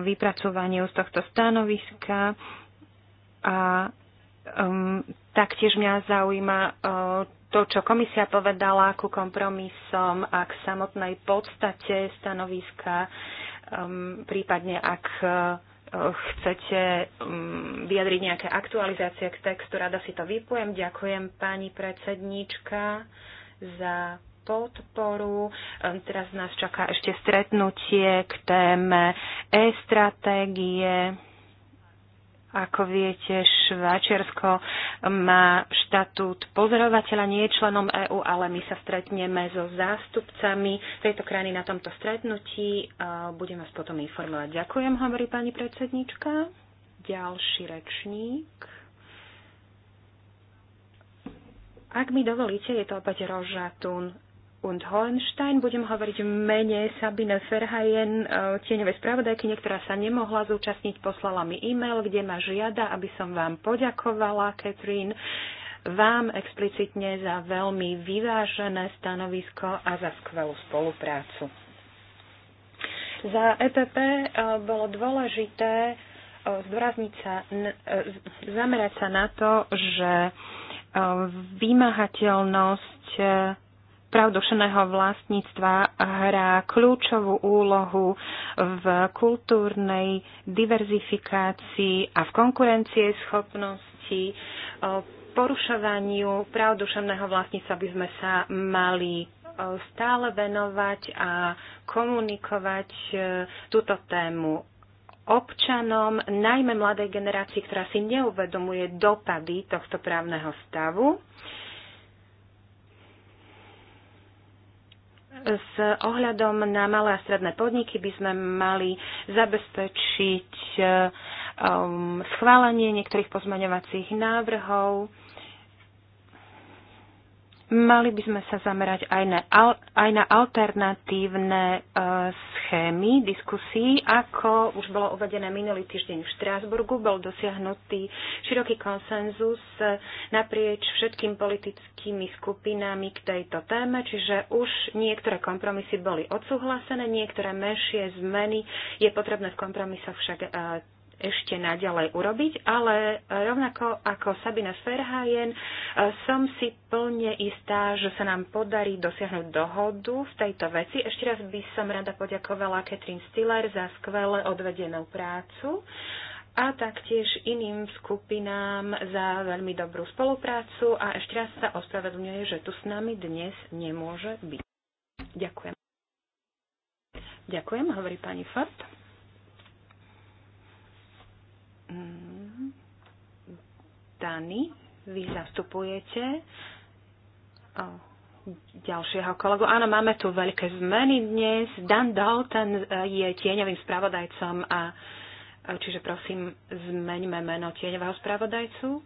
[SPEAKER 4] vypracovaniu z tohto stanoviska a taktiež mňa zaujíma, to, čo komisia povedala ku kompromisom a k samotnej podstate stanoviska, um, prípadne ak uh, chcete um, vyjadriť nejaké aktualizácie k textu, rada si to vypujem. Ďakujem pani predsedníčka za podporu. Um, teraz nás čaká ešte stretnutie k téme e-stratégie. Ako viete, Švajčiarsko má štatút pozorovateľa, nie je členom EÚ, ale my sa stretneme so zástupcami tejto krajiny na tomto stretnutí. Budem vás potom informovať. Ďakujem, hovorí pani predsednička. Ďalší rečník. Ak mi dovolíte, je to opäť Roža Tun und Holnstein. Budem hovoriť v mene Sabine Ferhajen, e, tieňovej spravodajky, ktorá sa nemohla zúčastniť, poslala mi e-mail, kde ma žiada, aby som vám poďakovala, Catherine, vám explicitne za veľmi vyvážené stanovisko a za skvelú spoluprácu. Za EPP e, bolo dôležité e, zdôrazniť sa, zamerať sa na to, že vymahateľnosť pravdušeného vlastníctva hrá kľúčovú úlohu v kultúrnej diverzifikácii a v konkurencie schopnosti eh, porušovaniu pravdušeného vlastníctva by sme sa mali eh, stále venovať a komunikovať eh, túto tému občanom, najmä mladej generácii, ktorá si neuvedomuje dopady tohto právneho stavu s ohľadom na malé a stredné podniky by sme mali zabezpečiť um, schválenie niektorých pozmaňovacích návrhov Mali by sme sa zamerať aj na, aj na alternatívne e, schémy diskusí. Ako už bolo uvedené minulý týždeň v Štrásburgu, bol dosiahnutý široký konsenzus e, naprieč všetkým politickými skupinami k tejto téme, čiže už niektoré kompromisy boli odsúhlasené, niektoré menšie zmeny je potrebné v kompromisoch však e, ešte naďalej urobiť, ale e, rovnako ako Sabina Ferhajen e, som si plne istá, že sa nám podarí dosiahnuť dohodu v tejto veci. Ešte raz by som rada poďakovala Katrin Stiller za skvele odvedenú prácu a taktiež iným skupinám za veľmi dobrú spoluprácu a ešte raz sa ospravedlňuje, že tu s nami dnes nemôže byť. Ďakujem. Ďakujem, hovorí pani Ford. Mm. Dani, vy zastupujete ďalšieho kolegu. Áno, máme tu veľké zmeny dnes. Dan Dalton e, je tieňovým spravodajcom a e, čiže prosím, zmeňme meno tieňového spravodajcu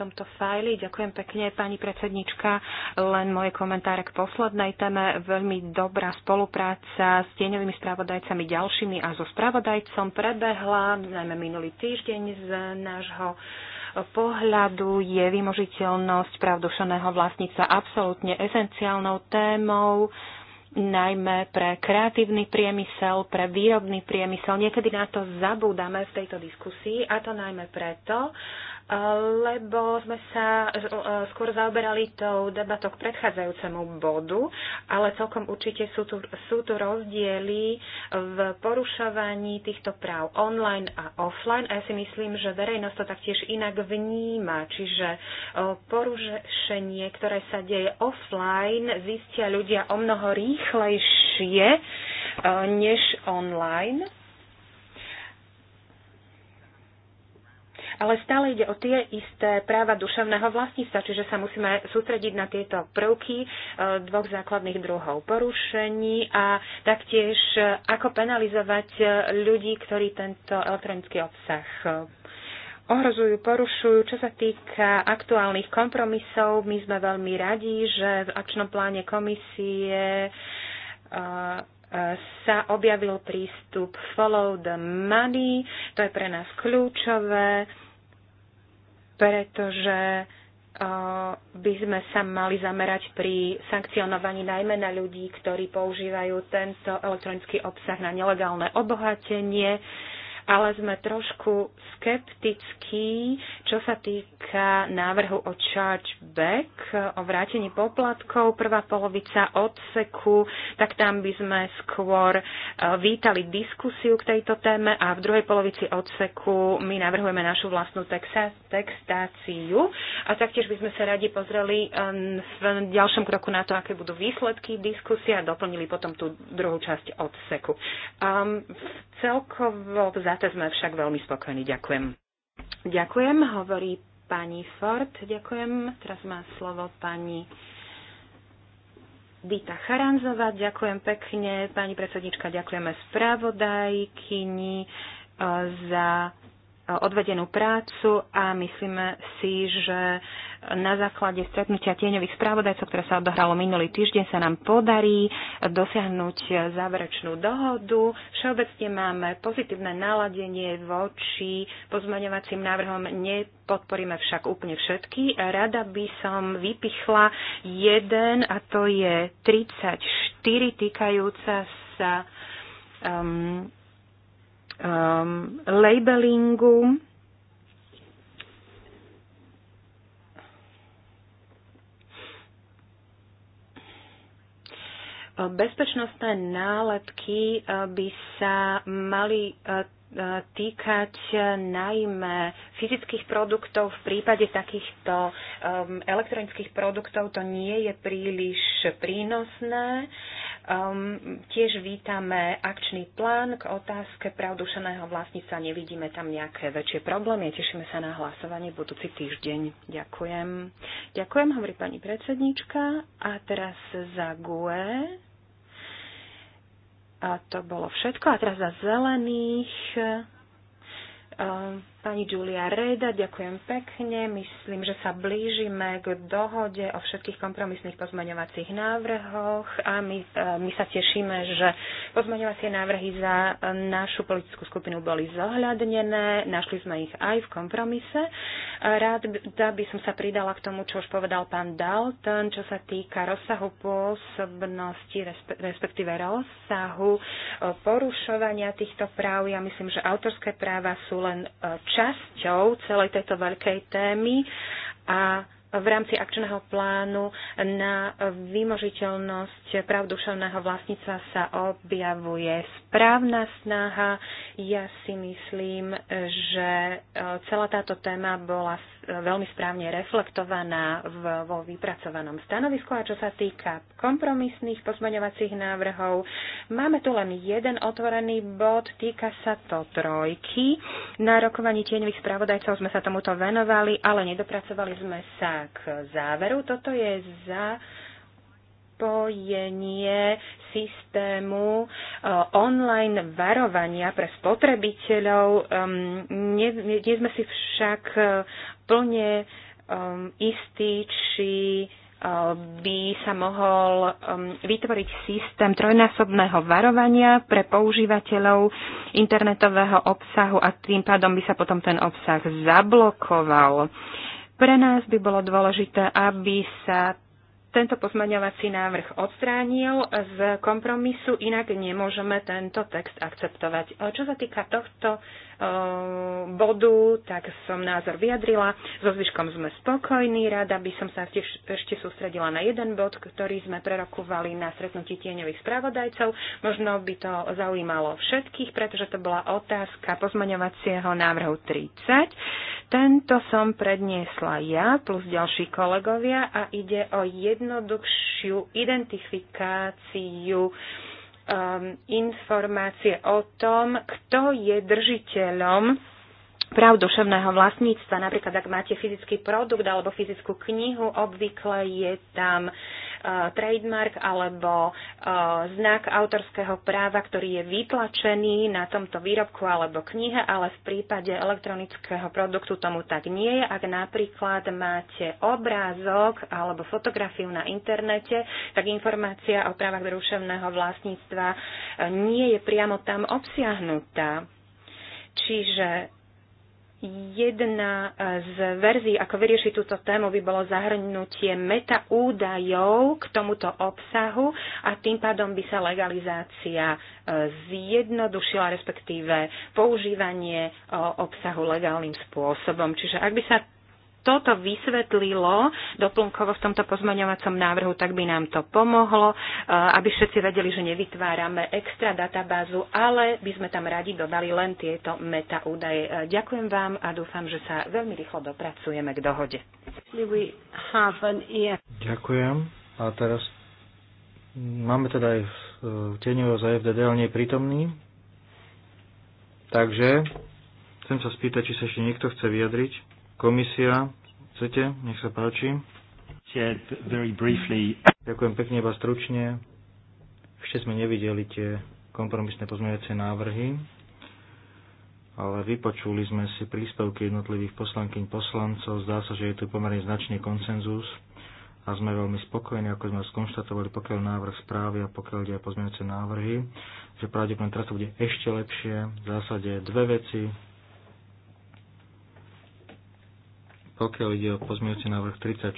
[SPEAKER 4] tomto fajli. Ďakujem pekne, pani predsednička. Len moje komentáre k poslednej téme. Veľmi dobrá spolupráca s tieňovými spravodajcami ďalšími a so spravodajcom prebehla, najmä minulý týždeň z nášho pohľadu je vymožiteľnosť pravdušeného vlastníca absolútne esenciálnou témou najmä pre kreatívny priemysel, pre výrobný priemysel. Niekedy na to zabúdame v tejto diskusii a to najmä preto, lebo sme sa e, skôr zaoberali tou debatou k predchádzajúcemu bodu, ale celkom určite sú tu, sú tu rozdiely v porušovaní týchto práv online a offline. A ja si myslím, že verejnosť to taktiež inak vníma, čiže e, porušenie, ktoré sa deje offline, zistia ľudia o mnoho rýchlejšie e, než online ale stále ide o tie isté práva duševného vlastníctva, čiže sa musíme sústrediť na tieto prvky e, dvoch základných druhov porušení a taktiež e, ako penalizovať e, ľudí, ktorí tento elektronický obsah ohrozujú, porušujú. Čo sa týka aktuálnych kompromisov, my sme veľmi radi, že v akčnom pláne komisie sa objavil prístup Follow the Money. To je pre nás kľúčové pretože eh, by sme sa mali zamerať pri sankcionovaní najmä na ľudí, ktorí používajú tento elektronický obsah na nelegálne obohatenie, ale sme trošku skeptickí, čo sa týka návrhu o chargeback, o vrátení poplatkov, prvá polovica odseku, tak tam by sme skôr e, vítali diskusiu k tejto téme a v druhej polovici odseku my navrhujeme našu vlastnú textáciu a taktiež by sme sa radi pozreli v ďalšom kroku na to, aké budú výsledky diskusie a doplnili potom tú druhú časť odseku. Um, celkovo za Rate sme však veľmi spokojní. Ďakujem. Ďakujem, hovorí pani Ford. Ďakujem. Teraz má slovo pani Dita Charanzová. Ďakujem pekne. Pani predsednička, ďakujeme spravodajkyni eh, za odvedenú prácu a myslíme si, že na základe stretnutia tieňových správodajcov, ktoré sa odohralo minulý týždeň, sa nám podarí dosiahnuť záverečnú dohodu. Všeobecne máme pozitívne naladenie voči pozmaňovacím návrhom. Nepodporíme však úplne všetky. Rada by som vypichla jeden, a to je 34 týkajúca sa um, um, labelingu. Bezpečnostné nálepky uh, by sa mali uh, uh, týkať najmä fyzických produktov. V prípade takýchto um, elektronických produktov to nie je príliš prínosné. Um, tiež vítame akčný plán k otázke pravdušeného vlastníca. Nevidíme tam nejaké väčšie problémy. Tešíme sa na hlasovanie budúci týždeň. Ďakujem. Ďakujem, hovorí pani predsednička. A teraz za GUE. A to bolo všetko. A teraz za zelených. Um, Pani Julia Reda, ďakujem pekne. Myslím, že sa blížime k dohode o všetkých kompromisných pozmaňovacích návrhoch a my, e, my sa tešíme, že pozmaňovacie návrhy za našu politickú skupinu boli zohľadnené. Našli sme ich aj v kompromise. Rád by som sa pridala k tomu, čo už povedal pán Dalton, čo sa týka rozsahu pôsobnosti, respektíve rozsahu e, porušovania týchto práv. Ja myslím, že autorské práva sú len e, časťou celej tejto veľkej témy a v rámci akčného plánu na vymožiteľnosť práv duševného vlastníca sa objavuje správna snaha. Ja si myslím, že e, celá táto téma bola veľmi správne reflektovaná v, vo vypracovanom stanovisku. A čo sa týka kompromisných pozmeňovacích návrhov, máme tu len jeden otvorený bod, týka sa to trojky. Na rokovaní tieňových spravodajcov sme sa tomuto venovali, ale nedopracovali sme sa k záveru. Toto je za zapojenie systému eh, online varovania pre spotrebiteľov. Ehm, nie, nie sme si však eh, plne um, istý, či uh, by sa mohol um, vytvoriť systém trojnásobného varovania pre používateľov internetového obsahu a tým pádom by sa potom ten obsah zablokoval. Pre nás by bolo dôležité, aby sa tento pozmaňovací návrh odstránil z kompromisu, inak nemôžeme tento text akceptovať. Čo sa týka tohto bodu, tak som názor vyjadrila. So zvyškom sme spokojní. Rada by som sa tiež ešte sústredila na jeden bod, ktorý sme prerokovali na stretnutí tieňových spravodajcov. Možno by to zaujímalo všetkých, pretože to bola otázka pozmaňovacieho návrhu 30. Tento som predniesla ja plus ďalší kolegovia a ide o jednoduchšiu identifikáciu um, informácie o tom, kto je držiteľom práv duševného vlastníctva. Napríklad, ak máte fyzický produkt alebo fyzickú knihu, obvykle je tam uh, E, trademark alebo e, znak autorského práva, ktorý je vytlačený na tomto výrobku alebo knihe, ale v prípade elektronického produktu tomu tak nie je. Ak napríklad máte obrázok alebo fotografiu na internete, tak informácia o právach duševného vlastníctva e, nie je priamo tam obsiahnutá. Čiže Jedna e, z verzií, ako vyriešiť túto tému, by bolo zahrnutie metaúdajov k tomuto obsahu a tým pádom by sa legalizácia e, zjednodušila, respektíve používanie e, obsahu legálnym spôsobom. Čiže ak by sa toto vysvetlilo doplnkovo v tomto pozmeňovacom návrhu, tak by nám to pomohlo, e, aby všetci vedeli, že nevytvárame extra databázu, ale by sme tam radi dodali len tieto meta údaje. E, ďakujem vám a dúfam, že sa veľmi rýchlo dopracujeme k dohode. E
[SPEAKER 1] ďakujem. A teraz máme teda aj Teňovo za FDD, ale nie je prítomný. Takže chcem sa spýtať, či sa ešte niekto chce vyjadriť. Komisia, chcete? Nech sa páči. Ďakujem pekne, iba stručne. Ešte sme nevideli tie kompromisné pozmeňujúce návrhy, ale vypočuli sme si príspevky jednotlivých poslankyň poslancov. Zdá sa, že je tu pomerne značný konsenzus a sme veľmi spokojní, ako sme skonštatovali, pokiaľ návrh správy a pokiaľ ide aj pozmeňujúce návrhy, že pravdepodobne teraz to bude ešte lepšie. V zásade dve veci Pokiaľ ide o pozmiňujúci návrh 34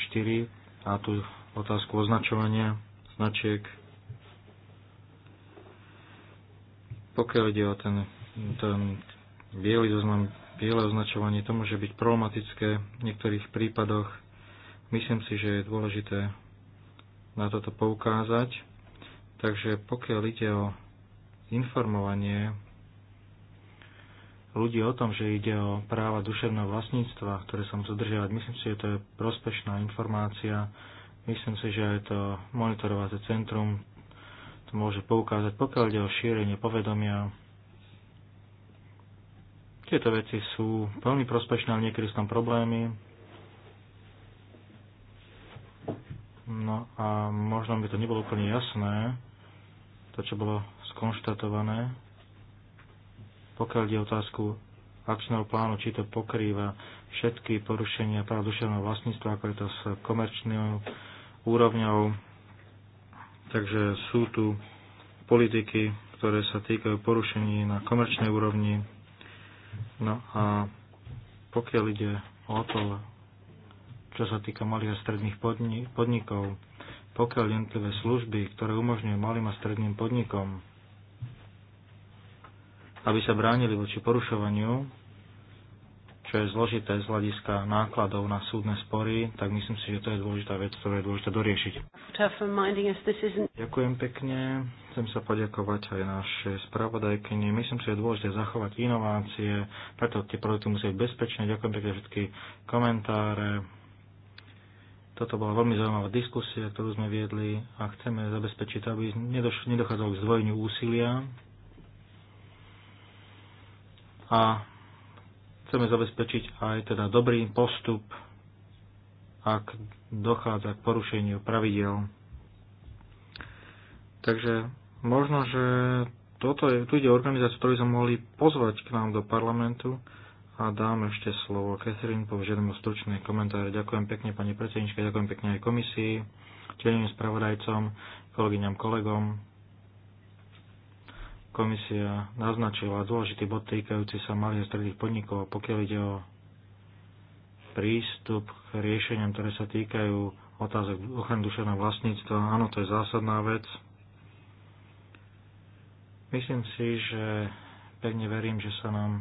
[SPEAKER 1] a tú otázku označovania značiek, pokiaľ ide o ten, ten biely zoznam, biele označovanie, to môže byť problematické v niektorých prípadoch. Myslím si, že je dôležité na toto poukázať. Takže pokiaľ ide o informovanie ľudí o tom, že ide o práva duševného vlastníctva, ktoré sa musí udržiavať. Myslím si, že to je prospešná informácia. Myslím si, že je to monitorovacie centrum to môže poukázať, pokiaľ ide o šírenie povedomia. Tieto veci sú veľmi prospešné, ale niekedy sú tam problémy. No a možno by to nebolo úplne jasné, to, čo bolo skonštatované, pokiaľ ide otázku akčného plánu, či to pokrýva všetky porušenia práv duševného vlastníctva, ako je to s komerčnou úrovňou. Takže sú tu politiky, ktoré sa týkajú porušení na komerčnej úrovni. No a pokiaľ ide o to, čo sa týka malých a stredných podnikov, pokiaľ jednotlivé služby, ktoré umožňujú malým a stredným podnikom aby sa bránili voči porušovaniu, čo je zložité z hľadiska nákladov na súdne spory, tak myslím si, že to je dôležitá vec, ktorú je dôležité doriešiť. Ďakujem pekne. Chcem sa poďakovať aj našej spravodajkyni. Myslím si, že je dôležité zachovať inovácie, preto tie produkty musia byť bezpečné. Ďakujem pekne všetky komentáre. Toto bola veľmi zaujímavá diskusia, ktorú sme viedli a chceme zabezpečiť, aby nedochádzalo k zdvojeniu úsilia a chceme zabezpečiť aj teda dobrý postup, ak dochádza k porušeniu pravidel. Takže možno, že toto je, tu ide organizáciu, ktorú sme mohli pozvať k nám do parlamentu a dám ešte slovo Catherine, požiadam o stručné komentáre. Ďakujem pekne pani predsednička, ďakujem pekne aj komisii, členým spravodajcom, kolegyňam, kolegom. Komisia naznačila dôležitý bod týkajúci sa malých a stredných podnikov, pokiaľ ide o prístup k riešeniam, ktoré sa týkajú otázok ochrany duševného vlastníctva. Áno, to je zásadná vec. Myslím si, že pevne verím, že sa nám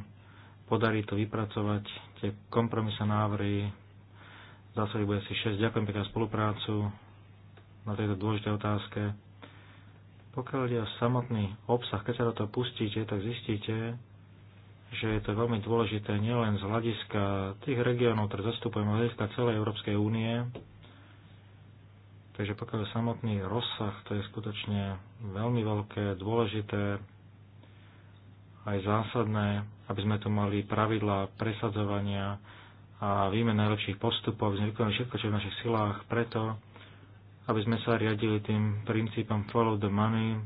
[SPEAKER 1] podarí to vypracovať, tie kompromisné návrhy. V bude si 6. Ďakujem pekne za spoluprácu na tejto dôležitej otázke. Pokiaľ ide o samotný obsah, keď sa do toho pustíte, tak zistíte, že je to veľmi dôležité nielen z hľadiska tých regiónov, ktoré zastupujem, ale z hľadiska celej Európskej únie. Takže pokiaľ je samotný rozsah, to je skutočne veľmi veľké, dôležité, aj zásadné, aby sme tu mali pravidlá presadzovania a výmen najlepších postupov, aby sme vykonali všetko, čo je v našich silách, preto, aby sme sa riadili tým princípom follow the money.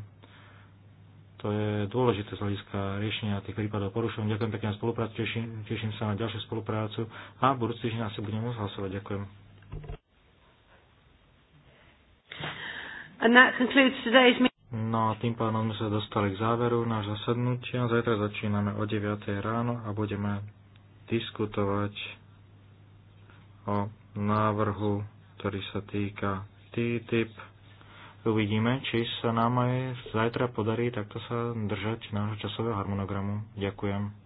[SPEAKER 1] To je dôležité z hľadiska riešenia tých prípadov porušovania. Ďakujem pekne za spoluprácu, teším, teším sa na ďalšiu spoluprácu a budúci týždeň asi budem môcť hlasovať. Ďakujem.
[SPEAKER 2] And that concludes today's
[SPEAKER 1] No a tým pádom sme sa dostali k záveru nášho zasadnutia. Zajtra začíname o 9. ráno a budeme diskutovať o návrhu, ktorý sa týka TTIP. Uvidíme, či sa nám aj zajtra podarí takto sa držať nášho časového harmonogramu. Ďakujem.